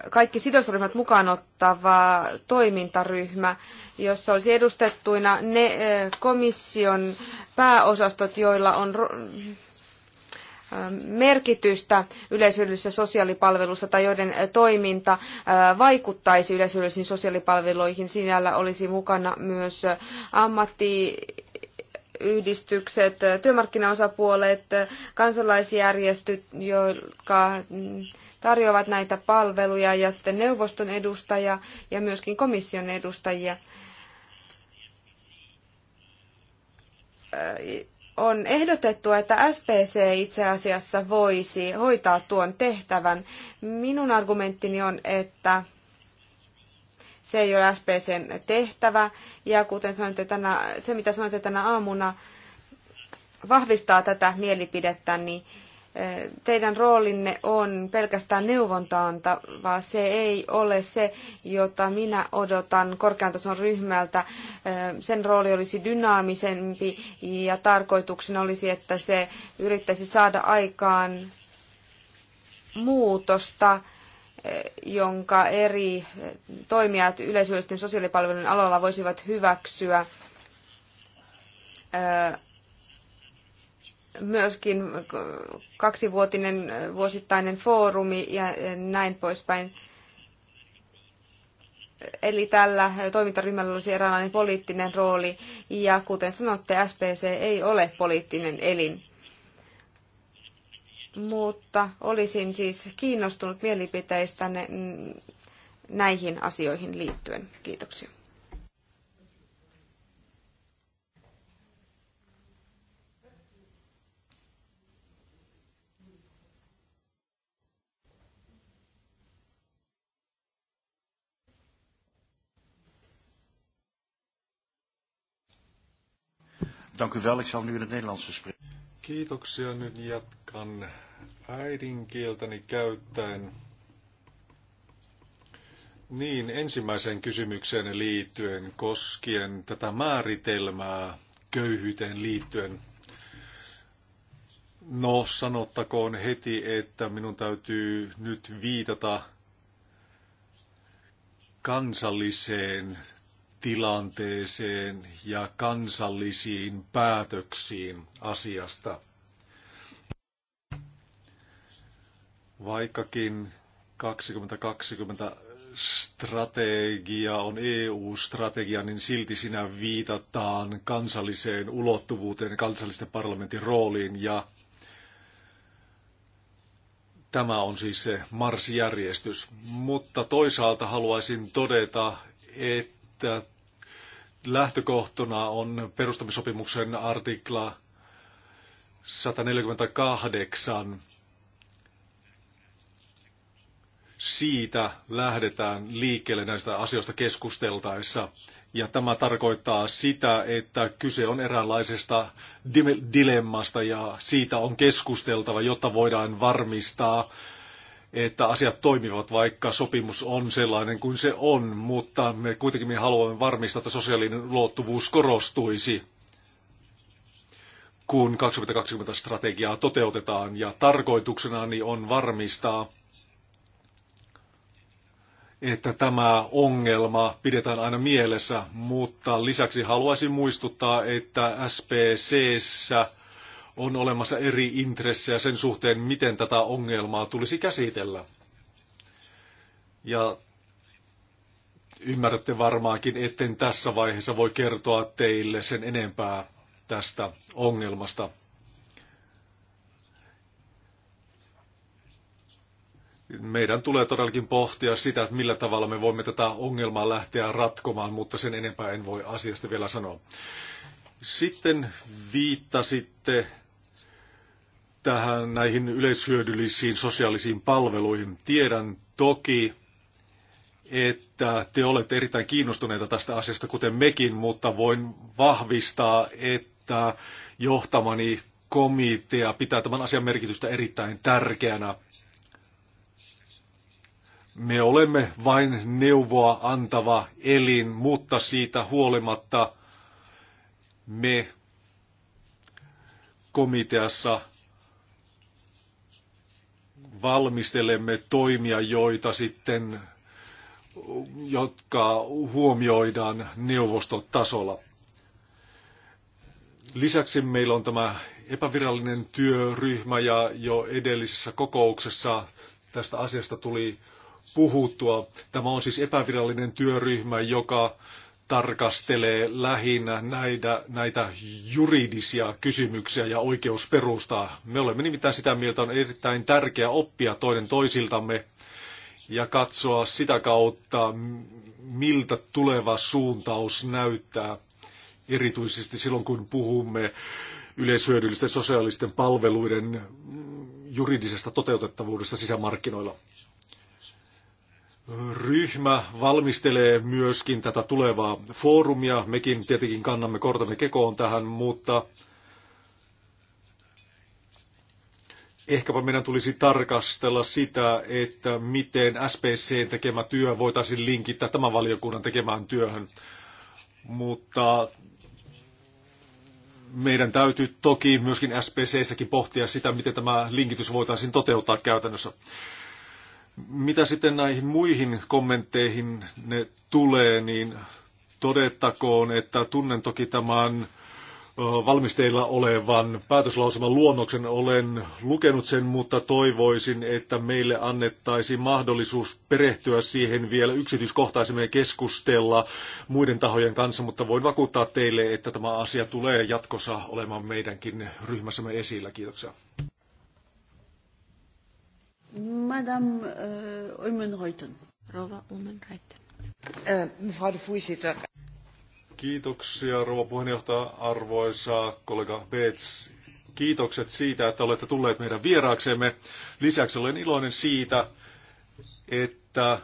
kaikki sidosryhmät mukaan ottava toimintaryhmä, jossa olisi edustettuina ne komission pääosastot, joilla on merkitystä yleishyödyllisissä sosiaalipalveluissa tai joiden toiminta äh, vaikuttaisi yleishyödyllisiin sosiaalipalveluihin. Sinällä olisi mukana myös ammatti yhdistykset, työmarkkinaosapuolet, kansalaisjärjestöt, jotka tarjoavat näitä palveluja ja sitten neuvoston edustaja ja myöskin komission edustajia äh, on ehdotettu, että SPC itse asiassa voisi hoitaa tuon tehtävän. Minun argumenttini on, että se ei ole SPCn tehtävä. Ja kuten sanoitte tänä, se, mitä sanoitte tänä aamuna, vahvistaa tätä mielipidettäni. Niin teidän roolinne on pelkästään neuvontaanta, vaan se ei ole se, jota minä odotan korkean tason ryhmältä. Sen rooli olisi dynaamisempi ja tarkoituksena olisi, että se yrittäisi saada aikaan muutosta, jonka eri toimijat yleisöllisten sosiaalipalvelujen alalla voisivat hyväksyä myöskin kaksivuotinen vuosittainen foorumi ja näin poispäin. Eli tällä toimintaryhmällä olisi eräänlainen poliittinen rooli, ja kuten sanotte, SPC ei ole poliittinen elin. Mutta olisin siis kiinnostunut mielipiteistä näihin asioihin liittyen. Kiitoksia. Dank u wel, ik zal nu in het Nederlands spreken. Kiitoksia, nyt jatkan äidinkieltäni käyttäen. Niin, ensimmäiseen kysymykseen liittyen koskien tätä määritelmää köyhyyteen liittyen. No, sanottakoon heti, että minun täytyy nyt viitata kansalliseen tilanteeseen ja kansallisiin päätöksiin asiasta. Vaikkakin 2020 strategia on EU-strategia, niin silti sinä viitataan kansalliseen ulottuvuuteen, kansallisten parlamentin rooliin ja tämä on siis se marsijärjestys. Mutta toisaalta haluaisin todeta, että että lähtökohtana on perustamissopimuksen artikla 148. Siitä lähdetään liikkeelle näistä asioista keskusteltaessa. Ja tämä tarkoittaa sitä, että kyse on eräänlaisesta dilemmasta ja siitä on keskusteltava, jotta voidaan varmistaa että asiat toimivat, vaikka sopimus on sellainen kuin se on, mutta me kuitenkin me haluamme varmistaa, että sosiaalinen luottuvuus korostuisi, kun 2020 strategiaa toteutetaan ja tarkoituksena niin on varmistaa, että tämä ongelma pidetään aina mielessä, mutta lisäksi haluaisin muistuttaa, että SPCssä – on olemassa eri intressejä sen suhteen, miten tätä ongelmaa tulisi käsitellä. Ja ymmärrätte varmaankin, etten tässä vaiheessa voi kertoa teille sen enempää tästä ongelmasta. Meidän tulee todellakin pohtia sitä, millä tavalla me voimme tätä ongelmaa lähteä ratkomaan, mutta sen enempää en voi asiasta vielä sanoa. Sitten viittasitte tähän näihin yleishyödyllisiin sosiaalisiin palveluihin. Tiedän toki, että te olette erittäin kiinnostuneita tästä asiasta, kuten mekin, mutta voin vahvistaa, että johtamani komitea pitää tämän asian merkitystä erittäin tärkeänä. Me olemme vain neuvoa antava elin, mutta siitä huolimatta me komiteassa valmistelemme toimia, joita sitten, jotka huomioidaan neuvostotasolla. Lisäksi meillä on tämä epävirallinen työryhmä ja jo edellisessä kokouksessa tästä asiasta tuli puhuttua. Tämä on siis epävirallinen työryhmä, joka tarkastelee lähinnä näitä, näitä juridisia kysymyksiä ja oikeusperustaa. Me olemme nimittäin sitä mieltä, on erittäin tärkeää oppia toinen toisiltamme ja katsoa sitä kautta, miltä tuleva suuntaus näyttää, erityisesti silloin kun puhumme yleishyödyllisten sosiaalisten palveluiden juridisesta toteutettavuudesta sisämarkkinoilla ryhmä valmistelee myöskin tätä tulevaa foorumia. Mekin tietenkin kannamme kortamme kekoon tähän, mutta ehkäpä meidän tulisi tarkastella sitä, että miten SPCn tekemä työ voitaisiin linkittää tämän valiokunnan tekemään työhön. Mutta meidän täytyy toki myöskin SPCssäkin pohtia sitä, miten tämä linkitys voitaisiin toteuttaa käytännössä. Mitä sitten näihin muihin kommentteihin ne tulee, niin todettakoon, että tunnen toki tämän valmisteilla olevan päätöslausuman luonnoksen. Olen lukenut sen, mutta toivoisin, että meille annettaisiin mahdollisuus perehtyä siihen vielä yksityiskohtaisemmin ja keskustella muiden tahojen kanssa, mutta voin vakuuttaa teille, että tämä asia tulee jatkossa olemaan meidänkin ryhmässämme esillä. Kiitoksia. Madame uh, eh, Oimenreuten. Rova Oimenreuten. Eh, mevrouw de voorzitter. Kiitoksia, rouva puheenjohtaja, arvoisa kollega Beets. Kiitokset siitä, että olette tulleet meidän vieraaksemme. Lisäksi olen iloinen siitä, että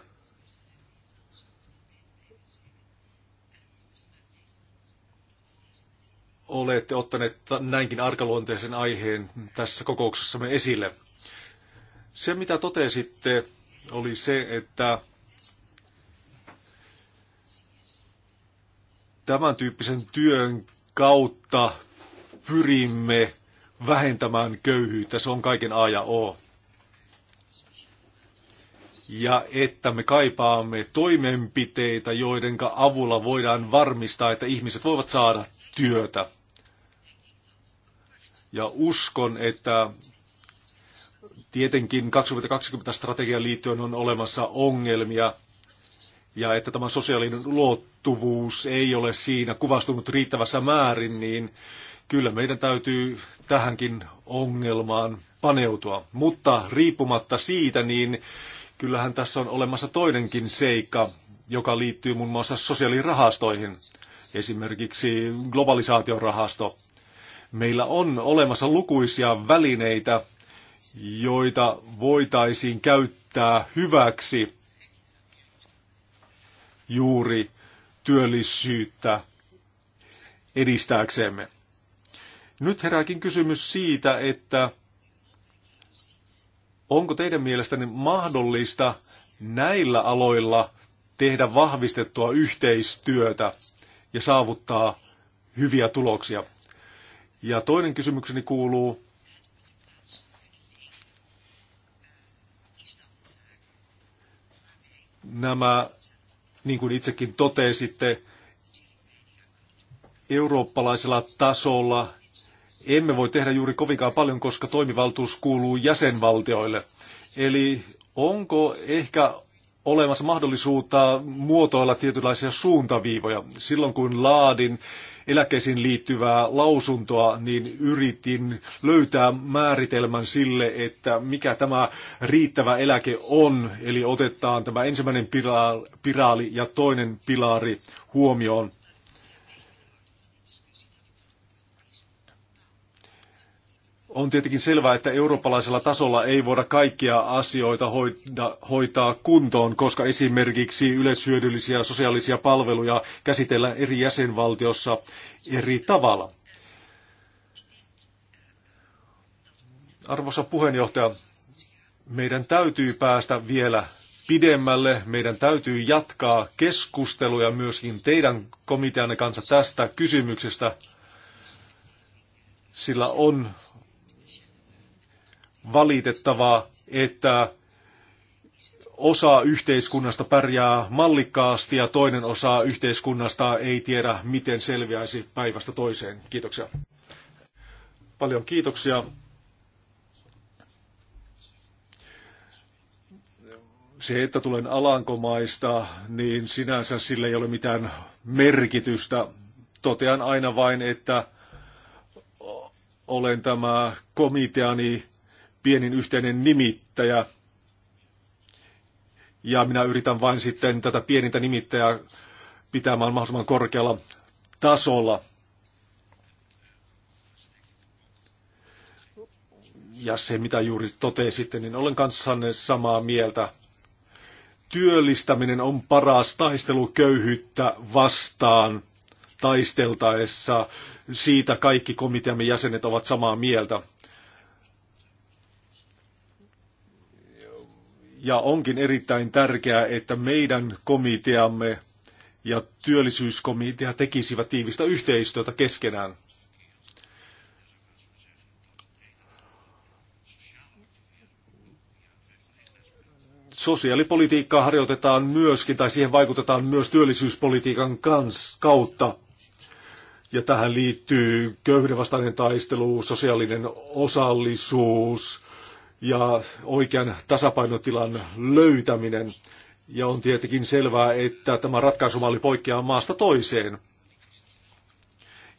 olette ottaneet näinkin arkaluonteisen aiheen tässä kokouksessamme esille. Se, mitä totesitte, oli se, että tämän tyyppisen työn kautta pyrimme vähentämään köyhyyttä. Se on kaiken A ja O. Ja että me kaipaamme toimenpiteitä, joiden avulla voidaan varmistaa, että ihmiset voivat saada työtä. Ja uskon, että Tietenkin 2020-strategian liittyen on olemassa ongelmia ja että tämä sosiaalinen ulottuvuus ei ole siinä kuvastunut riittävässä määrin, niin kyllä meidän täytyy tähänkin ongelmaan paneutua. Mutta riippumatta siitä, niin kyllähän tässä on olemassa toinenkin seikka, joka liittyy muun muassa sosiaalirahastoihin. Esimerkiksi globalisaatiorahasto. Meillä on olemassa lukuisia välineitä, joita voitaisiin käyttää hyväksi juuri työllisyyttä edistääksemme. Nyt herääkin kysymys siitä, että onko teidän mielestänne mahdollista näillä aloilla tehdä vahvistettua yhteistyötä ja saavuttaa hyviä tuloksia? Ja toinen kysymykseni kuuluu, nämä, niin kuin itsekin totesitte, eurooppalaisella tasolla emme voi tehdä juuri kovinkaan paljon, koska toimivaltuus kuuluu jäsenvaltioille. Eli onko ehkä olemassa mahdollisuutta muotoilla tietynlaisia suuntaviivoja. Silloin kun laadin eläkkeisiin liittyvää lausuntoa, niin yritin löytää määritelmän sille, että mikä tämä riittävä eläke on. Eli otetaan tämä ensimmäinen piraali ja toinen pilari huomioon. On tietenkin selvää, että eurooppalaisella tasolla ei voida kaikkia asioita hoitaa kuntoon, koska esimerkiksi yleishyödyllisiä sosiaalisia palveluja käsitellään eri jäsenvaltiossa eri tavalla. Arvoisa puheenjohtaja, meidän täytyy päästä vielä pidemmälle. Meidän täytyy jatkaa keskusteluja myöskin teidän komiteanne kanssa tästä kysymyksestä, sillä on valitettavaa, että osa yhteiskunnasta pärjää mallikkaasti ja toinen osa yhteiskunnasta ei tiedä, miten selviäisi päivästä toiseen. Kiitoksia. Paljon kiitoksia. Se, että tulen Alankomaista, niin sinänsä sillä ei ole mitään merkitystä. Totean aina vain, että olen tämä komiteani pienin yhteinen nimittäjä. Ja minä yritän vain sitten tätä pienintä nimittäjää pitämään mahdollisimman korkealla tasolla. Ja se, mitä juuri totesitte, niin olen kanssanne samaa mieltä. Työllistäminen on paras taistelu köyhyyttä vastaan taisteltaessa. Siitä kaikki komiteamme jäsenet ovat samaa mieltä. Ja onkin erittäin tärkeää, että meidän komiteamme ja työllisyyskomitea tekisivät tiivistä yhteistyötä keskenään. Sosiaalipolitiikkaa harjoitetaan myöskin, tai siihen vaikutetaan myös työllisyyspolitiikan kans, kautta. Ja tähän liittyy köyhyyden taistelu, sosiaalinen osallisuus, ja oikean tasapainotilan löytäminen. Ja on tietenkin selvää, että tämä ratkaisumalli poikkeaa maasta toiseen.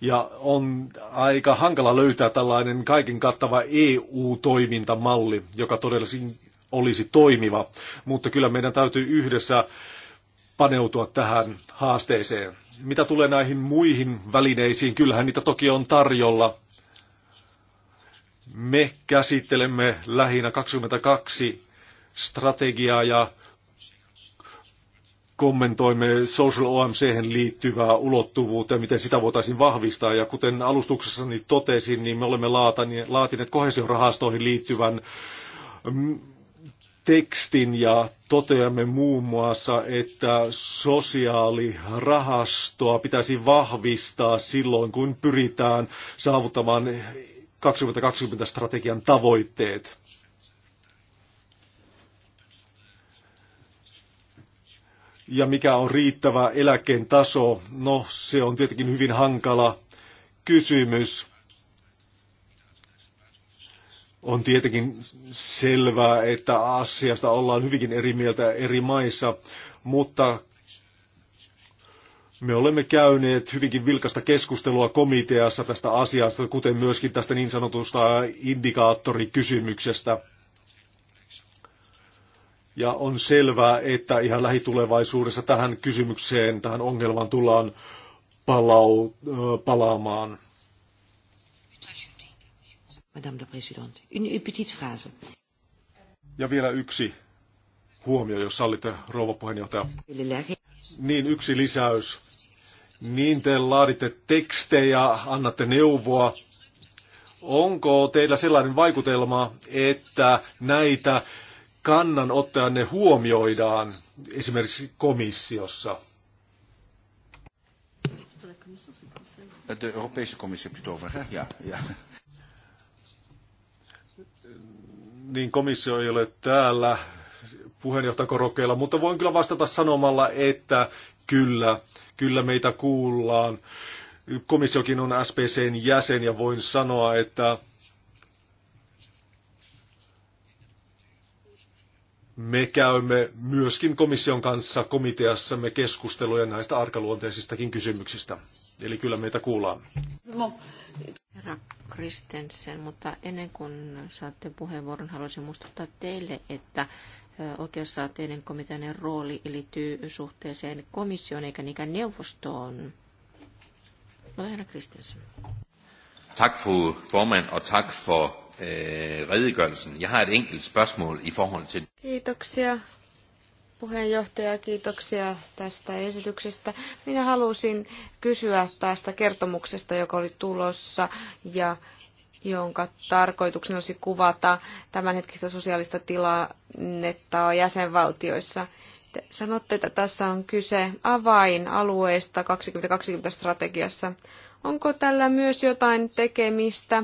Ja on aika hankala löytää tällainen kaiken kattava EU-toimintamalli, joka todellakin olisi toimiva. Mutta kyllä meidän täytyy yhdessä paneutua tähän haasteeseen. Mitä tulee näihin muihin välineisiin, kyllähän niitä toki on tarjolla. Me käsittelemme lähinnä 22 strategiaa ja kommentoimme Social omc liittyvää ulottuvuutta ja miten sitä voitaisiin vahvistaa. Ja kuten alustuksessani totesin, niin me olemme laatineet kohesiorahastoihin liittyvän mm, tekstin ja toteamme muun muassa, että sosiaalirahastoa pitäisi vahvistaa silloin, kun pyritään saavuttamaan 2020-strategian tavoitteet. Ja mikä on riittävä eläkkeen taso? No, se on tietenkin hyvin hankala kysymys. On tietenkin selvää, että asiasta ollaan hyvinkin eri mieltä eri maissa, mutta me olemme käyneet hyvinkin vilkasta keskustelua komiteassa tästä asiasta, kuten myöskin tästä niin sanotusta indikaattorikysymyksestä. Ja on selvää, että ihan lähitulevaisuudessa tähän kysymykseen, tähän ongelmaan tullaan palau, palaamaan. Madame la Présidente, une petite phrase. Ja vielä yksi huomio, jos sallitte, rouva puheenjohtaja. Niin, yksi lisäys niin te laaditte tekstejä, annatte neuvoa. Onko teillä sellainen vaikutelma, että näitä kannanottajanne huomioidaan esimerkiksi komissiossa? Äh, Euroopan komissio? commissie plutôt, ja, ja. Niin komissio ei ole täällä puheenjohtajakorokeilla, mutta voin kyllä vastata sanomalla, että kyllä kyllä meitä kuullaan. Komissiokin on SPCn jäsen ja voin sanoa, että me käymme myöskin komission kanssa komiteassamme keskusteluja näistä arkaluonteisistakin kysymyksistä. Eli kyllä meitä kuullaan. Herra Kristensen, mutta ennen kuin saatte puheenvuoron, haluaisin muistuttaa teille, että oikeussaateiden komitean rooli liittyy suhteeseen komissioon eikä niinkään neuvostoon. Ole herra Kristensen. Tak fru formand og tak for øh, redegørelsen. Jeg har et enkelt spørgsmål i forhold til... Kiitoksia puheenjohtaja, kiitoksia tästä esityksestä. Minä halusin kysyä tästä kertomuksesta, joka oli tulossa ja jonka tarkoituksena olisi kuvata tämänhetkistä sosiaalista tilannetta jäsenvaltioissa. Te sanotte, että tässä on kyse avainalueesta 2020-strategiassa. Onko tällä myös jotain tekemistä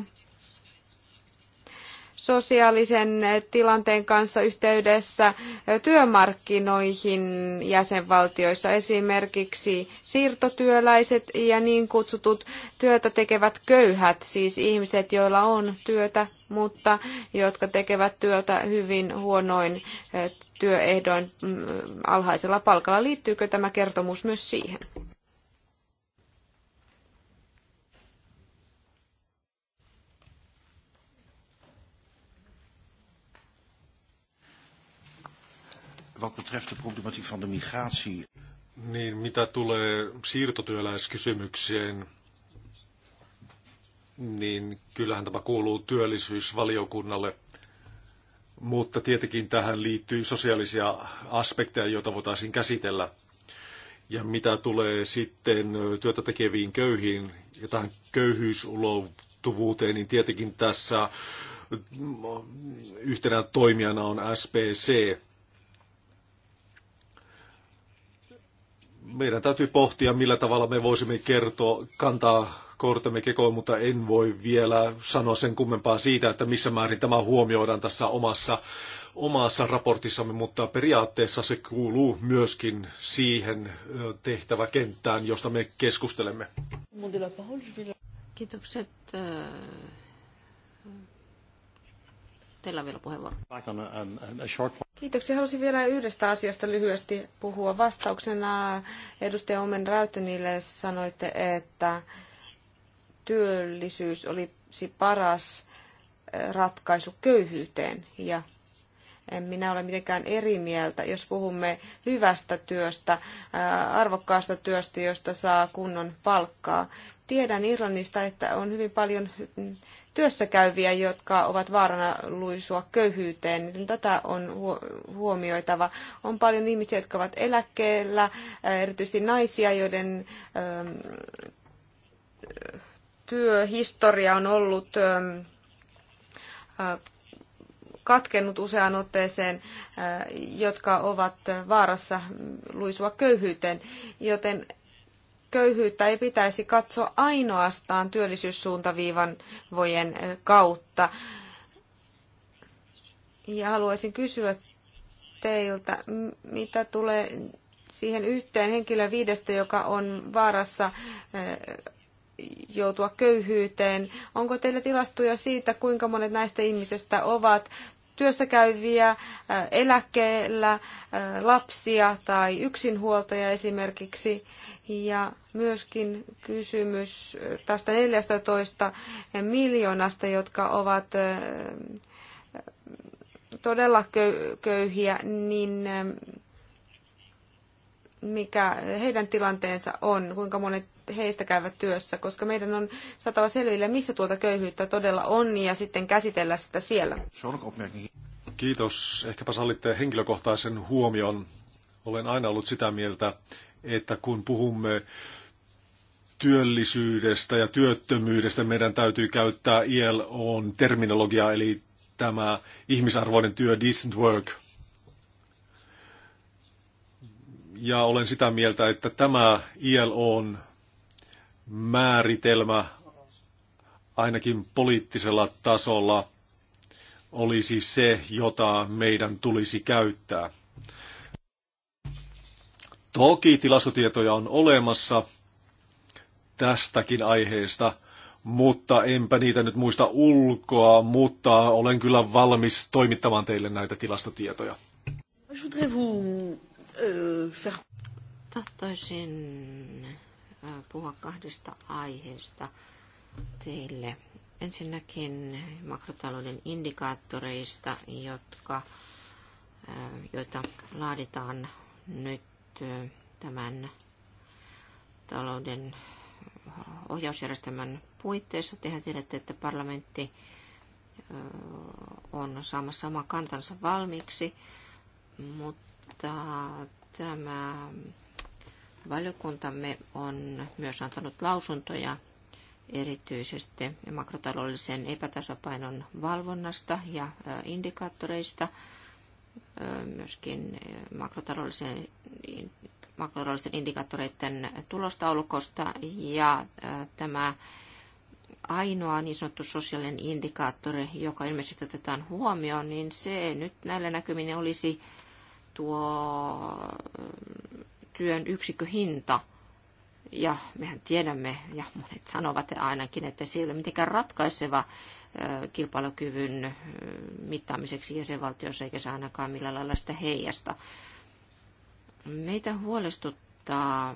sosiaalisen tilanteen kanssa yhteydessä työmarkkinoihin jäsenvaltioissa, esimerkiksi siirtotyöläiset ja niin kutsutut työtä tekevät köyhät, siis ihmiset, joilla on työtä, mutta jotka tekevät työtä hyvin huonoin eh, työehdoin mm, alhaisella palkalla. Liittyykö tämä kertomus myös siihen? wat betreft de problematiek van de migratie. Niin, mitä tulee siirtotyöläiskysymykseen, niin kyllähän tämä kuuluu työllisyysvaliokunnalle. Mutta tietenkin tähän liittyy sosiaalisia aspekteja, joita voitaisiin käsitellä. Ja mitä tulee sitten työtä tekeviin köyhiin ja tähän köyhyysulottuvuuteen, niin tietenkin tässä yhtenä toimijana on SPC. meidän täytyy pohtia, millä tavalla me voisimme kertoa, kantaa kortemme kekoon, mutta en voi vielä sanoa sen kummempaa siitä, että missä määrin tämä huomioidaan tässä omassa, omassa raportissamme, mutta periaatteessa se kuuluu myöskin siihen tehtäväkenttään, josta me keskustelemme. Kiitokset. Teillä on vielä puheenvuoro. Kiitoksia. Haluaisin vielä yhdestä asiasta lyhyesti puhua. Vastauksena edustaja Omen Räytönille sanoitte, että työllisyys olisi paras eh, ratkaisu köyhyyteen. Ja en minä ole mitenkään eri mieltä, jos puhumme hyvästä työstä, eh, arvokkaasta työstä, josta saa kunnon palkkaa. Tiedän Irlannista, että on hyvin paljon työssäkäyviä, jotka ovat vaarana luisua köyhyyteen. Niin tätä on huomioitava. On paljon ihmisiä, jotka ovat eläkkeellä, äh, erityisesti naisia, joiden ähm, työhistoria on ollut ähm, äh, katkennut useaan otteeseen, äh, jotka ovat vaarassa luisua köyhyyteen, joten köyhyyttä ei pitäisi katsoa ainoastaan työllisyyssuuntaviivan vojen kautta. Ja haluaisin kysyä teiltä, mitä tulee siihen yhteen henkilön viidestä, joka on vaarassa joutua köyhyyteen. Onko teillä tilastoja siitä, kuinka monet näistä ihmisistä ovat työssäkäyviä, äh, eläkkeellä, äh, lapsia tai yksinhuoltajia esimerkiksi. Ja myöskin kysymys äh, tästä 14 miljoonasta, jotka ovat todella köyhiä, niin ähm, mikä heidän tilanteensa on, kuinka monet heistä käyvät työssä, koska meidän on saatava selville, missä tuota köyhyyttä todella on ja sitten käsitellä sitä siellä. Kiitos. Ehkäpä sallitte henkilökohtaisen huomion. Olen aina ollut sitä mieltä, että kun puhumme työllisyydestä ja työttömyydestä, meidän täytyy käyttää ilo terminologiaa, eli tämä ihmisarvoinen työ, decent work – Ja olen sitä mieltä, että tämä ILOn määritelmä ainakin poliittisella tasolla olisi se, jota meidän tulisi käyttää. Toki tilastotietoja on olemassa tästäkin aiheesta, mutta enpä niitä nyt muista ulkoa, mutta olen kyllä valmis toimittamaan teille näitä tilastotietoja. Je voudrais vous Tahtoisin äh, puhua kahdesta aiheesta teille. Ensinnäkin makrotalouden indikaattoreista, jotka, äh, joita laaditaan nyt äh, tämän talouden ohjausjärjestelmän puitteissa. Tehän tiedätte, että parlamentti on saamassa oma kantansa valmiiksi, mutta mutta tämä valiokuntamme on myös antanut lausuntoja erityisesti makrotaloudellisen epätasapainon valvonnasta ja indikaattoreista, myöskin makrotaloudellisen makrotaloudellisten indikaattoreiden tulostaulukosta ja tämä ainoa niin sanottu sosiaalinen indikaattori, joka ilmeisesti otetaan huomioon, niin se nyt näillä näkyminen olisi tuo työn yksikköhinta. Ja mehän tiedämme, ja monet sanovat ainakin, että se ei ole mitenkään ratkaiseva kilpailukyvyn mittaamiseksi jäsenvaltiossa, eikä se ainakaan millään lailla sitä heijasta. Meitä huolestuttaa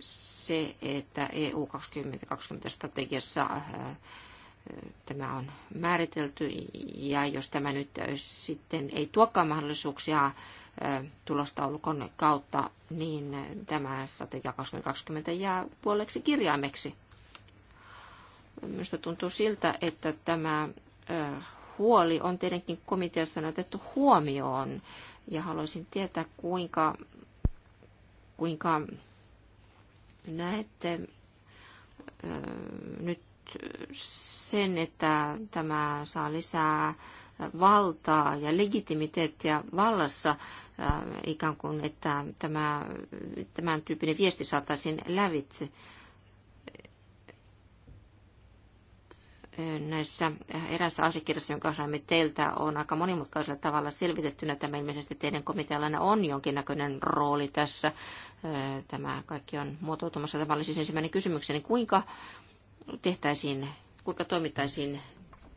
se, että EU 2020 strategiassa tämä on määritelty, ja jos tämä nyt sitten ei tuokaan mahdollisuuksia tulostaulukon kautta, niin tämä strategia 2020 jää puoleksi kirjaimeksi. Minusta tuntuu siltä, että tämä huoli on tietenkin komiteassa otettu huomioon. Ja haluaisin tietää, kuinka, kuinka näette nyt sen, että tämä saa lisää valtaa ja legitimiteettiä vallassa äh, ikään kuin, että tämä, tämän tyyppinen viesti saataisiin lävitse. näissä erässä asiakirjassa, jonka saimme teiltä, on aika monimutkaisella tavalla selvitettynä. Tämä ilmeisesti teidän komitealla on jonkinnäköinen rooli tässä. Äh, tämä kaikki on muotoutumassa tavallaan. Siis ensimmäinen kysymykseni, kuinka tehtäisiin, kuinka toimittaisiin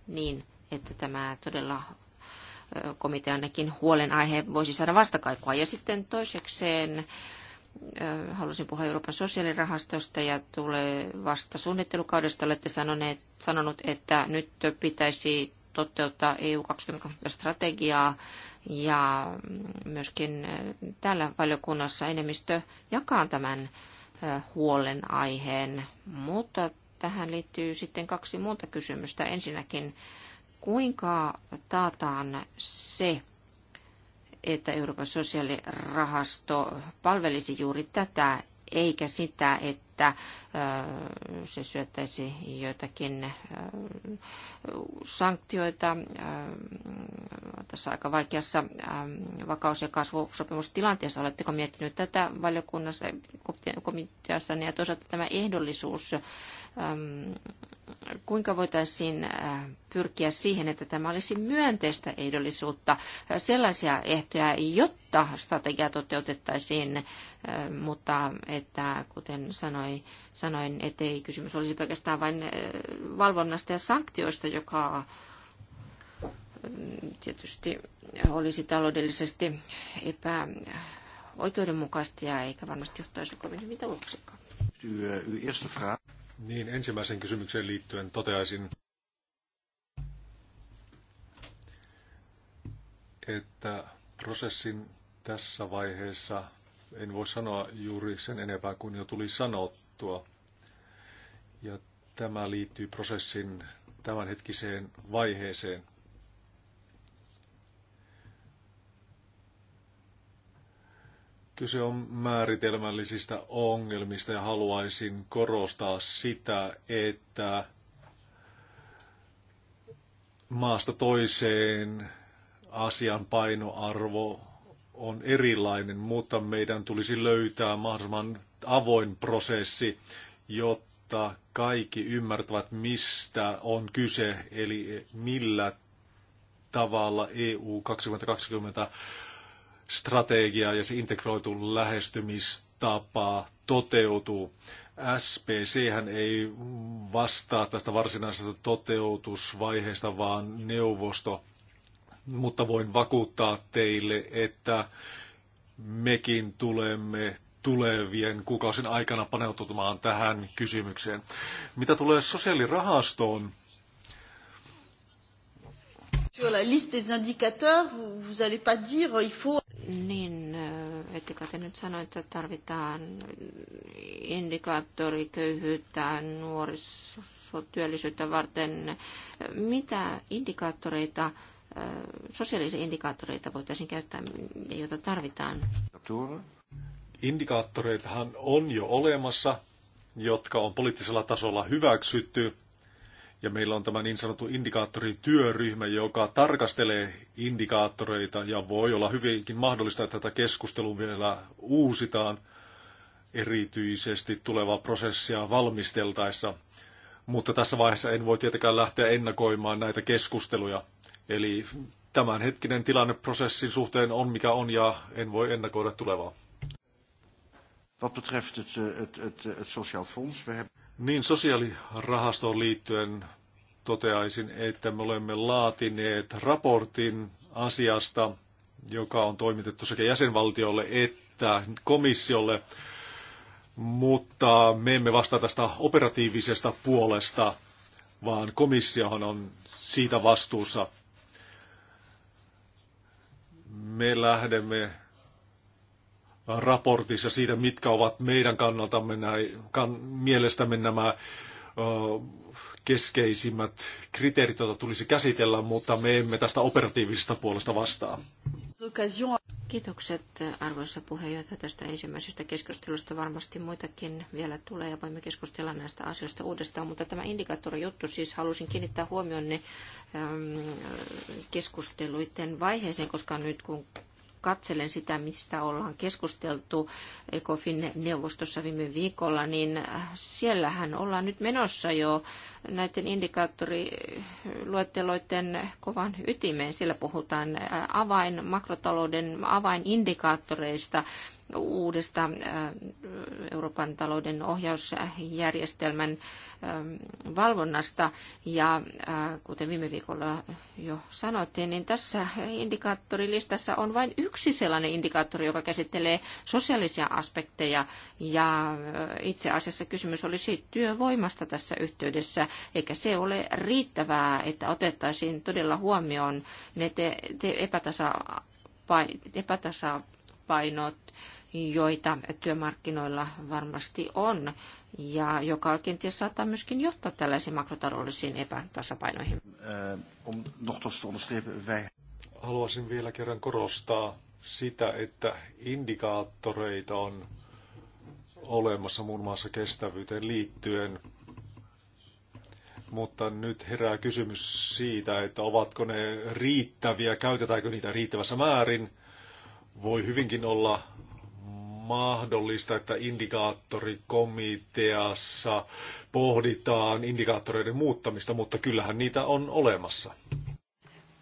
niin, että tämä todella komiteannekin huolenaihe voisi saada vastakaikua. Ja sitten toisekseen halusin puhua Euroopan sosiaalirahastosta ja tulee vasta suunnittelukaudesta. Olette sanoneet, sanonut, että nyt pitäisi toteuttaa EU 2020 strategiaa ja myöskin täällä valiokunnassa enemmistö jakaa tämän huolenaiheen, mutta tähän liittyy sitten kaksi muuta kysymystä. Ensinnäkin kuinka taataan se, että Euroopan sosiaalirahasto palvelisi juuri tätä, eikä sitä, että se syöttäisi joitakin sanktioita tässä aika vaikeassa vakaus- ja kasvusopimustilanteessa. Oletteko miettinyt tätä valiokunnassa, komiteassa ja toisaalta tämä ehdollisuus, Ähm, kuinka voitaisiin äh, pyrkiä siihen, että tämä olisi myönteistä ehdollisuutta, äh, sellaisia ehtoja, jotta strategia toteutettaisiin, äh, mutta että kuten sanoi, sanoin, ettei kysymys olisi pelkästään vain valvonnasta ja sanktioista, joka tietysti olisi taloudellisesti epäoikeudenmukaista ja eikä varmasti johtaisi kovin hyvin tuloksikkaan. Niin, ensimmäisen kysymykseen liittyen toteaisin, että prosessin tässä vaiheessa en voi sanoa juuri sen enempää kuin jo tuli sanottua. Ja tämä liittyy prosessin tämänhetkiseen vaiheeseen – Kyse on määritelmällisistä ongelmista ja haluaisin korostaa sitä, että maasta toiseen asian painoarvo on erilainen, mutta meidän tulisi löytää mahdollisimman avoin prosessi, jotta kaikki ymmärtävät, mistä on kyse, eli millä tavalla EU 2020 strategia ja se integroitu lähestymistapa toteutuu. SPC ei vastaa tästä varsinaisesta toteutusvaiheesta, vaan neuvosto. Mutta voin vakuuttaa teille, että mekin tulemme tulevien kuukausien aikana paneutumaan tähän kysymykseen. Mitä tulee sosiaalirahastoon, sur la liste des indicateurs, vous n'allez pas dire il faut. Niin, ettekö te nyt sano, että tarvitaan indikaattori köyhyyttä nuorisotyöllisyyttä varten. Mitä indikaattoreita, sosiaalisia indikaattoreita voitaisiin käyttää, joita tarvitaan? Indikaattoreitahan on jo olemassa, jotka on poliittisella tasolla hyväksytty ja meillä on tämä niin sanottu indikaattorityöryhmä, joka tarkastelee indikaattoreita ja voi olla hyvinkin mahdollista, että tätä keskustelua vielä uusitaan erityisesti tulevaa prosessia valmisteltaessa. Mutta tässä vaiheessa en voi tietenkään lähteä ennakoimaan näitä keskusteluja. Eli tämänhetkinen tilanne prosessin suhteen on mikä on ja en voi ennakoida tulevaa. Wat betreft het, eh, het, het, eh, het Sociaal Fonds, we hebben... Niin sosiaalirahastoon liittyen toteaisin, että me olemme laatineet raportin asiasta, joka on toimitettu sekä jäsenvaltiolle että komissiolle, mutta me emme vastaa tästä operatiivisesta puolesta, vaan komissiohan on siitä vastuussa. Me lähdemme raportissa siitä, mitkä ovat meidän kannaltamme kan, mielestämme nämä ö, keskeisimmät kriteerit, joita tulisi käsitellä, mutta me emme tästä operatiivisesta puolesta vastaa. Kiitokset arvoisa puheenjohtaja tästä ensimmäisestä keskustelusta. Varmasti muitakin vielä tulee ja voimme keskustella näistä asioista uudestaan, mutta tämä indikaattorijuttu siis halusin kiinnittää ne keskusteluiden vaiheeseen, koska nyt kun katselen sitä, mistä ollaan keskusteltu ECOFIN-neuvostossa viime viikolla, niin siellähän ollaan nyt menossa jo näiden indikaattoriluetteloiden kovan ytimeen. Siellä puhutaan avain, makrotalouden avainindikaattoreista, uudesta äh, Euroopan talouden ohjausjärjestelmän ähm, valvonnasta. Ja äh, kuten viime viikolla jo sanottiin, niin tässä indikaattorilistassa on vain yksi sellainen indikaattori, joka käsittelee sosiaalisia aspekteja. Ja äh, itse asiassa kysymys olisi työvoimasta tässä yhteydessä, eikä se ole riittävää, että otettaisiin todella huomioon ne te, te epätasa epätasa painot, joita työmarkkinoilla varmasti on, ja joka kenties saattaa myöskin johtaa tällaisiin makrotaloudellisiin epätasapainoihin. Äh, Haluaisin vielä kerran korostaa sitä, että indikaattoreita on olemassa muun muassa kestävyyteen liittyen, mutta nyt herää kysymys siitä, että ovatko ne riittäviä, käytetäänkö niitä riittävässä määrin – voi hyvinkin olla mahdollista, että indikaattorikomiteassa pohditaan indikaattoreiden muuttamista, mutta kyllähän niitä on olemassa.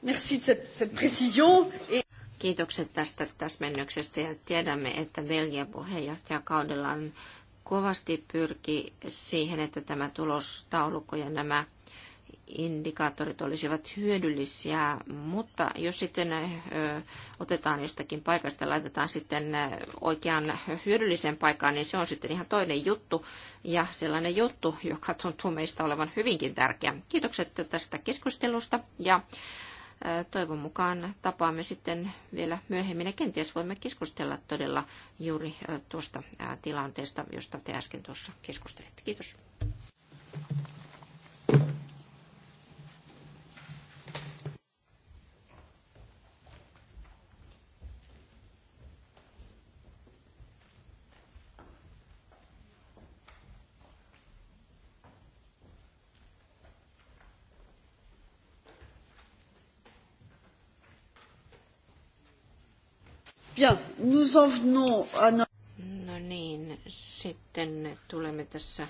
Merci de cette précision. Kiitokset tästä täsmennyksestä ja tiedämme, että Belgian puheenjohtajakaudellaan kovasti pyrki siihen, että tämä tulostaulukko ja nämä indikaattorit olisivat hyödyllisiä, mutta jos sitten otetaan jostakin paikasta ja laitetaan sitten oikean hyödylliseen paikkaan, niin se on sitten ihan toinen juttu ja sellainen juttu, joka tuntuu meistä olevan hyvinkin tärkeä. Kiitokset tästä keskustelusta ja toivon mukaan tapaamme sitten vielä myöhemmin ja kenties voimme keskustella todella juuri tuosta tilanteesta, josta te äsken tuossa keskustelitte. Kiitos. nous en venons à no... no niin, sitten tulemme tässä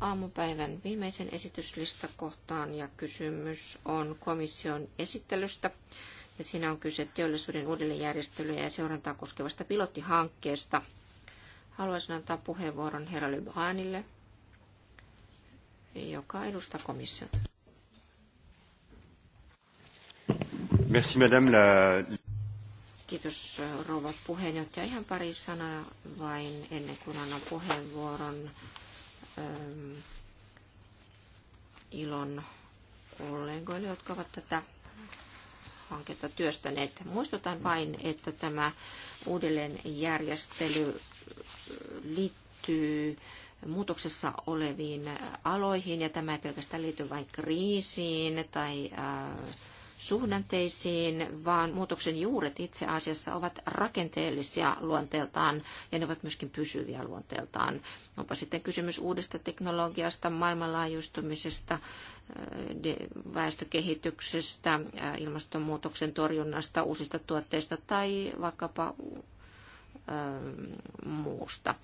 aamupäivän viimeisen esityslistakohtaan ja kysymys on komission esittelystä. Ja siinä on kyse teollisuuden uudelleenjärjestelyä ja seurantaa koskevasta pilottihankkeesta. Haluaisin antaa puheenvuoron herra Lybhanille, joka edustaa komissiota. Merci, madame la... Kiitos rouva puheenjohtaja. Ihan pari sanaa vain ennen kuin annan puheenvuoron ähm, ilon kollegoille, jotka ovat tätä hanketta työstäneet. Muistutan vain, että tämä uudelleenjärjestely liittyy muutoksessa oleviin aloihin, ja tämä ei pelkästään liity vain kriisiin tai äh, suhdanteisiin, vaan muutoksen juuret itse asiassa ovat rakenteellisia luonteeltaan ja ne ovat myöskin pysyviä luonteeltaan. Onpa sitten kysymys uudesta teknologiasta, maailmanlaajuistumisesta, eh, väestökehityksestä, eh, ilmastonmuutoksen torjunnasta, uusista tuotteista tai vaikkapa eh, muusta.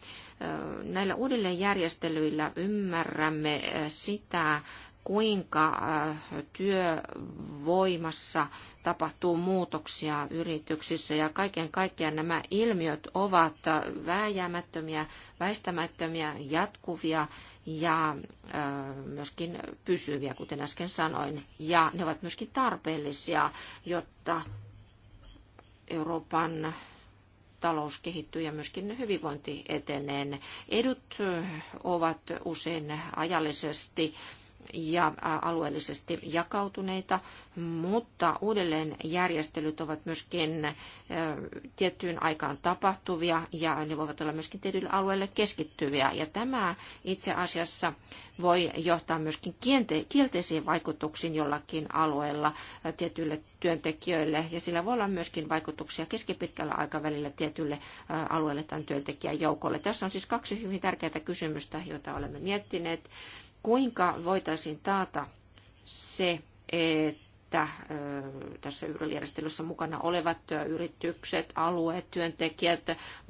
Näillä uudelleenjärjestelyillä ymmärrämme sitä, kuinka äh, työvoimassa tapahtuu muutoksia yrityksissä ja kaiken kaikkiaan nämä ilmiöt ovat äh, vääjäämättömiä, väistämättömiä, jatkuvia ja äh, myöskin pysyviä, kuten äsken sanoin. Ja ne ovat myöskin tarpeellisia, jotta Euroopan talous kehittyy ja myöskin hyvinvointi etenee. Edut ovat usein ajallisesti äh, ja alueellisesti jakautuneita, mutta uudelleen järjestelyt ovat myöskin tiettyyn aikaan tapahtuvia ja ne voivat olla myöskin tietyille alueille keskittyviä. Ja tämä itse asiassa voi johtaa myöskin kielteisiin vaikutuksiin jollakin alueella tietyille työntekijöille ja sillä voi olla myöskin vaikutuksia keskipitkällä aikavälillä tietylle alueelle tämän työntekijän joukolle. Tässä on siis kaksi hyvin tärkeää kysymystä, joita olemme miettineet kuinka voitaisiin taata se, että tässä yrl mukana olevat yritykset, alueet, työntekijät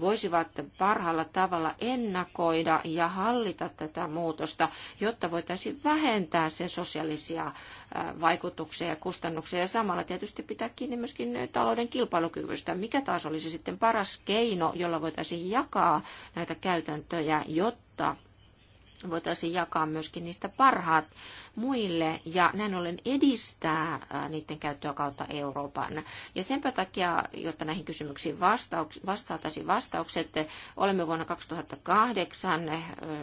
voisivat parhaalla tavalla ennakoida ja hallita tätä muutosta, jotta voitaisiin vähentää sen sosiaalisia vaikutuksia ja kustannuksia ja samalla tietysti pitää kiinni myöskin talouden kilpailukyvystä, mikä taas olisi sitten paras keino, jolla voitaisiin jakaa näitä käytäntöjä, jotta voitaisiin jakaa myöskin niistä parhaat muille ja näin ollen edistää niiden käyttöä kautta Euroopan. Ja senpä takia, jotta näihin kysymyksiin vastauks- vastaataisiin vastaukset, olemme vuonna 2008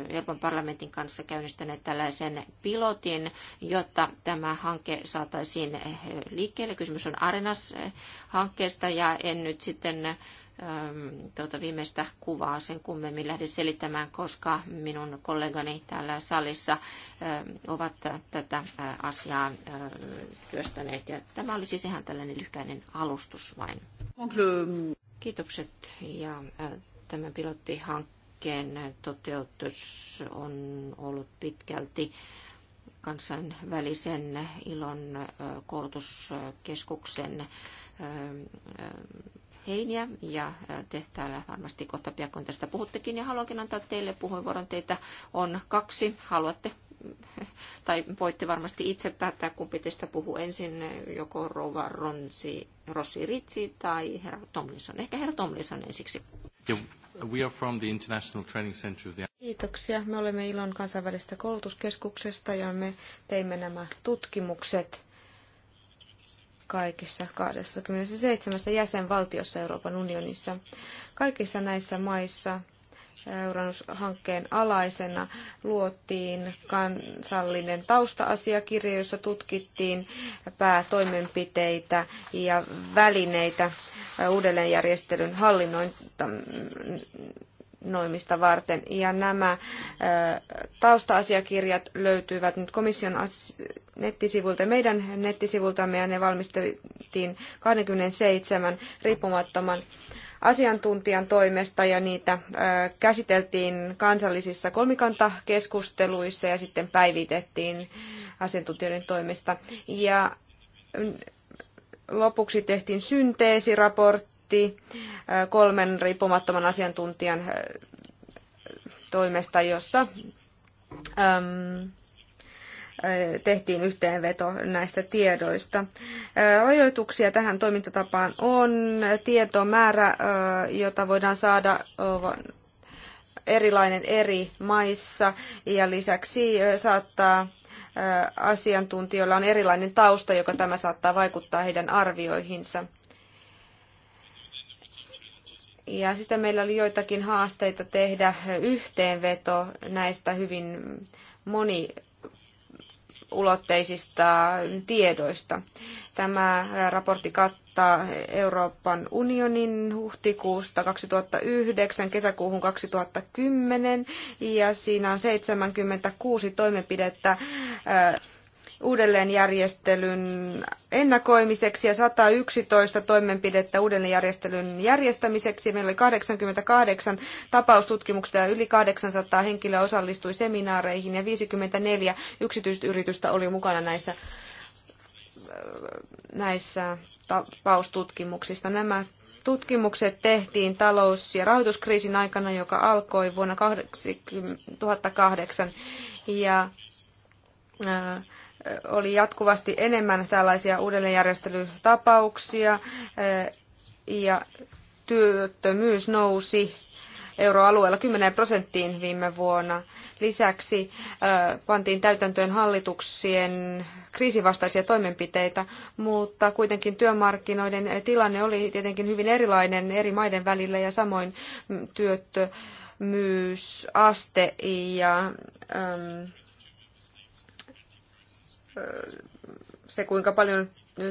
Euroopan parlamentin kanssa käynnistäneet tällaisen pilotin, jotta tämä hanke saataisiin liikkeelle. Kysymys on Arenas-hankkeesta ja en nyt sitten Ähm, tuota viimeistä kuvaa sen kummemmin lähde selittämään, koska minun kollegani täällä salissa ähm, ovat tätä äh, asiaa äh, työstäneet. Ja tämä oli siis ihan tällainen lyhkäinen alustus vain. Kiitokset ja äh, tämä pilottihankkeen toteutus on ollut pitkälti kansainvälisen ilon koulutuskeskuksen ähm, heiniä ja te täällä varmasti kohta piakkoon tästä puhuttekin ja haluankin antaa teille puheenvuoron. Teitä on kaksi. Haluatte tai voitte varmasti itse päättää, kumpi teistä puhuu ensin, joko Rova Ronsi, Rossi Ritsi tai herra Tomlinson. Ehkä herra Tomlinson ensiksi. We are from the International Training Center of the... Kiitoksia. Me olemme Ilon kansainvälistä koulutuskeskuksesta ja me teimme nämä tutkimukset kaikissa 27 jäsenvaltiossa Euroopan unionissa. Kaikissa näissä maissa Euronus-hankkeen alaisena luotiin kansallinen tausta-asiakirja, jossa tutkittiin päätoimenpiteitä ja välineitä uudelleenjärjestelyn hallinnointiin noimista varten. Ja nämä tausta-asiakirjat löytyvät nyt komission nettisivuilta meidän nettisivultamme ja ne valmisteltiin 27 riippumattoman asiantuntijan toimesta ja niitä käsiteltiin kansallisissa kolmikantakeskusteluissa ja sitten päivitettiin asiantuntijoiden toimesta. Ja lopuksi tehtiin synteesiraportti raportti kolmen riippumattoman asiantuntijan toimesta, jossa tehtiin yhteenveto näistä tiedoista. Rajoituksia tähän toimintatapaan on. Tietomäärä, jota voidaan saada, erilainen eri maissa ja lisäksi saattaa asiantuntijoilla on erilainen tausta, joka tämä saattaa vaikuttaa heidän arvioihinsa. Ja sitten meillä oli joitakin haasteita tehdä yhteenveto näistä hyvin moni ulotteisista tiedoista. Tämä raportti kattaa Euroopan unionin huhtikuusta 2009 kesäkuuhun 2010 ja siinä on 76 toimenpidettä uudelleenjärjestelyn ennakoimiseksi ja 111 toimenpidettä uudelleenjärjestelyn järjestämiseksi. Meillä oli 88 tapaustutkimuksesta ja yli 800 henkilöä osallistui seminaareihin ja 54 yksityistä yritystä oli mukana näissä, näissä tapaustutkimuksista. Nämä tutkimukset tehtiin talous- ja rahoituskriisin aikana, joka alkoi vuonna 2008. Ja, äh, oli jatkuvasti enemmän tällaisia uudelleenjärjestelytapauksia eh, ja työttömyys nousi euroalueella 10 prosenttiin viime vuonna. Lisäksi eh, pantiin täytäntöön hallituksien kriisivastaisia toimenpiteitä, mutta kuitenkin työmarkkinoiden tilanne oli tietenkin hyvin erilainen eri maiden välillä ja samoin mm, työttömyysaste ja ähm, se, kuinka paljon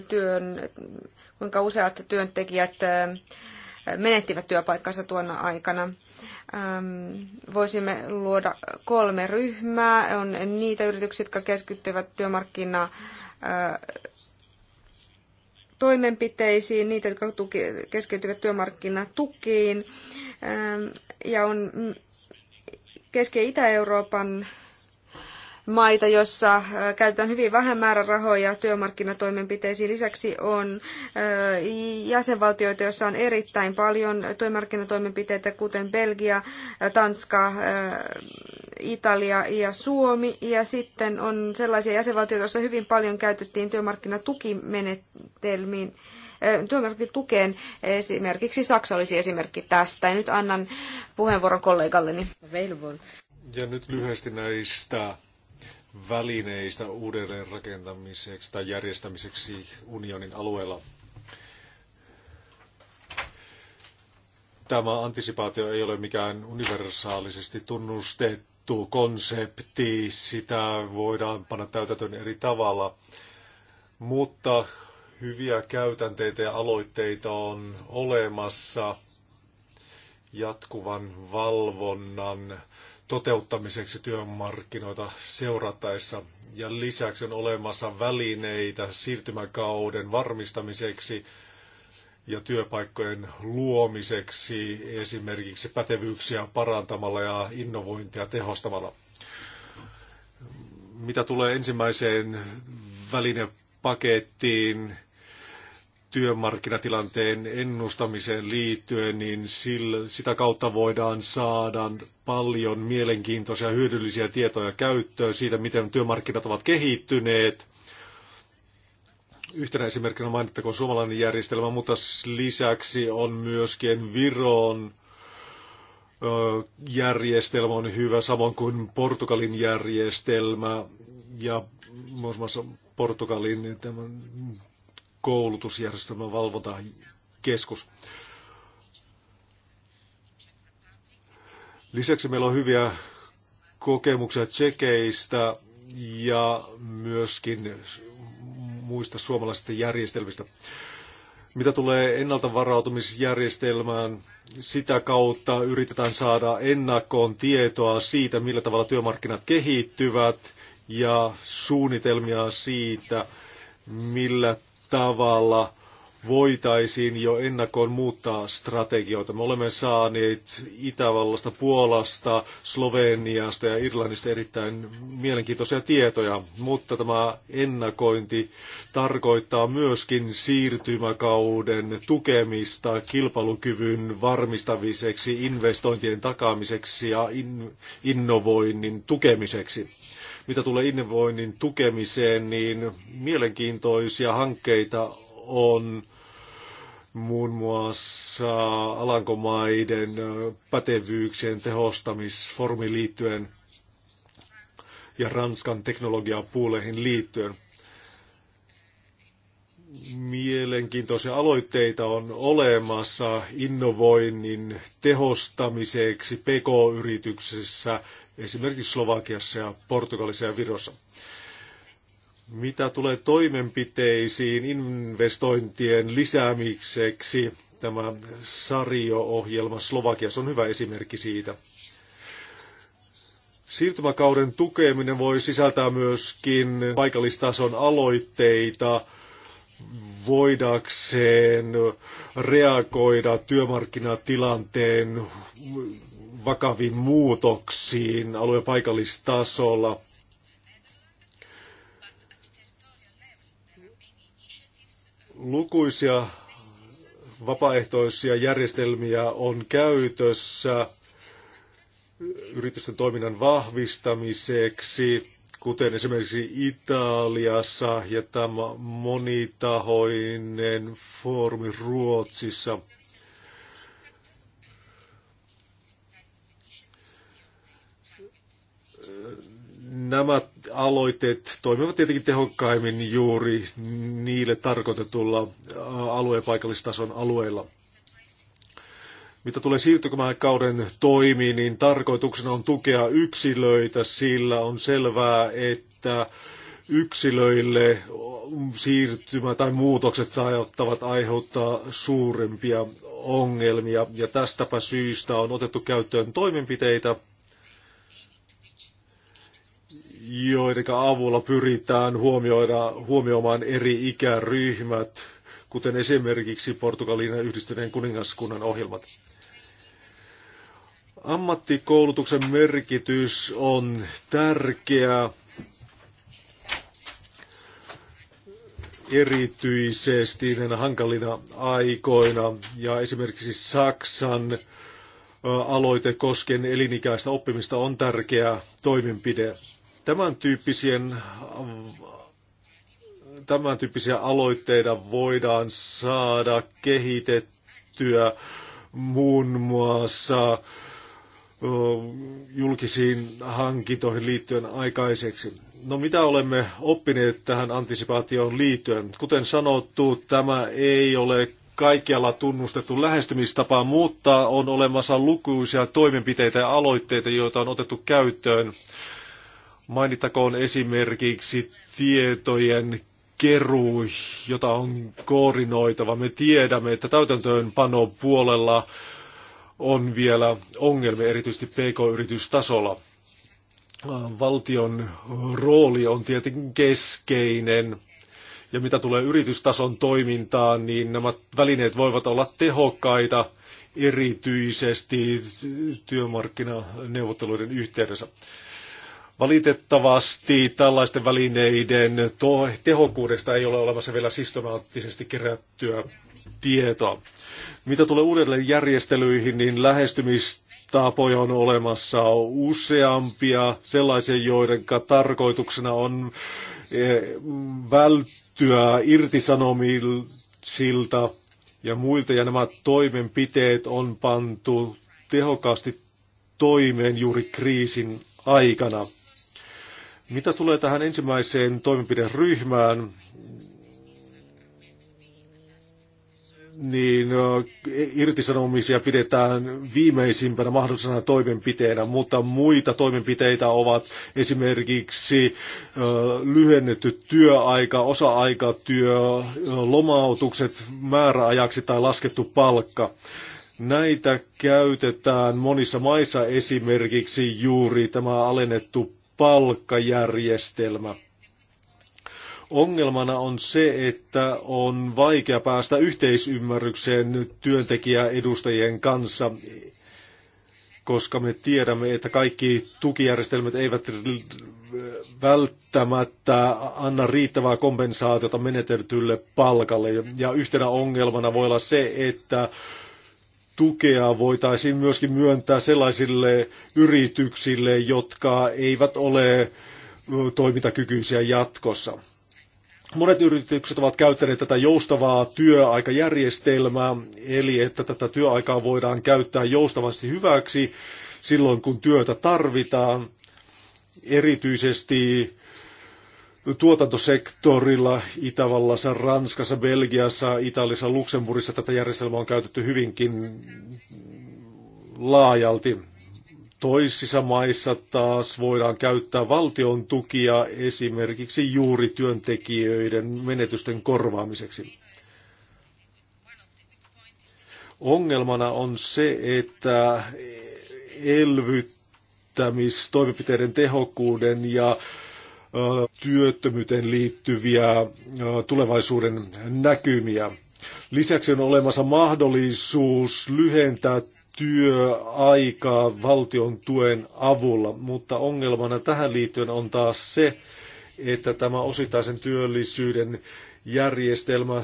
työn, kuinka useat työntekijät menettivät työpaikkansa tuona aikana. Voisimme luoda kolme ryhmää. On niitä yrityksiä, jotka keskittyvät työmarkkina toimenpiteisiin, niitä, jotka tuki, keskittyvät työmarkkinatukiin. Ja on Keski- ja Itä-Euroopan maita, joissa äh, käytetään hyvin vähän määrärahoja työmarkkinatoimenpiteisiin. Lisäksi on äh, jäsenvaltioita, joissa on erittäin paljon työmarkkinatoimenpiteitä, kuten Belgia, äh, Tanska, Italia ja Suomi. Ja sitten on sellaisia jäsenvaltioita, joissa hyvin paljon käytettiin työmarkkinatukimenetelmiin työmarkkinatukeen. Esimerkiksi Saksa olisi esimerkki tästä. Ja nyt annan puheenvuoron kollegalleni. Ja nyt lyhyesti näistä välineistä uudelleen rakentamiseksi tai järjestämiseksi unionin alueella. Tämä antisipaatio ei ole mikään universaalisesti tunnustettu konsepti, sitä voidaan panna täytäntöön eri tavalla, mutta hyviä käytänteitä ja aloitteita on olemassa jatkuvan valvonnan toteuttamiseksi työmarkkinoita seurattaessa. Ja lisäksi on olemassa välineitä siirtymäkauden varmistamiseksi ja työpaikkojen luomiseksi esimerkiksi pätevyyksiä parantamalla ja innovointia tehostamalla. Mitä tulee ensimmäiseen välinepakettiin, työmarkkinatilanteen ennustamiseen liittyen, niin sillä, sitä kautta voidaan saada paljon mielenkiintoisia hyödyllisiä tietoja käyttöön siitä, miten työmarkkinat ovat kehittyneet. Yhtenä esimerkkinä mainittakoon suomalainen järjestelmä, mutta lisäksi on myöskin Viron järjestelmä on hyvä, samoin kuin Portugalin järjestelmä ja muun muassa Portugalin tämän koulutusjärjestelmän valvontakeskus. Lisäksi meillä on hyviä kokemuksia tsekeistä ja myöskin muista suomalaisista järjestelmistä. Mitä tulee ennaltavarautumisjärjestelmään, sitä kautta yritetään saada ennakkoon tietoa siitä, millä tavalla työmarkkinat kehittyvät ja suunnitelmia siitä, millä tavalla voitaisiin jo ennakoon muuttaa strategioita. Me olemme saaneet Itävallasta, Puolasta, Sloveniasta ja Irlannista erittäin mielenkiintoisia tietoja, mutta tämä ennakointi tarkoittaa myöskin siirtymäkauden tukemista kilpailukyvyn varmistamiseksi, investointien takaamiseksi ja in, innovoinnin tukemiseksi. Mitä tulee innovoinnin tukemiseen, niin mielenkiintoisia hankkeita on muun muassa Alankomaiden pätevyyksien tehostamisformiin liittyen ja Ranskan teknologiapuuleihin liittyen. Mielenkiintoisia aloitteita on olemassa innovoinnin tehostamiseksi PK-yrityksissä esimerkiksi Slovakiassa ja Portugalissa ja Virossa. Mitä tulee toimenpiteisiin investointien lisäämiseksi, tämä Sario-ohjelma Slovakiassa on hyvä esimerkki siitä. Siirtymäkauden tukeminen voi sisältää myöskin paikallistason aloitteita, voidakseen reagoida työmarkkinatilanteen vakaviin muutoksiin alue- ja paikallistasolla. Lukuisia vapaaehtoisia järjestelmiä on käytössä yritysten toiminnan vahvistamiseksi, kuten esimerkiksi Italiassa ja tämä monitahoinen foorumi Ruotsissa – nämä aloitteet toimivat tietenkin tehokkaimmin juuri niille tarkoitetulla alueen paikallistason alueilla. Mitä tulee siirtymäkauden toimiin, niin tarkoituksena on tukea yksilöitä, sillä on selvää, että yksilöille siirtymä tai muutokset saattavat aiheuttaa suurempia ongelmia. Ja tästäpä syystä on otettu käyttöön toimenpiteitä, joiden avulla pyritään huomioida, huomioimaan eri ikäryhmät, kuten esimerkiksi Portugalin ja yhdistyneen kuningaskunnan ohjelmat. Ammattikoulutuksen merkitys on tärkeä erityisesti näinä hankalina aikoina ja esimerkiksi Saksan aloite koskien elinikäistä oppimista on tärkeä toimenpide. Tämän tyyppisien tämän tyyppisiä aloitteita voidaan saada kehitettyä muun muassa julkisiin hankintoihin liittyen aikaiseksi. No mitä olemme oppineet tähän antisipaatioon liittyen? Kuten sanottu, tämä ei ole kaikkialla tunnustettu lähestymistapa, mutta on olemassa lukuisia toimenpiteitä ja aloitteita, joita on otettu käyttöön Mainittakoon esimerkiksi tietojen keruu, jota on koordinoitava. Me tiedämme, että täytäntöönpano puolella on vielä ongelmia, erityisesti pk-yritystasolla. Valtion rooli on tietenkin keskeinen. Ja mitä tulee yritystason toimintaan, niin nämä välineet voivat olla tehokkaita erityisesti työmarkkinaneuvotteluiden yhteydessä. Valitettavasti tällaisten välineiden tehokkuudesta ei ole olemassa vielä systemaattisesti kerättyä tietoa. Mitä tulee uudelleen järjestelyihin, niin lähestymistapoja on olemassa useampia, sellaisia, joiden tarkoituksena on e, välttyä irtisanomisilta ja muilta, ja nämä toimenpiteet on pantu tehokkaasti toimeen juuri kriisin aikana. Mitä tulee tähän ensimmäiseen toimenpideryhmään, niin irtisanomisia pidetään viimeisimpänä mahdollisena toimenpiteenä, mutta muita toimenpiteitä ovat esimerkiksi lyhennetty työaika, osa-aikatyö, lomautukset määräajaksi tai laskettu palkka. Näitä käytetään monissa maissa esimerkiksi juuri tämä alennettu palkkajärjestelmä. Ongelmana on se, että on vaikea päästä yhteisymmärrykseen työntekijäedustajien kanssa, koska me tiedämme, että kaikki tukijärjestelmät eivät välttämättä anna riittävää kompensaatiota menetetylle palkalle. Ja yhtenä ongelmana voi olla se, että tukea voitaisiin myöskin myöntää sellaisille yrityksille, jotka eivät ole toimintakykyisiä jatkossa. Monet yritykset ovat käyttäneet tätä joustavaa työaikajärjestelmää, eli että tätä työaikaa voidaan käyttää joustavasti hyväksi silloin, kun työtä tarvitaan. Erityisesti tuotantosektorilla Itävallassa, Ranskassa, Belgiassa, Italiassa, Luxemburgissa tätä järjestelmää on käytetty hyvinkin laajalti. Toisissa maissa taas voidaan käyttää valtion tukia esimerkiksi juuri työntekijöiden menetysten korvaamiseksi. Ongelmana on se, että elvyttämistoimenpiteiden tehokkuuden ja työttömyyteen liittyviä tulevaisuuden näkymiä. Lisäksi on olemassa mahdollisuus lyhentää työaikaa valtion tuen avulla, mutta ongelmana tähän liittyen on taas se, että tämä osittaisen työllisyyden järjestelmä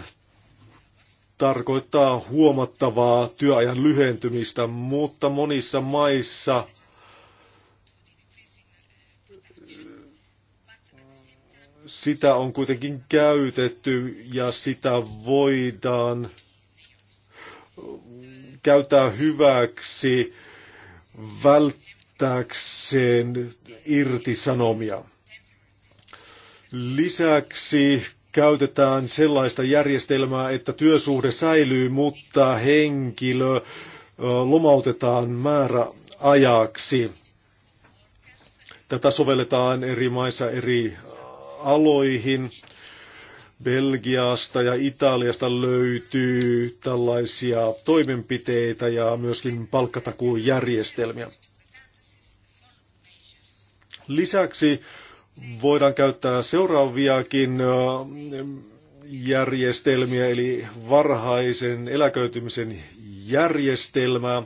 tarkoittaa huomattavaa työajan lyhentymistä, mutta monissa maissa sitä on kuitenkin käytetty ja sitä voidaan käyttää hyväksi välttääkseen irtisanomia. Lisäksi käytetään sellaista järjestelmää, että työsuhde säilyy, mutta henkilö lomautetaan määräajaksi. Tätä sovelletaan eri maissa eri aloihin. Belgiasta ja Italiasta löytyy tällaisia toimenpiteitä ja myöskin palkkatakuujärjestelmiä. Lisäksi voidaan käyttää seuraaviakin äh, järjestelmiä, eli varhaisen eläköitymisen järjestelmää.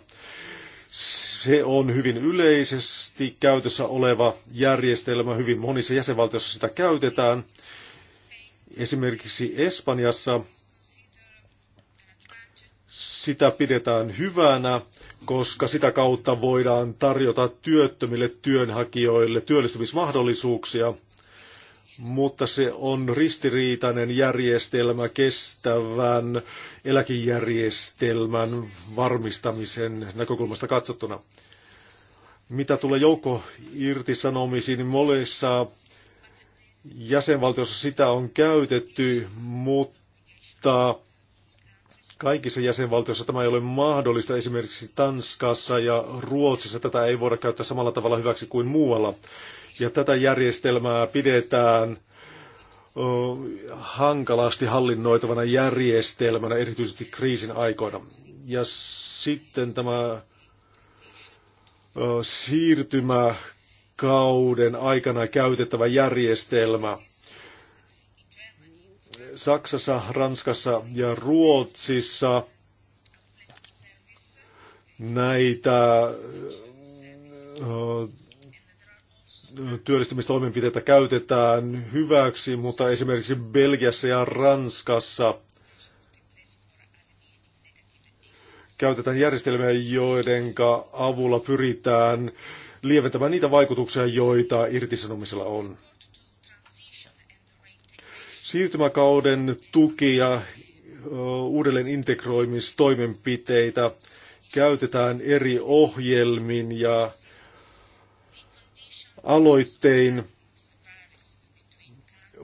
Se on hyvin yleisesti käytössä oleva järjestelmä, hyvin monissa jäsenvaltioissa sitä käytetään. Esimerkiksi Espanjassa sitä pidetään hyvänä, koska sitä kautta voidaan tarjota työttömille työnhakijoille työllistymismahdollisuuksia – mutta se on ristiriitainen järjestelmä kestävän eläkejärjestelmän varmistamisen näkökulmasta katsottuna. Mitä tulee joukko irtisanomisiin, niin molemmissa jäsenvaltioissa sitä on käytetty, mutta kaikissa jäsenvaltioissa tämä ei ole mahdollista. Esimerkiksi Tanskassa ja Ruotsissa tätä ei voida käyttää samalla tavalla hyväksi kuin muualla ja tätä järjestelmää pidetään hankalasti hallinnoitavana järjestelmänä, erityisesti kriisin aikoina. Ja sitten tämä siirtymäkauden aikana käytettävä järjestelmä. Saksassa, Ranskassa ja Ruotsissa näitä työllistämistoimenpiteitä käytetään hyväksi, mutta esimerkiksi Belgiassa ja Ranskassa käytetään järjestelmiä, joiden avulla pyritään lieventämään niitä vaikutuksia, joita irtisanomisella on. Siirtymäkauden tuki ja uudelleen integroimistoimenpiteitä käytetään eri ohjelmin ja aloittein,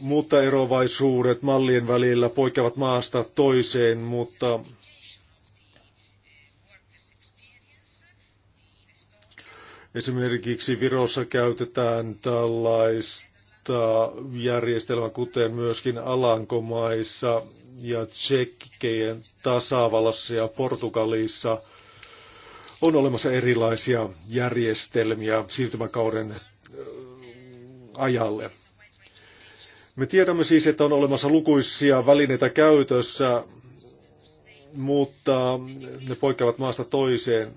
mutta erovaisuudet mallien välillä poikkeavat maasta toiseen, mutta esimerkiksi Virossa käytetään tällaista järjestelmää, kuten myöskin Alankomaissa ja Tsekkejen tasavallassa ja Portugalissa on olemassa erilaisia järjestelmiä siirtymäkauden ajalle. Me tiedämme siis, että on olemassa lukuisia välineitä käytössä, mutta ne poikkeavat maasta toiseen.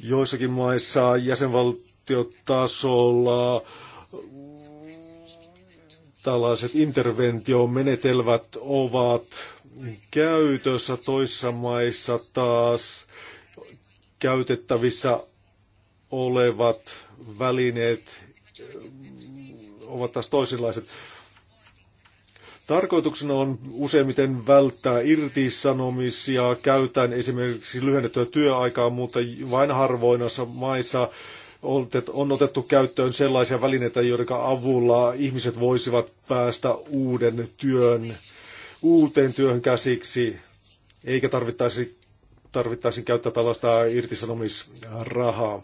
Joissakin maissa jäsenvaltiotasolla tällaiset interventiomenetelmät ovat käytössä toissa maissa taas käytettävissä olevat välineet eh, ovat taas toisenlaiset. Tarkoituksena on useimmiten välttää irtisanomisia, käytän esimerkiksi lyhennettyä työaikaa, mutta vain harvoinassa maissa on otettu käyttöön sellaisia välineitä, joiden avulla ihmiset voisivat päästä uuden työn, uuteen työhön käsiksi, eikä tarvittaisi, tarvittaisi käyttää tällaista irtisanomisrahaa.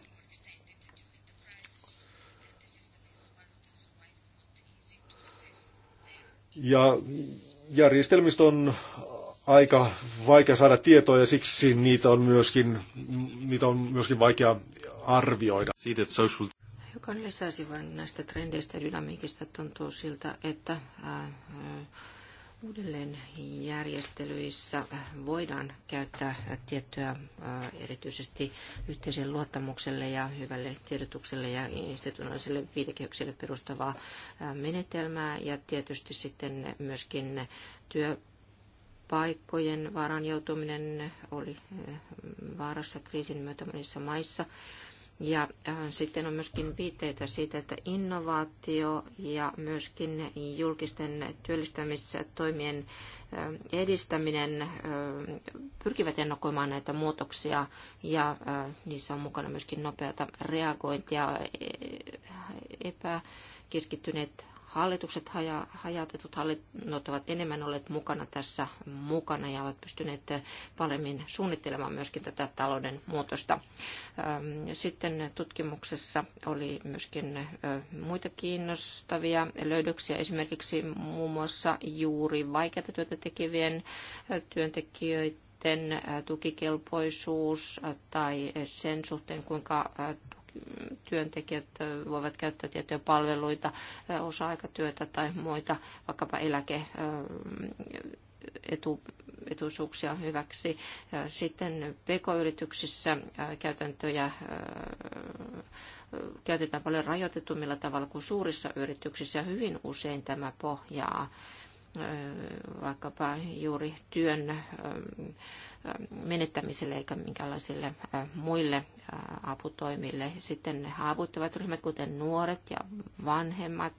Ja järjestelmistä on aika vaikea saada tietoa ja siksi niitä on myöskin, niitä on myöskin vaikea arvioida. Siitä, että social... Jokan lisäsi vain näistä trendeistä ja dynamiikista tuntuu siltä, että ää, äh, ää, uudelleenjärjestelyissä voidaan käyttää tiettyä äh, erityisesti yhteisen luottamukselle ja hyvälle tiedotukselle ja institutionaaliselle viitekehykselle perustavaa äh, menetelmää ja tietysti sitten myöskin työ paikkojen vaaran joutuminen oli vaarassa kriisin myötä monissa maissa. Ja äh, sitten on myöskin viitteitä siitä, että innovaatio ja myöskin julkisten työllistämistoimien äh, edistäminen äh, pyrkivät ennakoimaan näitä muutoksia ja niissä on mukana myöskin nopeata reagointia e, e, epäkeskittyneet hallitukset, haja, hajautetut hallinnot ovat enemmän olleet mukana tässä mukana ja ovat pystyneet paremmin suunnittelemaan myöskin tätä talouden muutosta. Ähm, sitten tutkimuksessa oli myöskin äh, muita kiinnostavia löydöksiä, esimerkiksi muun muassa juuri vaikeata työtä tekevien äh, työntekijöiden äh, tukikelpoisuus tai sen suhteen, kuinka työntekijät voivat käyttää tiettyjä palveluita, osa-aikatyötä tai muita, vaikkapa eläke etu, etuisuuksia hyväksi. Sitten PK-yrityksissä käytäntöjä käytetään paljon rajoitetummilla tavalla kuin suurissa yrityksissä. Hyvin usein tämä pohjaa vaikkapa juuri työn menettämiselle eikä minkälaisille muille aputoimille. Sitten haavuttavat ryhmät, kuten nuoret ja vanhemmat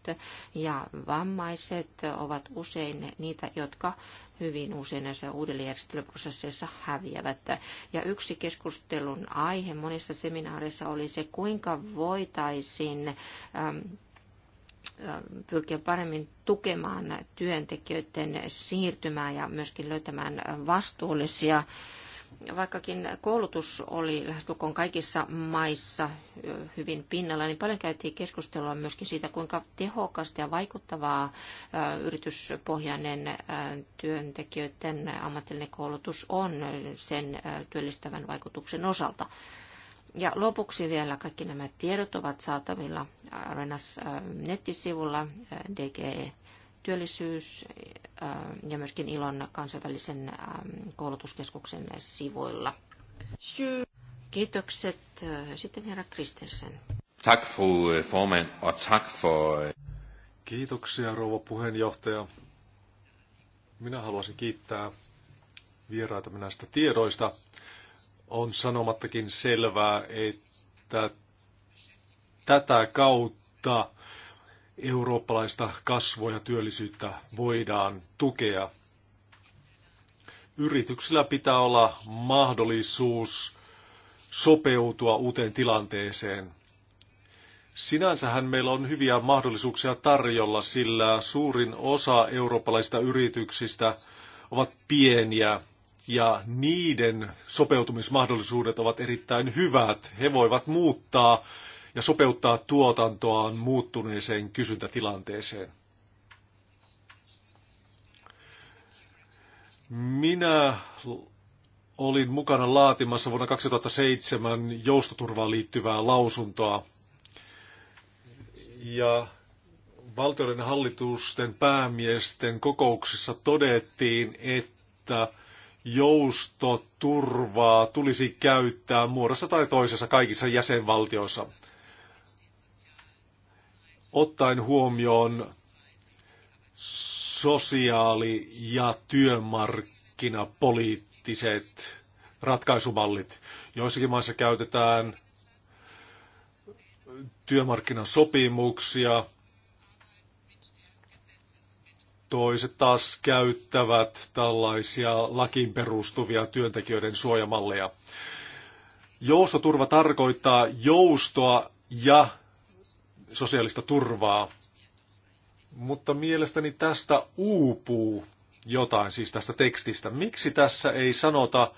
ja vammaiset, ovat usein niitä, jotka hyvin usein näissä uudelleenjärjestelyprosesseissa häviävät. Ja yksi keskustelun aihe monissa seminaareissa oli se, kuinka voitaisiin ähm, pyrkiä paremmin tukemaan työntekijöiden siirtymää ja myöskin löytämään vastuullisia. Vaikkakin koulutus oli lähestulkoon kaikissa maissa hyvin pinnalla, niin paljon käytiin keskustelua myöskin siitä, kuinka tehokasta ja vaikuttavaa yrityspohjainen työntekijöiden ammatillinen koulutus on sen työllistävän vaikutuksen osalta. Ja lopuksi vielä kaikki nämä tiedot ovat saatavilla Arenas äh, nettisivulla äh, DGE työllisyys äh, ja myöskin Ilon kansainvälisen ähm, koulutuskeskuksen sivuilla. Kiitokset. Sitten herra Kristensen. Tack fru øh, tack för... Øh, Kiitoksia rouva puheenjohtaja. Minä haluaisin kiittää vieraita näistä tiedoista. On sanomattakin selvää, että tätä kautta eurooppalaista kasvua ja työllisyyttä voidaan tukea. Yrityksillä pitää olla mahdollisuus sopeutua uuteen tilanteeseen. Sinänsähän meillä on hyviä mahdollisuuksia tarjolla, sillä suurin osa eurooppalaisista yrityksistä ovat pieniä ja niiden sopeutumismahdollisuudet ovat erittäin hyvät. He voivat muuttaa ja sopeuttaa tuotantoaan muuttuneeseen kysyntätilanteeseen. Minä olin mukana laatimassa vuonna 2007 joustoturvaan liittyvää lausuntoa. Ja valtioiden hallitusten päämiesten kokouksissa todettiin, että joustoturvaa tulisi käyttää muodossa tai toisessa kaikissa jäsenvaltioissa, ottaen huomioon sosiaali- ja työmarkkinapoliittiset ratkaisumallit. Joissakin maissa käytetään työmarkkinasopimuksia, Toiset taas käyttävät tällaisia lakiin perustuvia työntekijöiden suojamalleja. Joustoturva tarkoittaa joustoa ja sosiaalista turvaa, mutta mielestäni tästä uupuu jotain, siis tästä tekstistä. Miksi tässä ei sanota,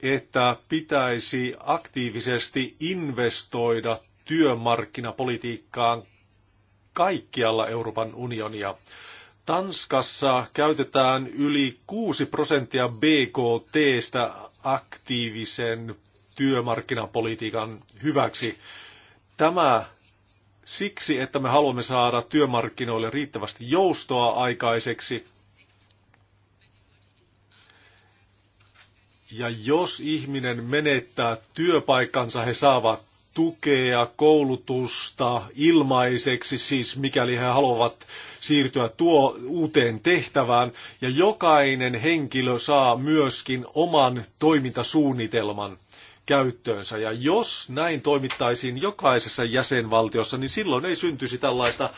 että pitäisi aktiivisesti investoida työmarkkinapolitiikkaan kaikkialla Euroopan unionia. Tanskassa käytetään yli 6 prosenttia BKTstä aktiivisen työmarkkinapolitiikan hyväksi. Tämä siksi, että me haluamme saada työmarkkinoille riittävästi joustoa aikaiseksi. Ja jos ihminen menettää työpaikkansa, he saavat tukea, koulutusta ilmaiseksi, siis mikäli he haluavat siirtyä tuo uuteen tehtävään. Ja jokainen henkilö saa myöskin oman toimintasuunnitelman käyttöönsä. Ja jos näin toimittaisiin jokaisessa jäsenvaltiossa, niin silloin ei syntyisi tällaista,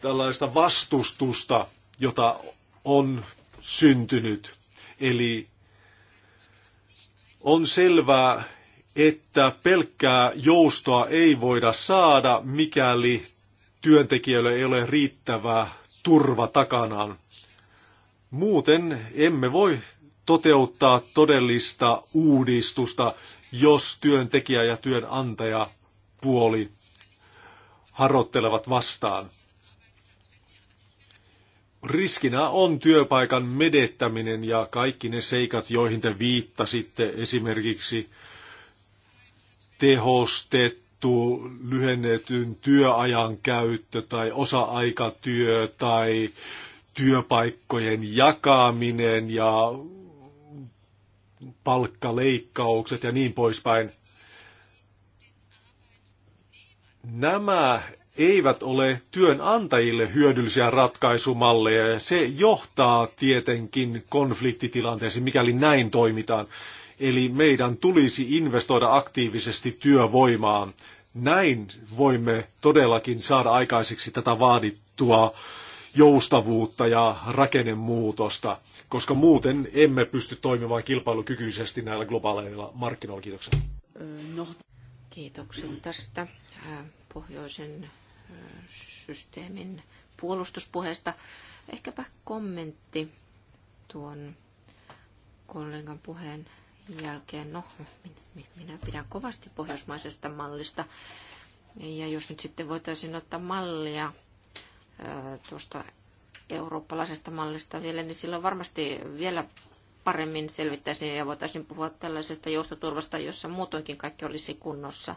tällaista vastustusta, jota on syntynyt. Eli on selvää, että pelkkää joustoa ei voida saada, mikäli työntekijöillä ei ole riittävää turva takanaan. Muuten emme voi toteuttaa todellista uudistusta, jos työntekijä ja työnantaja puoli harrottelevat vastaan. Riskinä on työpaikan medettäminen ja kaikki ne seikat, joihin te viittasitte, esimerkiksi tehostettu lyhennetyn työajan käyttö tai osa-aikatyö tai työpaikkojen jakaminen ja palkkaleikkaukset ja niin poispäin. Nämä eivät ole työnantajille hyödyllisiä ratkaisumalleja ja se johtaa tietenkin konfliktitilanteisiin, mikäli näin toimitaan. Eli meidän tulisi investoida aktiivisesti työvoimaan. Näin voimme todellakin saada aikaiseksi tätä vaadittua joustavuutta ja rakennemuutosta, koska muuten emme pysty toimimaan kilpailukykyisesti näillä globaaleilla markkinoilla. Kiitoksia. No, kiitoksen tästä pohjoisen systeemin puolustuspuheesta. Ehkäpä kommentti tuon kollegan puheen jälkeen. No, minä pidän kovasti pohjoismaisesta mallista. Ja jos nyt sitten voitaisiin ottaa mallia tuosta eurooppalaisesta mallista vielä, niin silloin varmasti vielä paremmin selvittäisiin ja voitaisiin puhua tällaisesta joustoturvasta, jossa muutoinkin kaikki olisi kunnossa.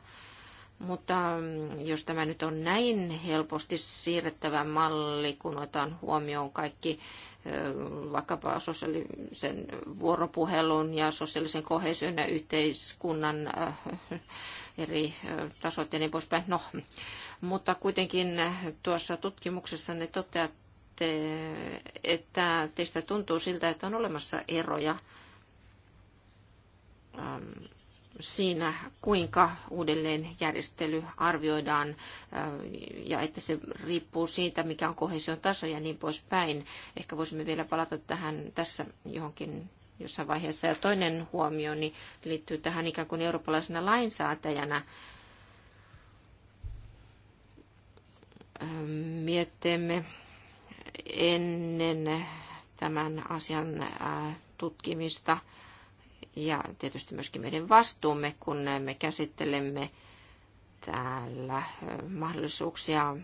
Mutta mm, jos tämä nyt on näin helposti siirrettävä malli, kun otetaan huomioon kaikki vaikkapa sosiaalisen vuoropuhelun ja sosiaalisen kohesion ja yhteiskunnan eri tasot ja niin poispäin. No, mutta kuitenkin tuossa tutkimuksessa ne toteatte, että teistä tuntuu siltä, että on olemassa eroja siinä, kuinka uudelleen järjestely arvioidaan äh, ja että se riippuu siitä, mikä on kohesion taso ja niin poispäin. Ehkä voisimme vielä palata tähän tässä johonkin jossain vaiheessa. Ja toinen huomio niin liittyy tähän ikään kuin eurooppalaisena lainsäätäjänä ähm, mietteemme ennen tämän asian äh, tutkimista – ja tietysti myöskin meidän vastuumme, kun me käsittelemme täällä mahdollisuuksia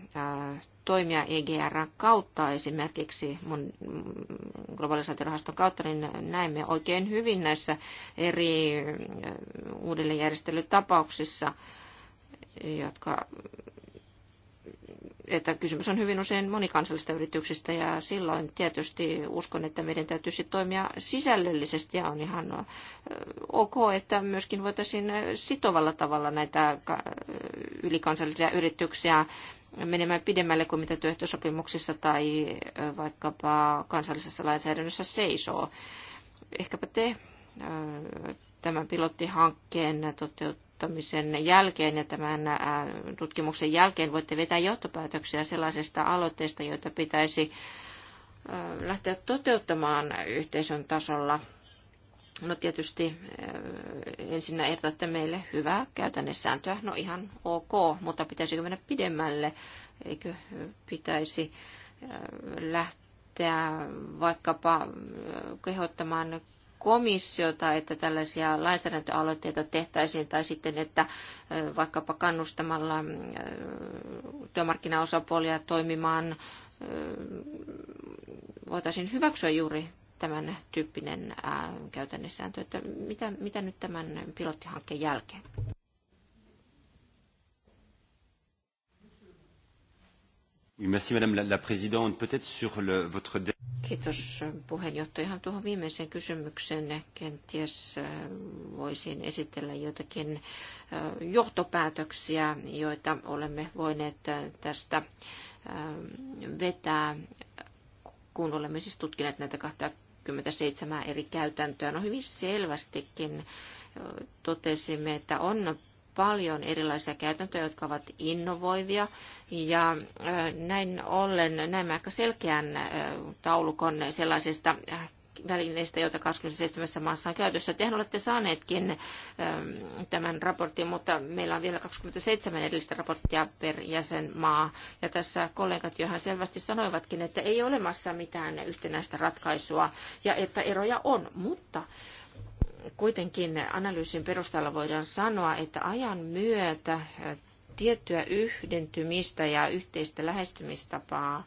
toimia EGR kautta, esimerkiksi mun mm, globalisaatiorahaston kautta, niin näemme oikein hyvin näissä eri uudelleenjärjestelytapauksissa, jotka että kysymys on hyvin usein monikansallisista yrityksistä ja silloin tietysti uskon, että meidän täytyisi toimia sisällöllisesti ja on ihan ok, että myöskin voitaisiin sitovalla tavalla näitä ylikansallisia yrityksiä menemään pidemmälle kuin mitä työehtosopimuksissa tai vaikkapa kansallisessa lainsäädännössä seisoo. Ehkäpä te tämän pilottihankkeen toteuttamisen jälkeen ja tämän tutkimuksen jälkeen voitte vetää johtopäätöksiä sellaisista aloitteista, joita pitäisi lähteä toteuttamaan yhteisön tasolla. No tietysti ensin ehdotatte meille hyvää käytännessääntöä, no ihan ok, mutta pitäisikö mennä pidemmälle, eikö pitäisi lähteä vaikkapa kehottamaan komissiota, että tällaisia lainsäädäntöaloitteita tehtäisiin, tai sitten, että vaikkapa kannustamalla työmarkkinaosapuolia toimimaan voitaisiin hyväksyä juuri tämän tyyppinen käytännössääntö, että mitä, mitä nyt tämän pilottihankkeen jälkeen? Merci, madame la, la présidente. Peut-être sur le, votre... Kiitos puheenjohtajahan tuohon viimeiseen kysymykseen. Kenties äh, voisin esitellä jotakin äh, johtopäätöksiä, joita olemme voineet äh, tästä vetää, kun olemme siis tutkineet näitä 27 eri käytäntöä. No hyvin selvästikin totesimme, että on paljon erilaisia käytäntöjä, jotka ovat innovoivia. Ja näin ollen näemme aika selkeän taulukon sellaisista äh, välineistä, joita 27 maassa on käytössä. Tehän olette saaneetkin tämän raportin, mutta meillä on vielä 27 edellistä raporttia per jäsenmaa. Ja tässä kollegat johan selvästi sanoivatkin, että ei ole olemassa mitään yhtenäistä ratkaisua ja että eroja on, mutta kuitenkin analyysin perusteella voidaan sanoa, että ajan myötä tiettyä yhdentymistä ja yhteistä lähestymistapaa,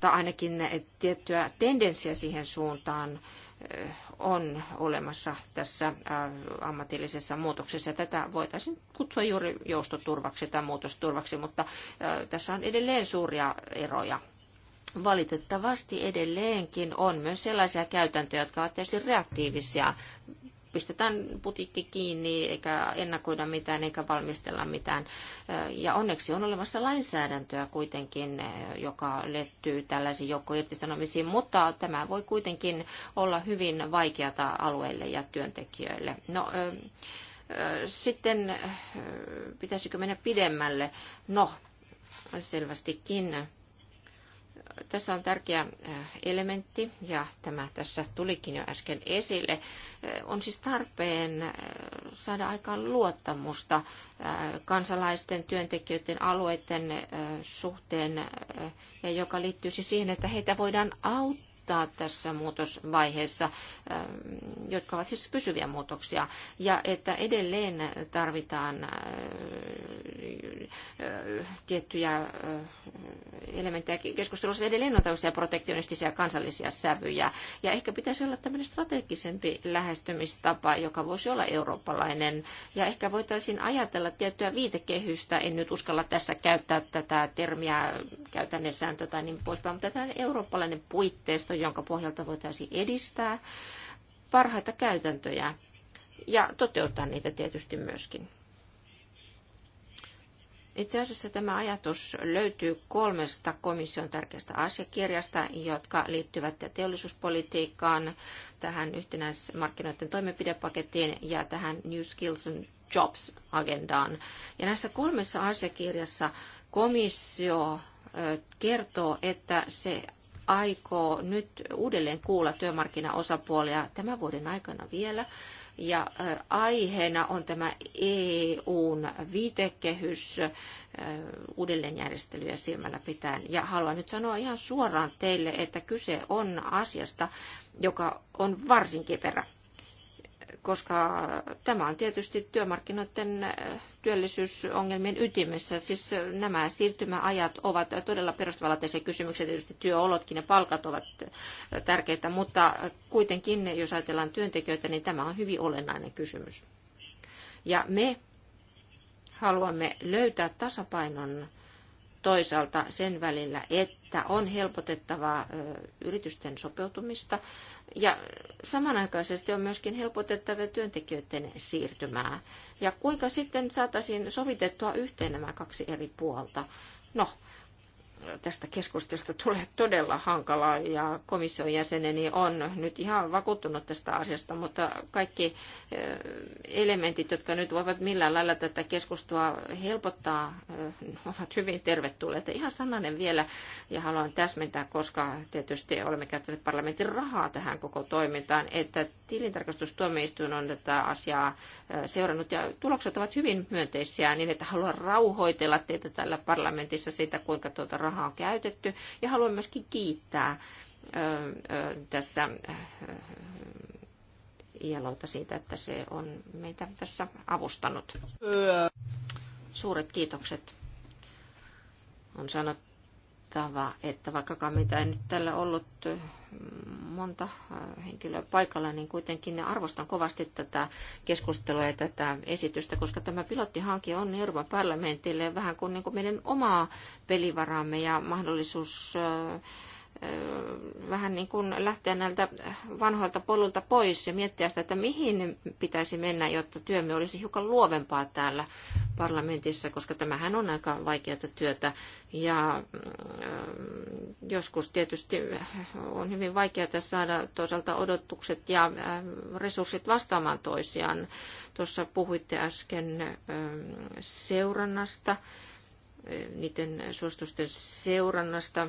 tai ainakin tiettyä tendenssiä siihen suuntaan on olemassa tässä ammatillisessa muutoksessa. Tätä voitaisiin kutsua juuri joustoturvaksi tai muutosturvaksi, mutta tässä on edelleen suuria eroja valitettavasti edelleenkin on myös sellaisia käytäntöjä, jotka ovat täysin reaktiivisia pistetään putiikki kiinni eikä ennakoida mitään eikä valmistella mitään. Ja onneksi on olemassa lainsäädäntöä kuitenkin, joka liittyy tällaisiin joukkoirtisanomisiin, mutta tämä voi kuitenkin olla hyvin vaikeata alueille ja työntekijöille. No, sitten pitäisikö mennä pidemmälle? No, selvästikin tässä on tärkeä elementti, ja tämä tässä tulikin jo äsken esille. On siis tarpeen saada aikaan luottamusta kansalaisten, työntekijöiden, alueiden suhteen, ja joka liittyy siihen, että heitä voidaan auttaa ottaa tässä muutosvaiheessa, ähm, jotka ovat siis pysyviä muutoksia. Ja että edelleen tarvitaan äh, äh, tiettyjä äh, elementtejä keskustelussa, edelleen on tällaisia protektionistisia kansallisia sävyjä. Ja ehkä pitäisi olla tämmöinen strategisempi lähestymistapa, joka voisi olla eurooppalainen. Ja ehkä voitaisiin ajatella tiettyä viitekehystä, en nyt uskalla tässä käyttää tätä termiä käytännessääntö tai niin poispäin, mutta tämä eurooppalainen puitteisto, verkosto, jonka pohjalta voitaisiin edistää parhaita käytäntöjä ja toteuttaa niitä tietysti myöskin. Itse asiassa tämä ajatus löytyy kolmesta komission tärkeästä asiakirjasta, jotka liittyvät teollisuuspolitiikkaan, tähän yhtenäismarkkinoiden toimenpidepakettiin ja tähän New Skills and Jobs-agendaan. Ja näissä kolmessa asiakirjassa komissio kertoo, että se aikoo nyt uudelleen kuulla työmarkkinaosapuolia tämän vuoden aikana vielä. Ja aiheena on tämä EUn viitekehys uudelleenjärjestelyä silmällä pitäen. Ja haluan nyt sanoa ihan suoraan teille, että kyse on asiasta, joka on varsin kiperä koska tämä on tietysti työmarkkinoiden äh, työllisyysongelmien ytimessä. Siis äh, nämä siirtymäajat ovat todella perustavanlaatuisia kysymyksiä. Tietysti työolotkin ja palkat ovat äh, tärkeitä, mutta kuitenkin, jos ajatellaan työntekijöitä, niin tämä on hyvin olennainen kysymys. Ja me haluamme löytää tasapainon toisaalta sen välillä, että on helpotettava yritysten sopeutumista ja samanaikaisesti on myöskin helpotettava työntekijöiden siirtymää. Ja kuinka sitten saataisiin sovitettua yhteen nämä kaksi eri puolta? No, tästä keskustelusta tulee todella hankalaa ja komission jäseneni on nyt ihan vakuuttunut tästä asiasta, mutta kaikki eh, elementit, jotka nyt voivat millään lailla tätä keskustelua helpottaa, eh, ovat hyvin tervetulleita. Ihan sananen vielä ja haluan täsmentää, koska tietysti olemme käyttäneet parlamentin rahaa tähän koko toimintaan, että tilintarkastustuomioistuin on tätä asiaa eh, seurannut ja tulokset ovat hyvin myönteisiä niin, että haluan rauhoitella teitä täällä parlamentissa siitä, kuinka tuota rahaa rahaa käytetty. Ja haluan myöskin kiittää tässä ILOta siitä, että se on meitä tässä avustanut. Suuret kiitokset. On sanottava, että vaikkakaan mitä ei nyt tällä ollut monta äh, henkilöä paikalla, niin kuitenkin arvostan kovasti tätä keskustelua ja tätä esitystä, koska tämä pilottihanke on Euroopan parlamentille vähän kuin, niin kuin meidän omaa pelivaraamme ja mahdollisuus äh, vähän niin kuin lähteä näiltä vanhoilta polulta pois ja miettiä sitä, että mihin pitäisi mennä, jotta työmme olisi hiukan luovempaa täällä parlamentissa, koska tämähän on aika vaikeaa työtä. Ja joskus tietysti on hyvin vaikeaa saada toisaalta odotukset ja resurssit vastaamaan toisiaan. Tuossa puhuitte äsken seurannasta niiden suositusten seurannasta,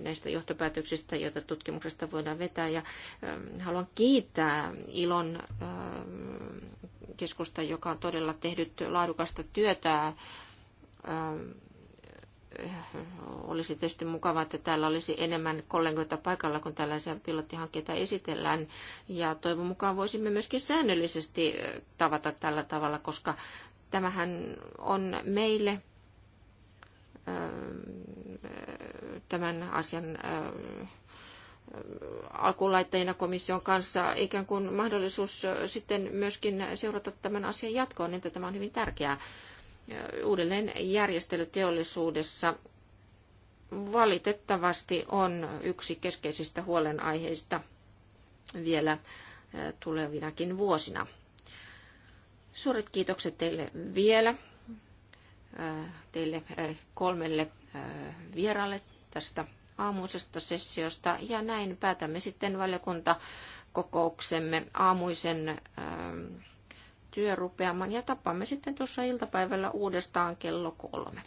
näistä johtopäätöksistä, joita tutkimuksesta voidaan vetää. Ja ähm, haluan kiittää Ilon ähm, keskusta, joka on todella tehnyt laadukasta työtä ähm, olisi tietysti mukavaa, että täällä olisi enemmän kollegoita paikalla, kun tällaisia pilottihankkeita esitellään. Ja toivon mukaan voisimme myöskin säännöllisesti äh, tavata tällä tavalla, koska Tämähän on meille tämän asian alkulaitteina komission kanssa ikään kuin mahdollisuus sitten myöskin seurata tämän asian jatkoon, niin että tämä on hyvin tärkeää. Uudelleen järjestelyteollisuudessa valitettavasti on yksi keskeisistä huolenaiheista vielä tulevinakin vuosina. Suuret kiitokset teille vielä, äh, teille äh, kolmelle äh, vieraalle tästä aamuisesta sessiosta. Ja näin päätämme sitten valiokuntakokouksemme aamuisen ähm, työrupeaman ja tapaamme sitten tuossa iltapäivällä uudestaan kello kolme.